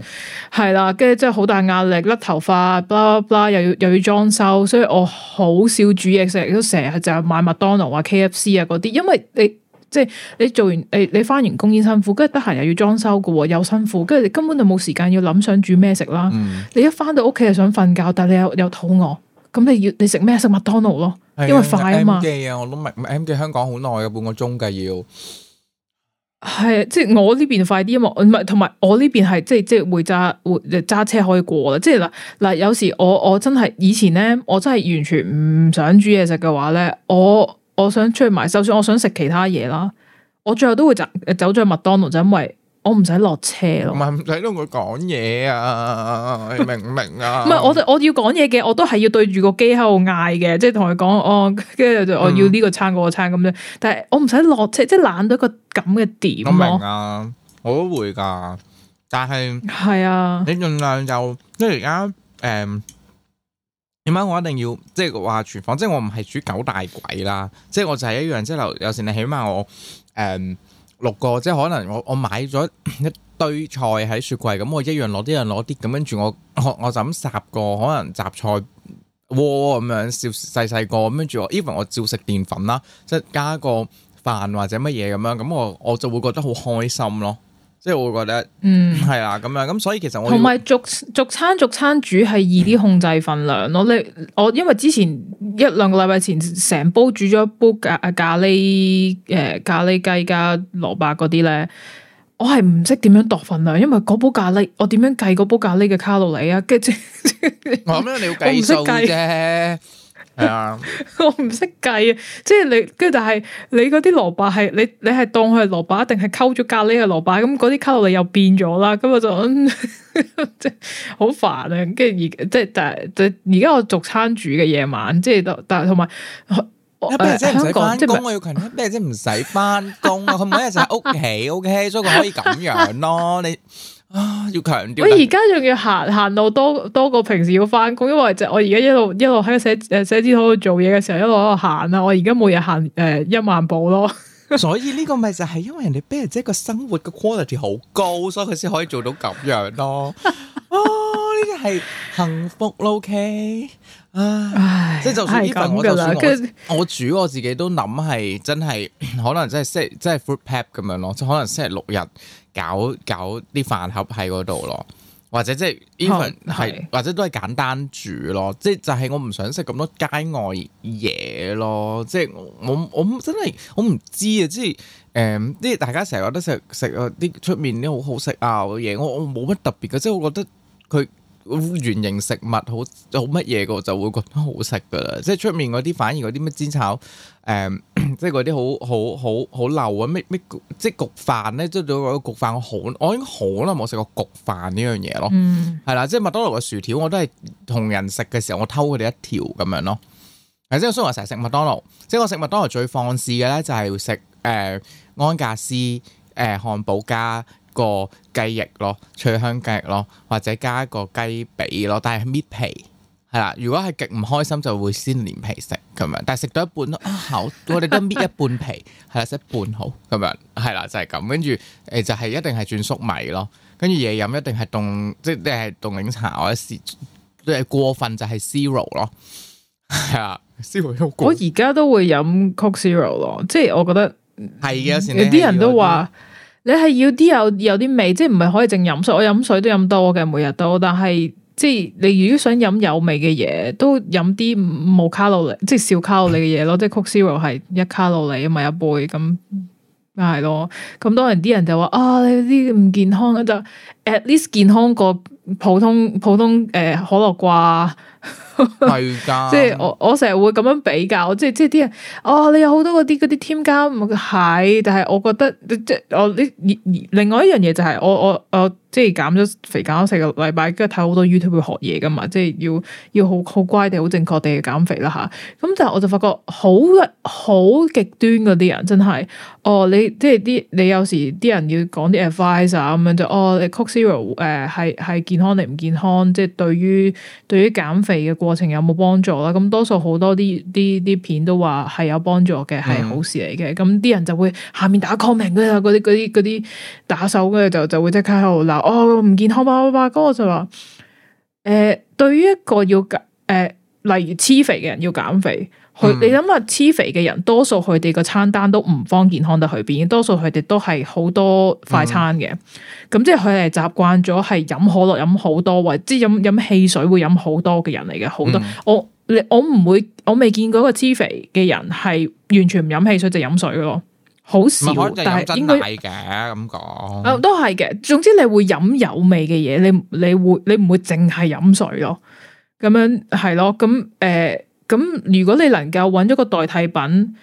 B: 係啦、啊，跟住真係好大壓力，甩頭髮，啦啦又要又要裝修，所以我好少煮嘢食，都成日就買麥當勞啊、K F C 啊嗰啲，因為你。即係你做完你你翻完工已經辛苦，跟住得閒又要裝修嘅，又辛苦，跟住你根本就冇時間要諗想，想煮咩食啦。嗯、你一翻到屋企就想瞓覺，但係你又你又肚餓，咁你要你食咩？食麥當勞咯，的因為快啊嘛。
A: 啊，G, 我都明 M 記香港好耐嘅，半個鐘嘅要。
B: 係即係我呢邊快啲啊嘛，唔係同埋我呢邊係即係即係會揸會揸車可以過啦。即係嗱嗱有時我我真係以前咧，我真係完全唔想煮嘢食嘅話咧，我。我想出去買，就算我想食其他嘢啦，我最後都會走走咗去麥當勞，就因為我唔使落車咯。唔係唔
A: 使同佢講嘢啊？ 你明唔明啊？唔係，
B: 我我要講嘢嘅，我都係要對住個機喺度嗌嘅，即係同佢講哦。跟住就我要呢個餐嗰、嗯、個餐咁樣。但係我唔使落車，即係懶到個咁嘅點。我明
A: 啊，我都會噶，但係係啊，你盡量就即係而家誒。因為點解我一定要即係話廚房？即係我唔係煮九大簋啦，即係我就係一樣，即係有時你起碼我誒、嗯、六個，即係可能我我買咗一堆菜喺雪櫃，咁我一樣攞啲人攞啲咁，跟住我我就咁雜個可能雜菜鍋咁樣少細細個咁跟住，我，even 我照食澱粉啦，即係加個飯或者乜嘢咁樣，咁我我就會覺得好開心咯。即係我會覺得，嗯，係啊、嗯，咁樣，咁所以其實我同埋
B: 逐逐餐逐餐煮係易啲控制份量咯。你、嗯、我，我因為之前一兩個禮拜前成煲煮咗一煲咖咖喱，誒、呃、咖喱雞，雞加蘿蔔嗰啲咧，我係唔識點樣度份量，因為嗰煲咖喱，我點樣計嗰煲咖喱嘅卡路里啊？跟 住我諗樣你要計，我唔識計啫。係啊，我唔識計啊，即係 你跟住，但係你嗰啲蘿蔔係你你係當佢係蘿蔔，定係溝咗咖喱嘅蘿蔔？咁嗰啲卡路里又變咗啦。咁我就即係好煩啊。跟住而即係但係而而家我逐餐煮嘅夜晚，即係但但係同埋咩啫？唔使翻工，我要
A: 咩啫？唔使翻工，佢每日就喺屋企，OK，所以佢可以咁樣咯。你。啊！要強調，我而
B: 家仲要行行路多多過平時要翻工，因為就我而家一路一路喺個寫誒寫字檯度做嘢嘅時候，一路喺度行啊！我而家每
A: 日行誒、呃、一萬步咯。所以呢個咪就係因為人哋俾人哋即係個生活嘅 quality 好高，所以佢先可以做到咁樣咯。 哦，呢啲係幸福咯，K。Okay? 啊、唉，即係就算呢份，我其我我主我自己都諗係真係可能即係即係 foodpanda 咁樣咯，即可能星期六日。搞搞啲飯盒喺嗰度咯，或者即係 even 係，或者都係簡單煮咯，即係就係我唔想食咁多街外嘢咯，即係我我真係我唔知、呃、啊，即係誒，即係大家成日覺得食食啊啲出面啲好好食啊嘅嘢，我我冇乜特別嘅，即係我覺得佢。圓形食物好好乜嘢嘅，就會覺得好食㗎啦。即係出面嗰啲，反而嗰啲乜煎炒，誒、呃，即係嗰啲好好好好流啊！咩咩即係焗飯咧，都到我焗飯，我好我已經好耐冇食過焗飯呢樣嘢咯。係啦、嗯，即係麥當勞嘅薯條，我都係同人食嘅時候，我偷佢哋一條咁樣咯。誒，即係雖然話成日食麥當勞，即係我食麥當勞最放肆嘅咧，就係食誒安格斯誒漢、呃、堡加。個雞翼咯，脆香雞翼咯，或者加一個雞髀咯，但係搣皮係啦。如果係極唔開心，就會先連皮食咁樣。但係食到一半，啊好，我哋都搣一半皮，係啦，食一半好咁樣，係啦，就係咁。跟住誒，就係一定係轉粟米咯。跟住嘢飲一定係凍，即係定係凍檸茶，或者是，即係過分就係 zero 咯。係啊，zero 我而家都會飲
B: Coke Zero 咯，即係我覺得
A: 係嘅。有啲人
B: 都話。你係要啲有有啲味，即係唔係可以淨飲水？我飲水都飲多嘅，每日都。但係即係你如果想飲有味嘅嘢，都飲啲冇卡路里，即係少卡路里嘅嘢咯。即係 Coke Zero 係一卡路里啊，咪一杯咁，咪係咯。咁當然啲人就話啊、哦，你啲唔健康啊，就 at least 健康過普通普通誒、呃、可樂啩。 係噶， 即係我我成日會咁樣比較，即係即係啲人哦，你有好多嗰啲嗰啲添加，係，但係我覺得即係我你另外一樣嘢就係我我我。我即係減咗肥，減咗成個禮拜，跟住睇好多 YouTube 學嘢噶嘛，即係要要好好乖地，好正確地去減肥啦吓。咁但我就發覺好好極端嗰啲人真係，哦你即係啲你有時啲人要講啲 advice 啊，咁樣就哦，你 Cook Zero 誒係係健康定唔健康？即係對於對於減肥嘅過程有冇幫助啦？咁多數好多啲啲啲片都話係有幫助嘅，係好事嚟嘅。咁啲人就會下面打 comment 嗰啲嗰啲嗰啲打手咧就就會即刻喺度鬧。哦，唔健康吧吧哥就話，誒、呃，對於一個要誒、呃，例如癡肥嘅人要減肥，佢、嗯、你諗下癡肥嘅人，多數佢哋個餐單都唔方健康得去邊，多數佢哋都係好多快餐嘅，咁、嗯、即係佢哋習慣咗係飲可樂飲好多，或者即係飲飲汽水會飲好多嘅人嚟嘅，好多、嗯、我你我唔會，我未見過一個癡肥嘅人係完全唔飲汽水就飲水咯。好少，但係應該
A: 係嘅咁講，都
B: 係嘅。總之你會飲有味嘅嘢，你你會你唔會淨係飲水咯？咁樣係咯，咁誒，咁、呃、如果你能夠揾咗個代替品，誒、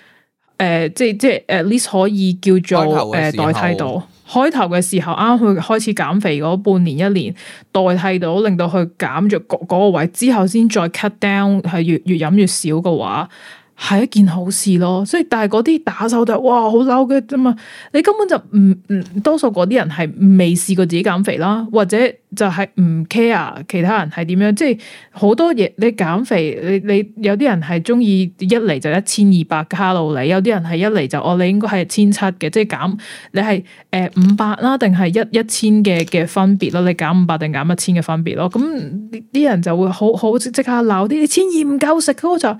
B: 呃，即係即係 at least 可以叫做誒代替到開頭嘅時候，啱去開始減肥嗰半年一年代替到，剛剛代替到令到佢減咗嗰嗰個位之後，先再 cut down 係越越飲越少嘅話。係一件好事咯，所以但係嗰啲打手就哇好嬲嘅啫嘛，你根本就唔唔、嗯，多數嗰啲人係未試過自己減肥啦，或者就係唔 care 其他人係點樣，即係好多嘢你減肥，你你有啲人係中意一嚟就一千二百卡路里，有啲人係一嚟就是、哦，你應該係千七嘅，即係減你係誒五百啦，定係一一千嘅嘅分別咯，你減五百定減一千嘅分別咯，咁、嗯、啲人就會好好即刻鬧啲，你千二唔夠食咯就。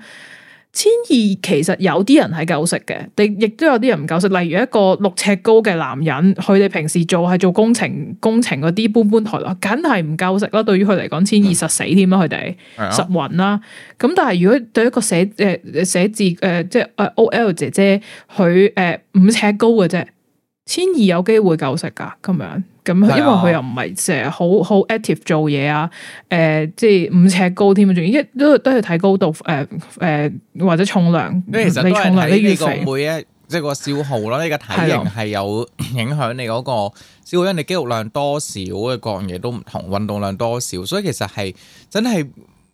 B: 千二其實有啲人係夠食嘅，亦都有啲人唔夠食。例如一個六尺高嘅男人，佢哋平時做係做工程，工程嗰啲搬搬抬啦，梗係唔夠食啦。對於佢嚟講，千二實死添啦，佢哋、嗯、實暈啦、啊。咁、嗯、但係如果對一個寫誒寫字誒、呃、即係誒 OL 姐姐，佢誒、呃、五尺高嘅啫，千二有機會夠食噶，咁樣咁，因為佢又唔係成日好好 active 做嘢啊，誒、呃，即係五尺高添仲要都都係睇高度誒誒、呃呃，或者重量。你其實都係睇呢個每
A: 一即係個消耗咯，呢、這個體型係有影響你嗰個消耗，因你肌肉量多少嘅各樣嘢都唔同，運動量多少，所以其實係真係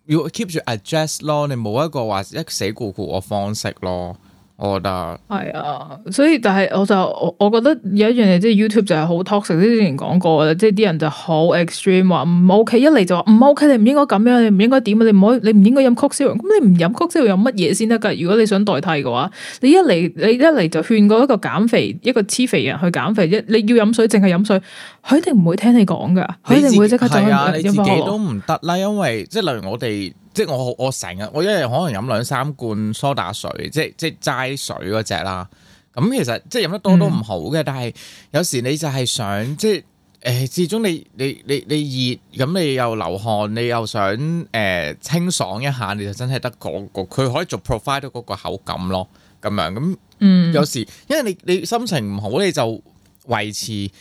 A: 要 keep 住 adjust 咯，你冇一個話一死咕咕嘅方式咯。我得係啊，
B: 所以但係我就我我覺得有一樣嘢即係 YouTube 就係好 toxic，之前講過啦，即係啲人就好 extreme 話唔 OK，一嚟就話唔 OK，你唔應該咁樣，你唔應該點啊，你唔可以你唔應該飲 Coke Zero，咁你唔飲 Coke Zero 飲乜嘢先得噶？如果你想代替嘅話，你一嚟你一嚟就勸過一個減肥一個黐肥人去減肥，一你要飲水淨係飲水，佢一定唔會聽你講噶，佢一定會即刻就飲翻可樂，自己都唔
A: 得啦，因為即係例如我哋。即係我我成日我一日可能飲兩三罐梳打水，即係即係齋水嗰隻啦。咁其實即係飲得多都唔好嘅，嗯、但係有時你就係想即係誒、欸，始終你你你你熱，咁你，你又流汗，你又想誒、呃、清爽一下，你就真係得嗰個佢可以做 provide 到嗰個口感咯，咁樣咁。嗯，有時因為你你心情唔好，你就維持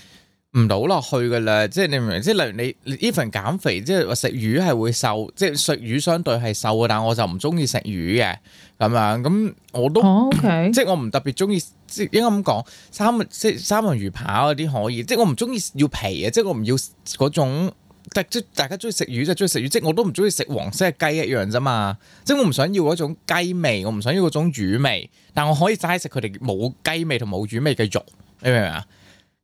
A: 唔到落去噶啦，即係你明唔明？即係例如你，你，even 減肥，即係話食魚係會瘦，即係食魚相對係瘦嘅，但係我就唔中意食魚嘅咁樣。咁我都、oh, okay. 即係我唔特別中意，即係應該咁講，三即係三文魚扒嗰啲可以。即係我唔中意要皮啊，即係我唔要嗰種。即大家中意食魚就中意食魚，即係我都唔中意食黃色嘅雞一樣啫嘛。即係我唔想要嗰種雞味，我唔想要嗰種魚味，但我可以齋食佢哋冇雞味同冇魚味嘅肉，你明唔明啊？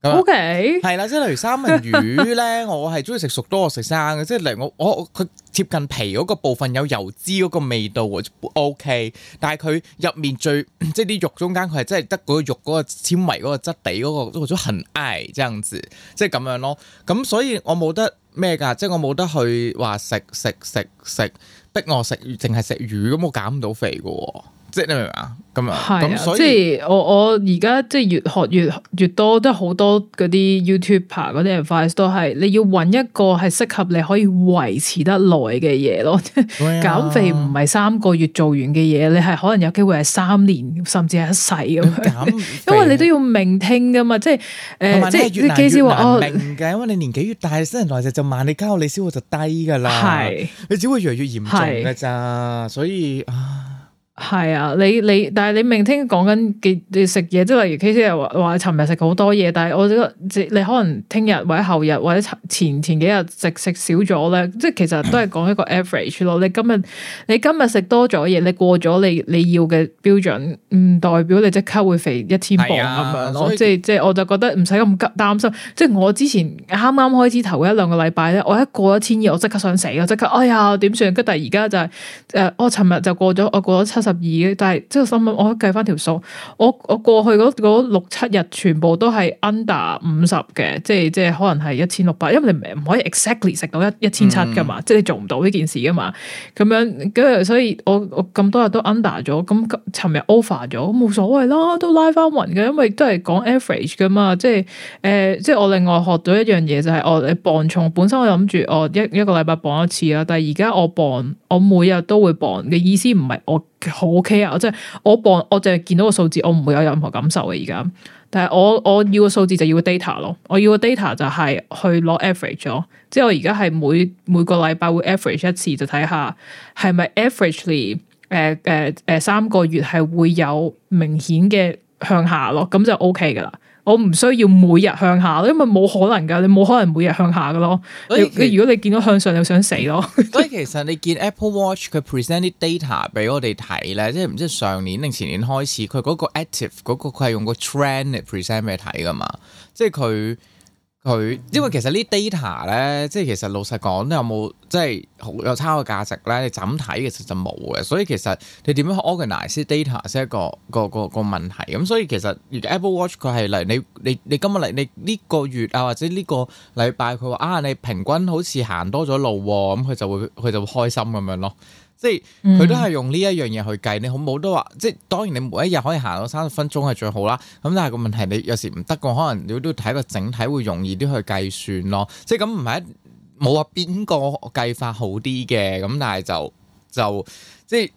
A: O K，係啦，即係 Okay? 例如三文魚咧， 我係中意食熟多過食生嘅。即係例如我我佢貼近皮嗰個部分有油脂嗰個味道，我就 okay，但係佢入面最，即係啲肉中間佢係真係得嗰個肉嗰個纖維嗰個質地嗰個都都很矮，這樣子，即係咁樣咯。咁所以我冇得咩噶，即係我冇得去話食食食食，逼我食淨係食魚，咁我減唔到肥噶。即係咩啊？咁啊，咁所以
B: 我我而家即係越學越越多，即係好多嗰啲 YouTuber 嗰啲 Advice 都係你要揾一個係適合你可以維持得耐嘅嘢咯。減肥唔係三個月做完嘅嘢，你係可能有機會係三年甚至係一世咁。因為你都要明聽噶嘛，即係誒，即係你幾時話哦？唔
A: 解，因為你年紀越大，新陳代謝就慢，你 calorie 消耗就低噶啦。係你只會越嚟越嚴重噶咋，所以啊。
B: 係啊，你你但係你明聽講緊嘅食嘢，即係例如 KC 又話，話尋日食好多嘢，但係我覺得你可能聽日或者後日或者前前幾日食食少咗咧，即係其實都係講一個 average 咯，嗯。你今日你今日食多咗嘢，你過咗你你要嘅標準，唔代表你即刻會肥一千磅咁樣咯。即係即係我就覺得唔使咁急擔心。即係我之前啱啱開始頭一兩個禮拜咧，我一過咗千二，我即刻想死，我即刻哎呀點算？跟住而家就誒，是，我尋日就過咗，我過咗七。十二嘅，12，但係即係心諗，我計翻條數，我我過去嗰六七日全部都係 under 五十嘅，即係即係可能係一千六百，因為你唔可以 exactly 食到一一千七噶嘛，嗯、即係你做唔到呢件事噶嘛，咁樣，咁所以我我咁多日都 under 咗，咁尋日 over 咗，冇所謂啦，都拉翻勻嘅，因為都係講 average 噶嘛，即係誒、呃，即係我另外學到一樣嘢就係、是、我、哦、你磅重，本身我諗住我一一個禮拜磅一次啊，但係而家我磅，我每日都會磅嘅意思唔係我。好 OK 啊！即係我磅，我淨係見到個數字，我唔會有任何感受嘅。而家，但係我我要個數字就要個 data 咯。我要個 data 就係去攞 average 咗。即係我而家係每每個禮拜會 average 一次，就睇下係咪 averagely 誒、呃、誒誒、呃、三個月係會有明顯嘅向下咯。咁就 OK 噶啦。我唔需要每日向下，因為冇可能噶，你冇可能每日向下噶咯。所以你如果你見到向上，你就想死咯。 所
A: 以其實你見 Apple Watch 佢 present 啲 data 俾我哋睇咧，即係唔知上年定前年開始，佢嗰個 active 嗰個佢係用個 trend 嚟 present 俾你睇噶嘛，即係佢。佢，因為其實呢 data 咧，即係其實老實講，你有冇即係好有差個價值咧？你怎睇其實就冇嘅，所以其實你點樣 organize data 先係一個個個個問題。咁所以其實如果 Apple Watch 佢係嚟你你你今日嚟你呢個月啊，或者呢個禮拜佢話啊，你平均好似行多咗路喎，啊，咁佢就會佢就會開心咁樣咯。即係佢都係用呢一樣嘢去計，你好唔好都話，即係當然你每一日可以行到三十分鐘係最好啦。咁但係個問題，你有時唔得㗎，可能你都睇個整體會容易啲去計算咯。即係咁唔係冇話邊個計法好啲嘅，咁但係就就即係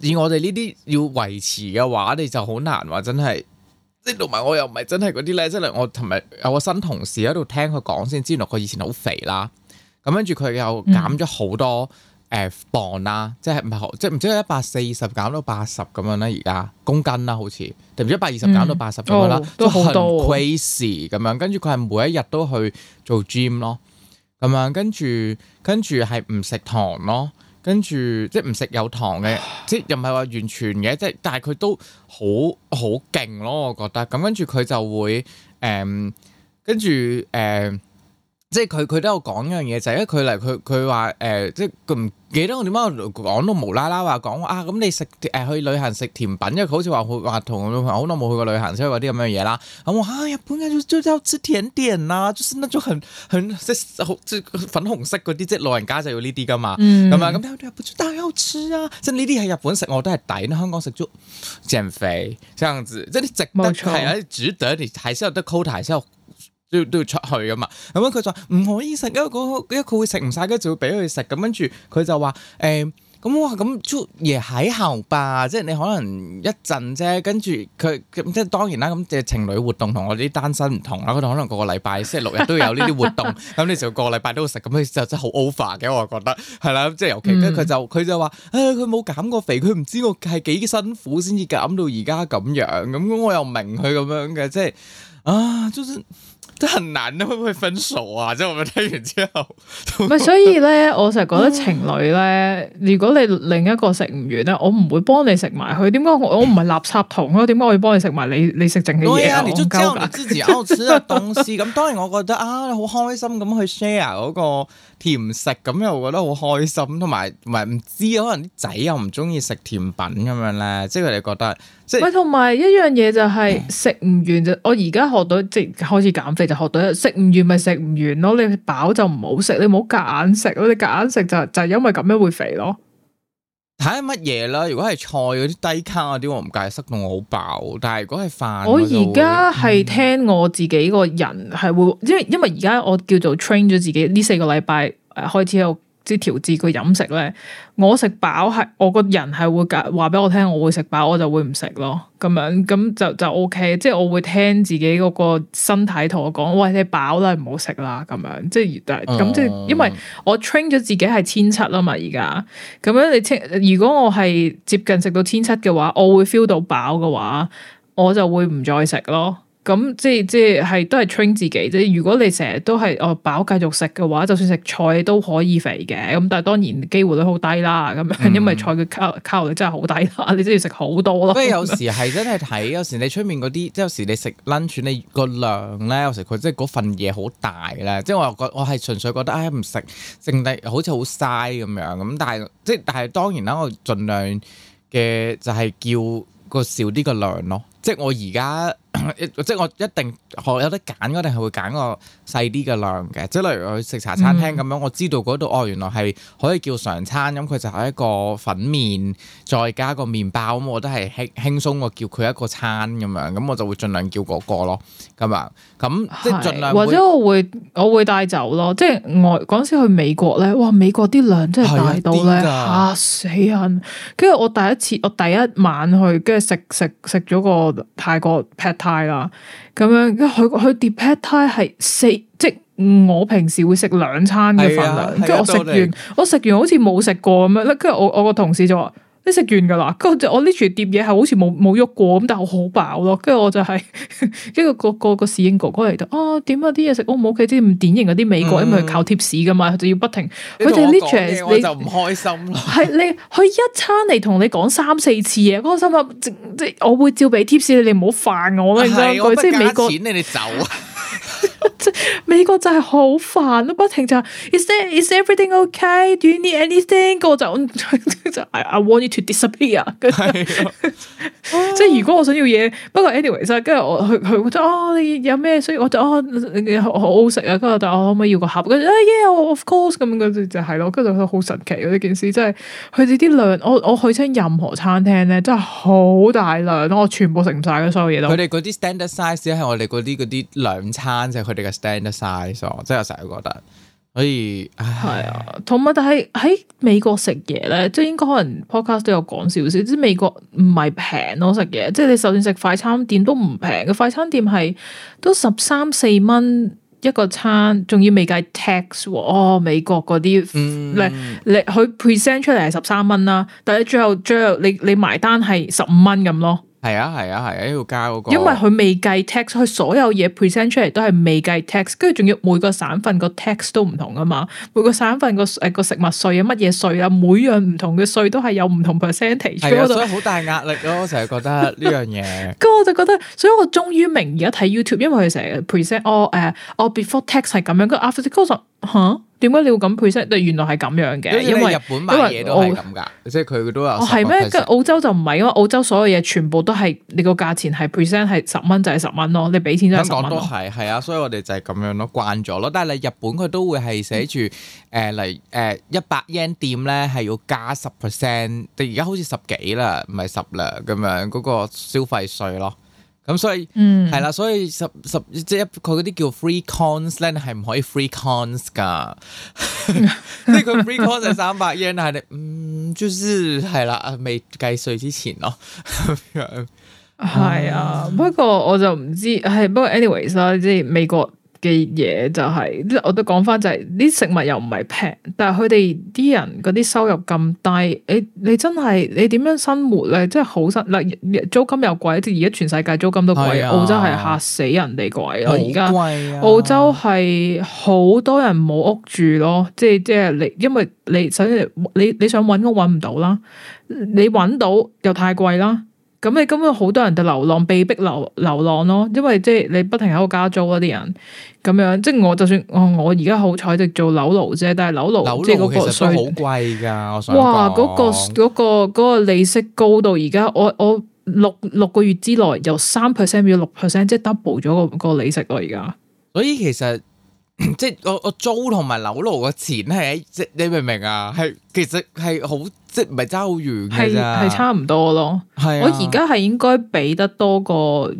A: 以我哋呢啲要維持嘅話，你就好難話真係。即係同埋我又唔係真係嗰啲咧，即係我同埋有個新同事喺度聽佢講先，知道佢以前好肥啦，咁跟住佢又減咗好多。嗯誒、呃、磅啦，即係唔係好，即係唔知一百四十減到八十咁樣啦，而家公斤啦，好似定唔知一百二十減到八十咁樣啦，嗯哦、都好多。咁樣跟住佢係每一日都去做 gym 咯，咁樣跟住跟住係唔食糖咯，跟住即係唔食有糖嘅，即係又唔係話完全嘅，即係但係佢都好好勁咯，我覺得。咁跟住佢就會誒、呃，跟住誒。呃即係佢佢都有講一樣嘢就係因為佢嚟佢佢話誒即係佢唔記得我點解講到無啦啦話講啊咁你食誒、呃、去旅行食甜品因為好似話去話同我女朋友好耐冇去過旅行所以話啲咁樣嘢啦咁我哎呀，就就要食甜點啊，就是那種很很即係粉紅色嗰啲即係老人家就要呢啲噶嘛，咁啊咁喺日本當然要吃啊，即係呢啲喺日本食我都係抵，香港食咗正肥，即樣子即係值得，係值得你還先，要再摳下，還是要？都要出去㗎嘛，咁樣佢就話唔可以食，因為佢因為佢會食唔晒，跟住會俾佢食。咁跟住佢就話誒，咁我話咁做嘢喺後吧，即係你可能一陣啫。跟住佢即係當然啦。咁即係情侶活動同我啲單身唔同啦。佢哋可能個個禮拜星期六日都有呢啲活動，咁你、 嗯、就個個禮拜都會食。咁佢就真係好 over 嘅，我覺得係啦。即係尤其咧，佢就佢就話誒，佢、哎、冇減過肥，佢唔知我係幾辛苦先至減到而家咁樣。咁、嗯、我又明佢咁樣嘅，即係啊，很難咧，會唔會分手啊？即係我哋聽完之後，
B: 唔係所以咧，我成日覺得情侶咧，嗯、如果你另一個食唔完咧，我唔會幫你食埋佢。點解我唔係垃圾桶咯？點解 我要幫你食埋你你食剩嘅嘢啊？講鳩噶，
A: 同埋咁，當然我覺得啊，好開心咁去 share 嗰個甜食，咁又覺得好開心，同埋唔係唔知可能啲仔又唔中意食甜品咁樣咧，即係你覺得。喂，同埋一
B: 樣嘢就係食唔完就， 我而家學到即係開始減肥就學到，食唔完咪食唔完咯。你飽就唔好食，你唔好夾硬食咯。你夾硬食就就係因為咁樣會肥咯。
A: 睇下乜嘢啦。如果係菜嗰啲低卡嗰啲，我唔介意食到我好飽。但係如果係飯，我而家
B: 係聽我自己個人係會，嗯、因為因為而家我叫做 train 咗自己呢四個禮拜，誒開始有。即調節個飲食咧，我食飽係我個人係會講話俾我聽，我會食飽，我就會唔食咯，咁樣咁就就 OK，即係我會聽自己嗰個身體同我講，喂，你飽啦，唔好食啦，咁樣即係咁即係因為我 train 咗自己係千七啦嘛，而家咁樣你清如果我係接近食到千七嘅話，我會 feel 到飽嘅話，我就會唔再食咯。咁即係即係係都係 train 自己啫。即如果你成日都係哦飽繼續食嘅話，就算食菜都可以肥嘅。咁但係當然機會率好低啦。咁樣、嗯、因為菜嘅卡卡路，卡路率真係好低啦。你真要食好多咯。嗯、 不過有時
A: 係真係睇，有時你出面嗰啲，即係有時你食 lunch，你個量咧，有時佢即係嗰份嘢好大咧。即係我又覺我係純粹覺得，唉唔食剩低好似好嘥咁樣。咁但係即係但係當然啦，我盡量嘅就係叫個少啲個量咯。即係我而家，即係我一定學有得揀，一定係會揀個細啲嘅量嘅，即係例如去食茶餐廳咁樣，嗯、我知道嗰度哦，原來係可以叫常餐，咁、嗯、佢就係一個粉麵再加個麵包咁、嗯，我都係輕輕鬆我叫佢一個餐咁樣，咁我就會盡量叫嗰個咯，咁啊，咁即係盡量或者我
B: 會我會帶走咯，即係我嗰時去美國咧，哇，美國啲量真係大到咧嚇、啊、死人，跟住我第一次我第一晚去，跟住食食食咗個。太過劈肽啦，咁樣佢佢跌劈肽係四，即我平時會食兩餐嘅份量，跟住、啊、我食完，利完，我食完好似冇食過咁樣，咧跟住我我個同事就話。你食完噶啦，跟住我呢處碟嘢係好似冇冇喐過咁，但係好飽咯。跟住我就係、是，跟 住個個個侍應哥哥嚟到，哦、嗯，點啊啲嘢食 O 唔 OK？即係唔典型嗰啲美國，因為靠貼士噶嘛，佢、嗯、就要不停佢哋呢處，你就唔
A: 開心。係
B: 你佢一餐嚟同你講三四次嘢，我心諗即即我會照俾貼士你，你唔好煩我咯。即美國，錢
A: 你哋走。
B: 美國就係好煩，不停就 is is everything okay? Do you need anything？個就就就 I want you to disappear。跟即係如果我想要嘢，不過 anyway，跟住我佢佢覺得哦，你有咩？所以我就哦，好好食啊！跟住就我可唔可以要個盒？跟住啊，yeah，of course 咁樣，跟住就係咯。跟住就好神奇啊！呢件事真係佢哋啲量，我我去親任何餐廳咧，真係好大量咯，我全部食唔晒。
A: 所有嘢都。佢哋嗰啲 standard size 係我哋嗰啲嗰啲兩餐即係佢哋嘅。stand 得曬，所以我真係成日覺得，可以係啊，
B: 同埋但係喺美國食嘢咧，即係應該可能 podcast 都有講少少，即係美國唔係平咯食嘢，即係你就算食快餐店都唔平嘅，快餐店係都十三四蚊一個餐，仲要未計 tax 喎。哦，美國嗰啲咧，你佢 present 出嚟係十三蚊啦，但係最後最後你你埋單係十五蚊咁咯。
A: 係啊，係啊，係啊，要加嗰、那個。因為佢
B: 未計 tax，佢所有嘢 present 出嚟都係未計 tax，跟住仲要每個省份個 tax 都唔同啊嘛，每個省份個誒個食物稅啊乜嘢稅啊，每樣唔同嘅稅都係有唔同 percentage，啊。所以好
A: 大壓力咯，啊，我成日 覺得呢樣嘢， 嗯。
B: 咁 我就覺得，所以我終於明而家睇 YouTube，因為佢成日 present，哦誒，哦，oh, uh, before tax 係咁樣，跟住 after tax 吓，huh。點解你要咁 percent 原來係咁樣嘅，因為日本買
A: 嘢都係咁噶，即係佢都有。我係咩？跟
B: 澳洲就唔係，因為澳洲所有嘢全部都係你個價錢係 percent，係十蚊就係十蚊咯，你俾錢都係十蚊。香港
A: 都係，係啊，所以我哋就係咁樣咯，慣咗咯。但係你日本佢都會係寫住誒嚟誒一百 yen 店咧，係要加十 percent，你而家好似十幾啦，唔係十啦咁樣嗰個消費稅咯。咁 所以，嗯，係啦，所以十十即係佢嗰啲叫 free cons 咧，係唔可以 free cons 噶， 即係佢 free cons 就三百 yen，係你，嗯，就是係啦，未計稅之前咯，咁樣係啊，
B: 不過我就唔知，係不過 anyways 啦，即係美國。嘅嘢就係、是，我都講翻就係、是、啲食物又唔係平，但係佢哋啲人嗰啲收入咁低，你你真係你點樣生活咧？即係好辛，嗱租金又貴，而家全世界租金都貴，啊、澳洲係嚇死人哋貴咯。而家、啊、澳洲係好多人冇屋住咯，即係即係你，因為你首先你你想揾屋揾唔到啦，你揾到又太貴啦。咁你根本好多人就流浪，被逼流流浪咯，因為即係你不停喺度加租啊啲人，咁樣即係我就算我而家好彩，就做樓奴啫，但係樓奴即係個稅
A: 好貴噶，哇！嗰
B: 個個個利息高到而家，我我六六個月之內由三 percent 要六 percent，即係 double 咗個個利息咯，而家
A: 所以其實。即係我我租同埋樓奴嘅錢係，即你明唔明啊？係其實係好即係唔係差好遠嘅咋？係差唔
B: 多咯。係是、啊、我而家係應該俾得多過，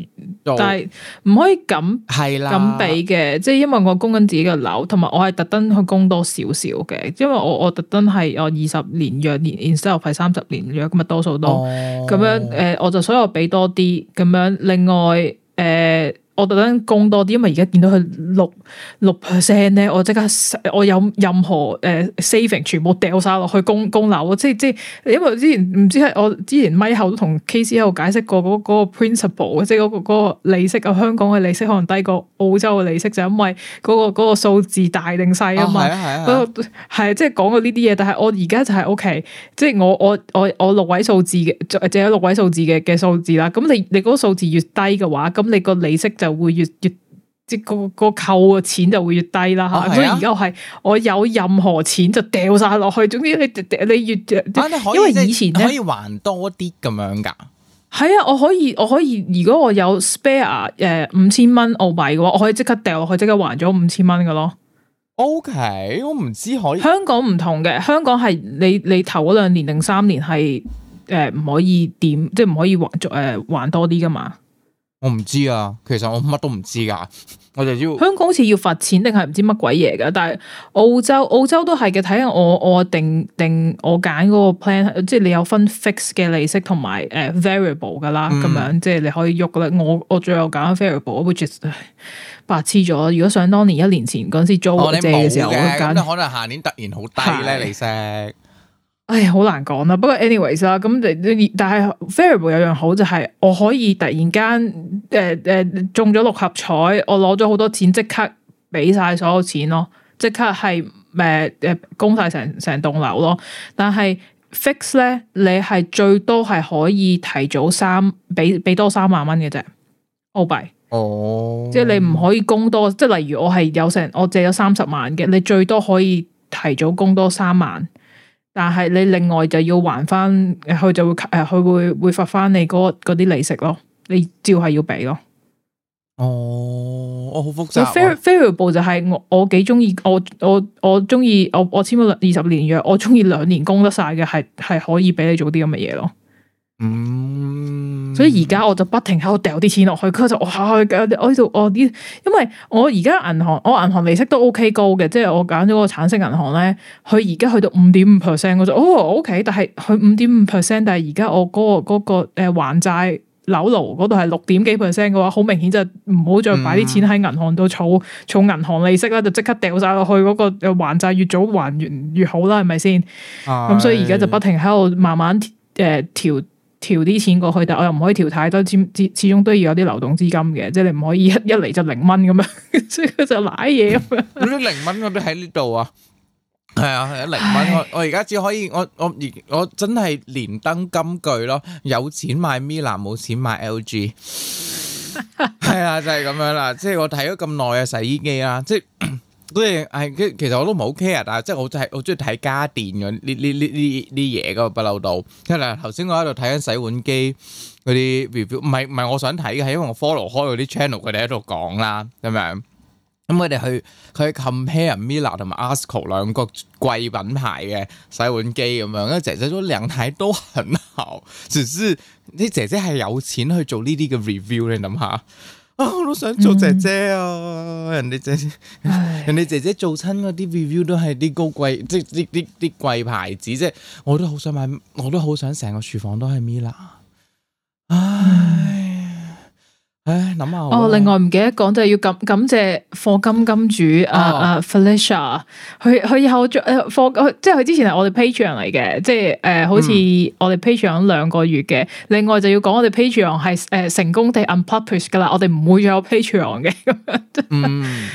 B: 但係唔可以咁係啦咁俾嘅。即係因為我供緊自己嘅樓，同埋我係特登去供多少少嘅。因為我我特登係我二十年約年 instead of 係三十年約，咁咪多數多咁，哦、樣。誒、呃，我就所以我俾多啲咁樣。另外，誒、呃。我特登供多啲，因為而家見到佢六六 percent 咧，我即刻我有任何誒、uh, saving 全部掉晒落去供供樓，即係即係因為之前唔知係我之前咪後都同 c KC 解釋過嗰、那、嗰個、那個、principal，即嗰、那個嗰、那個利息啊，香港嘅利息可能低過澳洲嘅利息，就因為嗰、那個嗰、那個數字大定細、哦、啊嘛。係啊係、啊、即係講過呢啲嘢，但係我而家就係、是、OK，即係我我我我六位數字嘅，淨有六位數字嘅嘅數字啦。咁你你嗰個數字越低嘅話，咁你個利息就會越越即個個扣嘅錢就會越低啦吓，哦啊、所以而家係我有任何錢就掉晒落去，總之你你越反正可以，因為以前可以
A: 還多啲咁樣噶，
B: 係啊，我可以我可以，如果我有 spare 誒五千蚊澳幣嘅話，我可以即刻掉落去，即刻還咗五千蚊噶咯。
A: OK，我唔知可以
B: 香港唔同嘅，香港係你你頭嗰兩年定三年係誒唔可以點，即係唔可以還誒、呃、還多啲噶嘛。
A: 我唔知啊，其實我乜都唔知噶，我就知香
B: 港好似要罰錢定係唔知乜鬼嘢噶，但係澳洲澳洲都係嘅，睇下我我定定我揀嗰個 plan，即係你有分 fix 嘅利息同埋誒 variable 噶啦，咁、嗯、樣即係你可以喐啦。我我最後揀 variable which is 白痴咗。如果想當年一年前嗰陣時租和借嘅時候，可
A: 能下年突然好低咧是利息。
B: 哎，好難講啦。不過 anyways 啦，咁但係 variable 有樣好就係、是，我可以突然間誒誒、呃呃、中咗六合彩，我攞咗好多錢，即刻俾晒所有錢咯，即刻係誒誒供晒成成棟樓咯。但係 fix 咧，你係最多係可以提早三俾俾多三萬蚊嘅啫，澳幣。
C: 哦，即係你唔
B: 可以供多，即係例如我係有成我借咗三十萬嘅，你最多可以提早供多三萬。但係你另外就要還翻，佢就會誒佢會會罰翻你嗰啲利息咯，你照係要俾咯。
A: 哦，我好複雜啊。
B: variable 就係我我幾中意，我我我中意我我簽咗二十年約，我中意兩年供得晒嘅，係係可以俾你做啲咁嘅嘢咯。嗯，mm hmm. 所以而家我就不停喺度掉啲錢落去，佢就我吓，我呢度哦，啲，因為我而家銀行我銀行利息都 OK 高嘅，即係我揀咗個橙色銀行咧，佢而家去到五點五 percent，我就哦 OK，但係佢五點五 percent，但係而家我嗰個嗰個誒還債樓奴嗰度係六點幾 percent 嘅話，好明顯就唔好再擺啲錢喺銀行度儲儲銀行利息啦，就即刻掉曬落去嗰個又還債，越早還完越，越好啦，係咪先？咁
C: Aye. 所以而家就不
B: 停喺度慢慢誒調。呃調調調啲錢過去，但我又唔可以調太多，始始終都要有啲流動資金嘅，即係你唔可以一一嚟就零蚊咁樣，即 係佢就瀨嘢咁
A: 樣。啲 零蚊我都喺呢度啊，係啊，係啊，零蚊我唉我而家只可以我我而我真係連登金句咯，有錢買米蘭，冇錢買 LG，係啊，就係、是、咁樣啦，即係我睇咗咁耐嘅洗衣機啦，即係。嗰啲係，其實我都唔係好 care，但係即係我真係好中意睇家電嗰啲、啲、啲、啲、啲嘢嘅不嬲道。即係嗱，頭先我喺度睇緊洗碗機嗰啲 review，唔係唔係我想睇嘅，係因為我 follow 開嗰啲 channel，佢哋喺度講啦，係咪？咁佢哋去佢 compare Miele 同埋 Asko 兩個貴品牌嘅洗碗機咁樣，因為姐姐都兩台，都很好，只是啲姐姐係有錢去做呢啲嘅 review，你諗下。啊！我都想做姐姐啊！嗯、人哋姐姐，唉人哋姐姐做親嗰啲 review 都係啲高貴，即啲啲啲貴牌子啫。我都好想買，我都好想成個廚房都係 Mila。唉。嗯誒，諗下哦，另
B: 外唔記得講就係、是、要感感謝課金金主啊啊、哦 uh, Felicia，佢佢以後做課、呃、即係佢之前係我哋 Patreon 嚟嘅，即係誒、呃，好似我哋 Patreon 兩個月嘅。嗯、另外就要講我哋 Patreon 係誒、呃、成功地 unpublish 噶啦，我哋唔會再有 Patreon 嘅咁樣。 嗯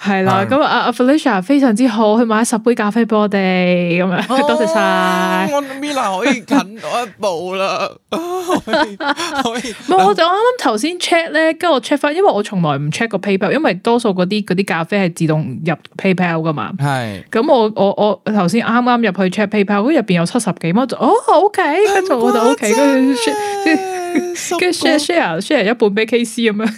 B: 係啦，咁阿阿 Felicia 非常之好，佢買十杯咖啡俾我哋咁樣，多謝晒。
A: 我諗米娜可以近我一步啦。
B: 唔，我就啱啱頭先 check 咧，跟住我 check 翻，因為我從來唔 check 個 PayPal，因為多數嗰啲啲咖啡係自動入 PayPal 噶嘛。係，咁我我我頭先啱啱入去 check PayPal，入邊有七十幾蚊，就哦 OK，跟住我就 OK k 跟住 check。跟住 share share share 一半俾 KC 咁
A: 樣，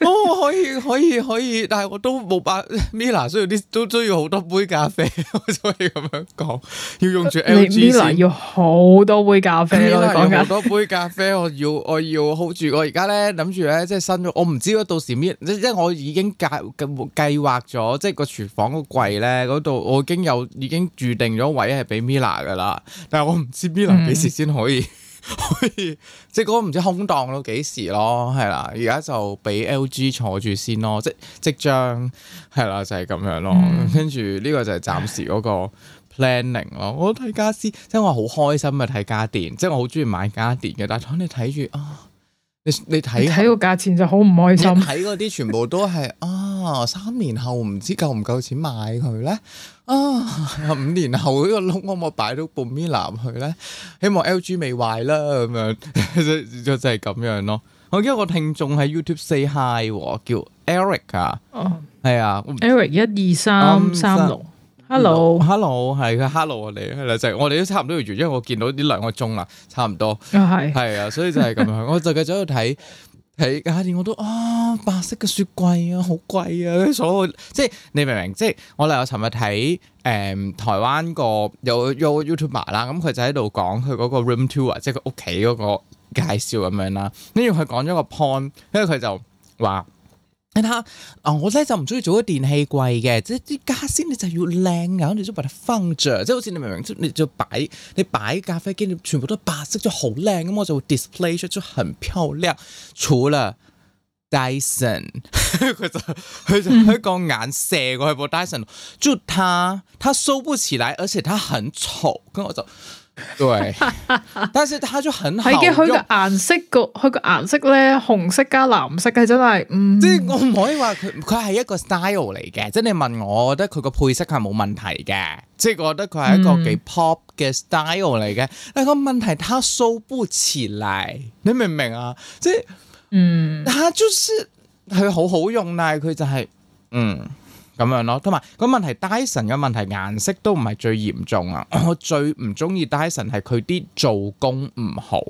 A: 哦可以可以可以，但係我都冇辦 Mila 需要啲，都需要， 要，要好多杯咖啡，我所以咁樣講，要用住 L G。Mila 要
B: 好多杯咖啡，好多
A: 杯咖啡，我要我要 hold 住我而家咧，諗住咧即係新咗，我唔知道到時 Mila 即係我已經計計劃咗，即係個廚房個櫃咧嗰度，我已經有已經預定咗位係俾 Mila 噶啦，但係我唔知 Mila 幾時先可以。 可以，即係嗰個唔知空檔到幾時咯，係啦，而家就俾 LG 坐住先咯，即即將係啦，就係咁樣咯，跟住呢個就係暫時嗰個 planning 咯。我睇家私，即係我好開心啊，睇家電，即係我好中意買家電嘅，但當你睇住啊。你睇睇個價錢就好唔開心。睇嗰啲全部都係 啊，三年後唔知夠唔夠錢買佢咧。啊，五年後呢個窿可唔可以擺到半米男去咧？希望 LG 未壞啦，咁樣 就，就就係咁樣咯。我記得個聽眾喺 YouTube say hi，叫 Eric 啊，係、oh，啊，Eric 一二三三六。Hello，Hello，係佢 Hello 我哋，就我哋都差唔多要完，因為我見到呢兩個鐘啦，差唔多，係係啊，所以就係咁樣， 我就繼續睇睇，而家連我都啊，白色嘅雪櫃啊，好貴啊，所謂即係你明唔明？即係我嚟我尋日睇誒台灣個有有 YouTuber 啦、嗯，咁佢就喺度講佢嗰個 Room Tour，即係佢屋企嗰個介紹咁樣啦，跟住佢講咗個 point，跟住佢就話。睇下，啊，我咧就唔中意做啲電器櫃嘅，即啲家私你就要靚嘅，你就把它放着，即係好似你明唔明？即你就擺，你擺咖啡機，你全部都白色，就好靚。咁、嗯、我就會 display 出就很漂亮。除了 Dyson，佢 就佢就佢個、嗯、眼射過去，部 Dyson 就它，它收不起來，而且它很醜。咁我就。對，但是它就很好，係嘅。佢個顏色個，佢個顏色咧，紅色加藍色，係真係，嗯。即係我唔可以話佢，佢係一個 style 嚟嘅。即係你問我，我覺得佢個配色係冇問題嘅。即係我覺得佢係一個幾 pop 嘅 style 嚟嘅。但係個問題，佢收唔起嚟。你明唔明啊？即係，嗯，它就是佢好好用但啦，佢就係，嗯。咁樣咯，同埋個問題，Dyson 嘅問題顏色都唔係最嚴重啊。我最唔中意 Dyson 係佢啲做工唔好，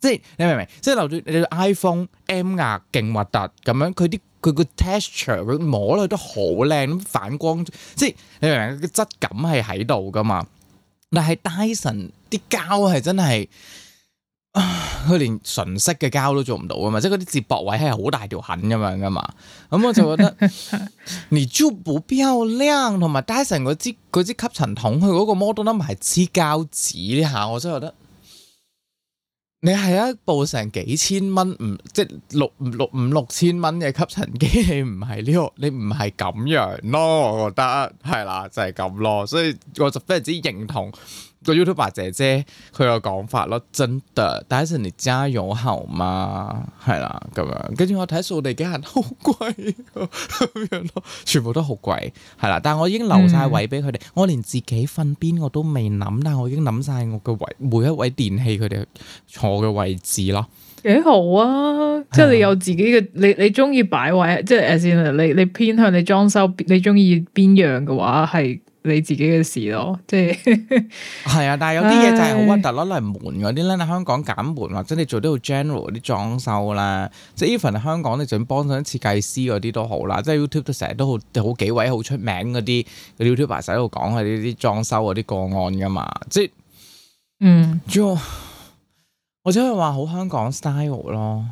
A: 即係你明唔明？即係留住你部 iPhone M 呀勁核突咁樣，佢啲佢個 texture 佢摸落去都好靚，反光即係你明唔明？個質感係喺度噶嘛？但係 Dyson 啲膠係真係。佢 連純色嘅膠都做唔到啊嘛，即係嗰啲接駁位係好大條痕咁樣噶嘛，咁、嗯、我就覺得 你珠布比較靚，同埋戴森嗰支嗰支吸塵筒，佢嗰個 model 唔係撕膠紙呢下，我真係覺得你係一部成幾千蚊，唔即係六六五六千蚊嘅吸塵機器，唔係呢個，你唔係咁樣咯，我覺得係啦，就係、是、咁咯，所以我就非常之認同。個 YouTuber 姐姐佢有講法咯，真的，但係請你加油好嘛？係啦，咁樣，跟住我睇掃地機器人好貴咁樣咯， 全部都好貴，係啦。但係我已經留晒位俾佢哋，嗯、我連自己瞓邊我都未諗，但係我已經諗晒我個位，每一位電器佢哋坐嘅位置咯。
B: 幾好啊！的即係你有自己嘅，你你中意擺位，即係 a s 你你偏向你裝修，你中意邊樣嘅話係。你自己嘅事咯，即
A: 係係啊！ 但係有啲嘢就係好核突，攞嚟門嗰啲咧，香港揀門或者你做啲好 general 啲裝修啦，即係 even 香港你就算幫襯設計師嗰啲都好啦，即係 YouTube 都成日都好好幾位好出名嗰啲 YouTuber，成日喺度講佢呢啲裝修嗰啲個案噶嘛，即係嗯，我只係話好香港 style 咯。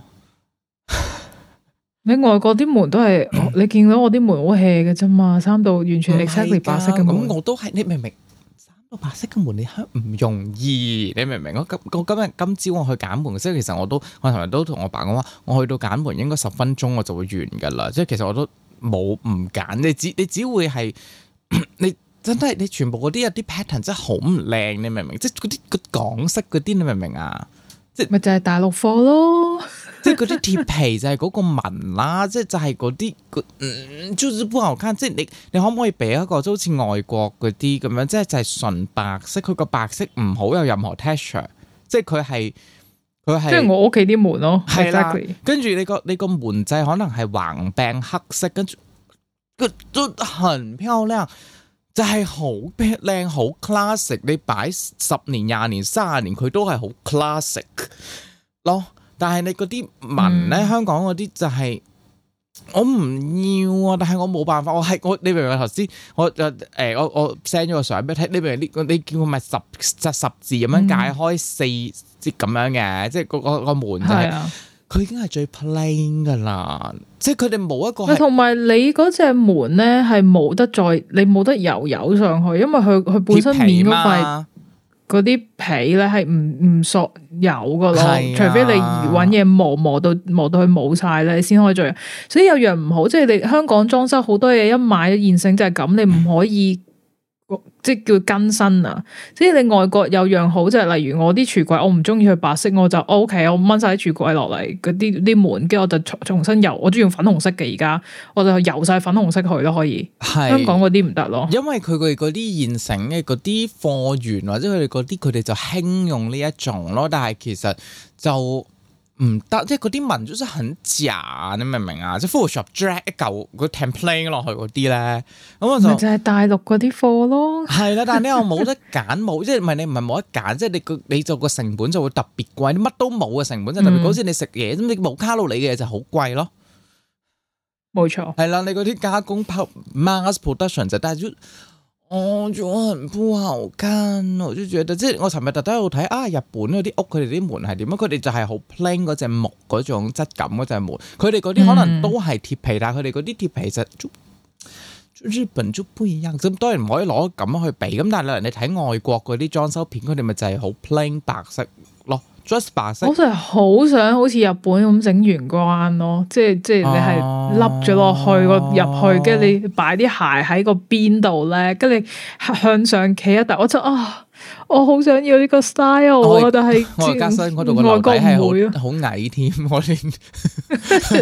B: 你外國啲門都係， 你見到我啲門好 hea 嘅啫嘛，三度完全 exactly 白色嘅。咁我
A: 都係，你明唔明？三度白色嘅門你唔容易，你明唔明？我今日今朝我去揀門，即係其實我都我頭日都同我爸講話，我去到揀門應該十分鐘我就會完噶啦。即係其實我都冇唔揀，你只你只會係 你真係你全部嗰啲有啲 pattern 真係好唔靚，你明唔明？即係嗰啲個港式嗰啲，你明唔明啊？
B: 即係咪就係大陸貨咯？
A: 即係嗰啲鐵皮就係嗰個紋啦，即係就係嗰啲，嗯，就是不好看。即係你，你可唔可以俾一個，即係好似外國嗰啲咁樣，即係就係、是、純白色，佢個白色唔好有任何 texture 即係佢係佢係。即係我
B: 屋企啲門咯，係啦。Exactly.
A: 跟住你個你個門掣可能係橫柄黑色，跟住個都很漂亮，就係好靚好 classic。Classic, 你擺十年、廿年、三十年，佢都係好 classic 咯。但係你嗰啲文咧，嗯、香港嗰啲就係、是、我唔要啊！但係我冇辦法，我係我你明唔明頭先，我誒我我 send 咗個相俾你睇，你明明呢、欸、你叫佢咪十十字咁樣解開四節咁、嗯、樣嘅，即係個個個門就係、是、佢、嗯、已經係最 plain 㗎啦，即係佢哋冇一個。
B: 同埋你嗰隻門咧係冇得再，你冇得油油上去，因為佢佢本身面都嗰啲皮咧係唔唔熟有噶咯，是啊、除非你揾嘢磨磨到磨到佢冇晒咧，你先可以做。所以有樣唔好，即係你香港裝修好多嘢一買現成就係咁，你唔可以。即係叫更新啊！即係你外國有樣好，即係例如我啲櫥櫃，我唔中意佢白色，我就 OK 我。我掹晒啲櫥櫃落嚟，嗰啲啲門，跟住我就重新油。我中意用粉紅色嘅，而家我就油晒粉紅色去咯。可以，是
A: 香港嗰啲唔得咯，因為佢哋嗰啲現成嘅嗰啲貨源或者佢哋嗰啲，佢哋就輕用呢一種咯。但係其實就。唔得，即係嗰啲文字真係很假，你明唔明啊？即係 Photoshop drag 一嚿個 template 落去嗰啲咧，咁我就就係
B: 大陸嗰啲貨咯。係 啦，但係你又冇得
A: 揀，冇即係唔係你唔係冇得揀，即係你個你做個成本就會特別貴，啲乜都冇嘅成本即係特別。好似、嗯、你食嘢咁，你冇卡路里嘅嘢就好貴咯。冇錯。係啦，你嗰啲加工 pack mass production 就但係我做人鋪好間，我就覺得，即係，我尋日特登喺度睇啊，日本嗰啲屋，佢哋啲門係點樣？佢哋就係好 plain 嗰隻木嗰種質感嗰隻門，佢哋嗰啲可能都係貼皮，但係佢哋嗰啲貼皮就日本就唔一樣，咁當然唔可以攞咁樣去比。咁但係你睇外國嗰啲裝修片，佢哋咪就係好 plain 白色。Just 我真係
B: 好想好似日本咁整完關咯，即係即係你係笠咗落去個入去，跟住、啊、你擺啲鞋喺個邊度咧，跟住向上企一突，我就啊～、哦我好想要呢個 style 啊，但係外國係好
A: 好矮添，我連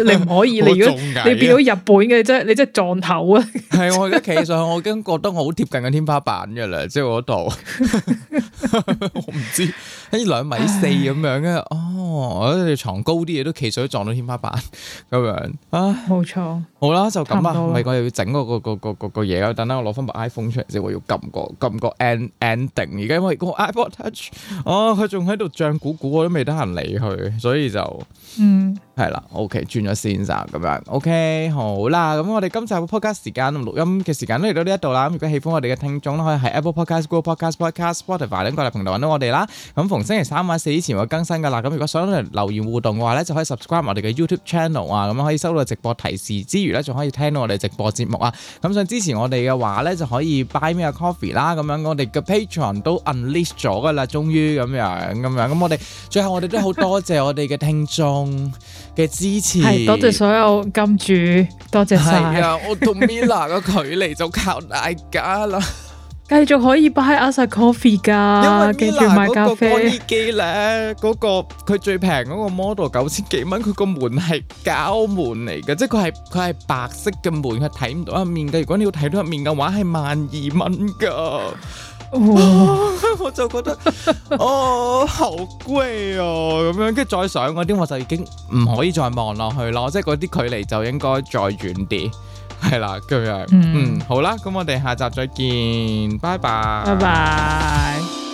A: 你
B: 唔可以，你如果你變到日本嘅，真係你真係撞
A: 頭啊！係我而家企上，我已經覺得我好貼近嘅天花板㗎啦，即係我度。我唔知，跟兩米四咁樣嘅，哦，我哋床高啲嘢都企上都撞到天花板咁樣啊！冇錯，好啦，就咁啊。唔係我要整嗰個個個個嘢啊！等下我攞翻部 iPhone 出嚟，即係我要撳個撳個 ending 而家因為。個 iPod Touch，哦，佢仲喺度漲鼓鼓，我都未得閒理佢，所以就，嗯，係啦，O K，轉咗先咋，咁樣，O K，好啦，咁我哋今集嘅 podcast 時間錄音嘅時間都嚟到呢一度啦，咁如果喜歡我哋嘅聽眾咧，可以喺 Apple Podcast、Google Podcast、Spotify 等各大平台都揾到我哋啦，咁逢星期三晚四之前會更新噶啦，咁如果想留言互動嘅話咧，就可以 subscribe 我哋嘅 YouTube Channel 啊，咁可以收到直播提示之餘咧，仲可以聽到我哋直播節目啊，咁想支持我哋嘅話咧，就可以 buy me a coffee 啦，咁樣我哋嘅 Patreon 都 un list 咗噶啦，終於，咁樣咁樣咁，我哋最後我哋都好多謝我哋嘅聽眾嘅 支持，係 多謝所有金主，多謝曬。 我同 Mila 嘅距離就靠大家啦，
B: 繼續可以擺阿曬 coffee 噶，因為 Mila 嗰個乾衣
A: 機咧，嗰、嗰個佢最平嗰個 model 九千幾蚊，佢個門係膠門嚟嘅，即係佢係佢係白色嘅門，佢睇唔到入面嘅，如果你要睇到入面嘅話，係萬二蚊嘅。哇 我就覺得 哦，好貴哦咁樣，跟住再上嗰啲我就已經唔可以再望落去囉，即係嗰啲距離就應該再遠啲，係啦，咁樣嗯，嗯好啦，咁我哋下集再見，拜拜，拜拜。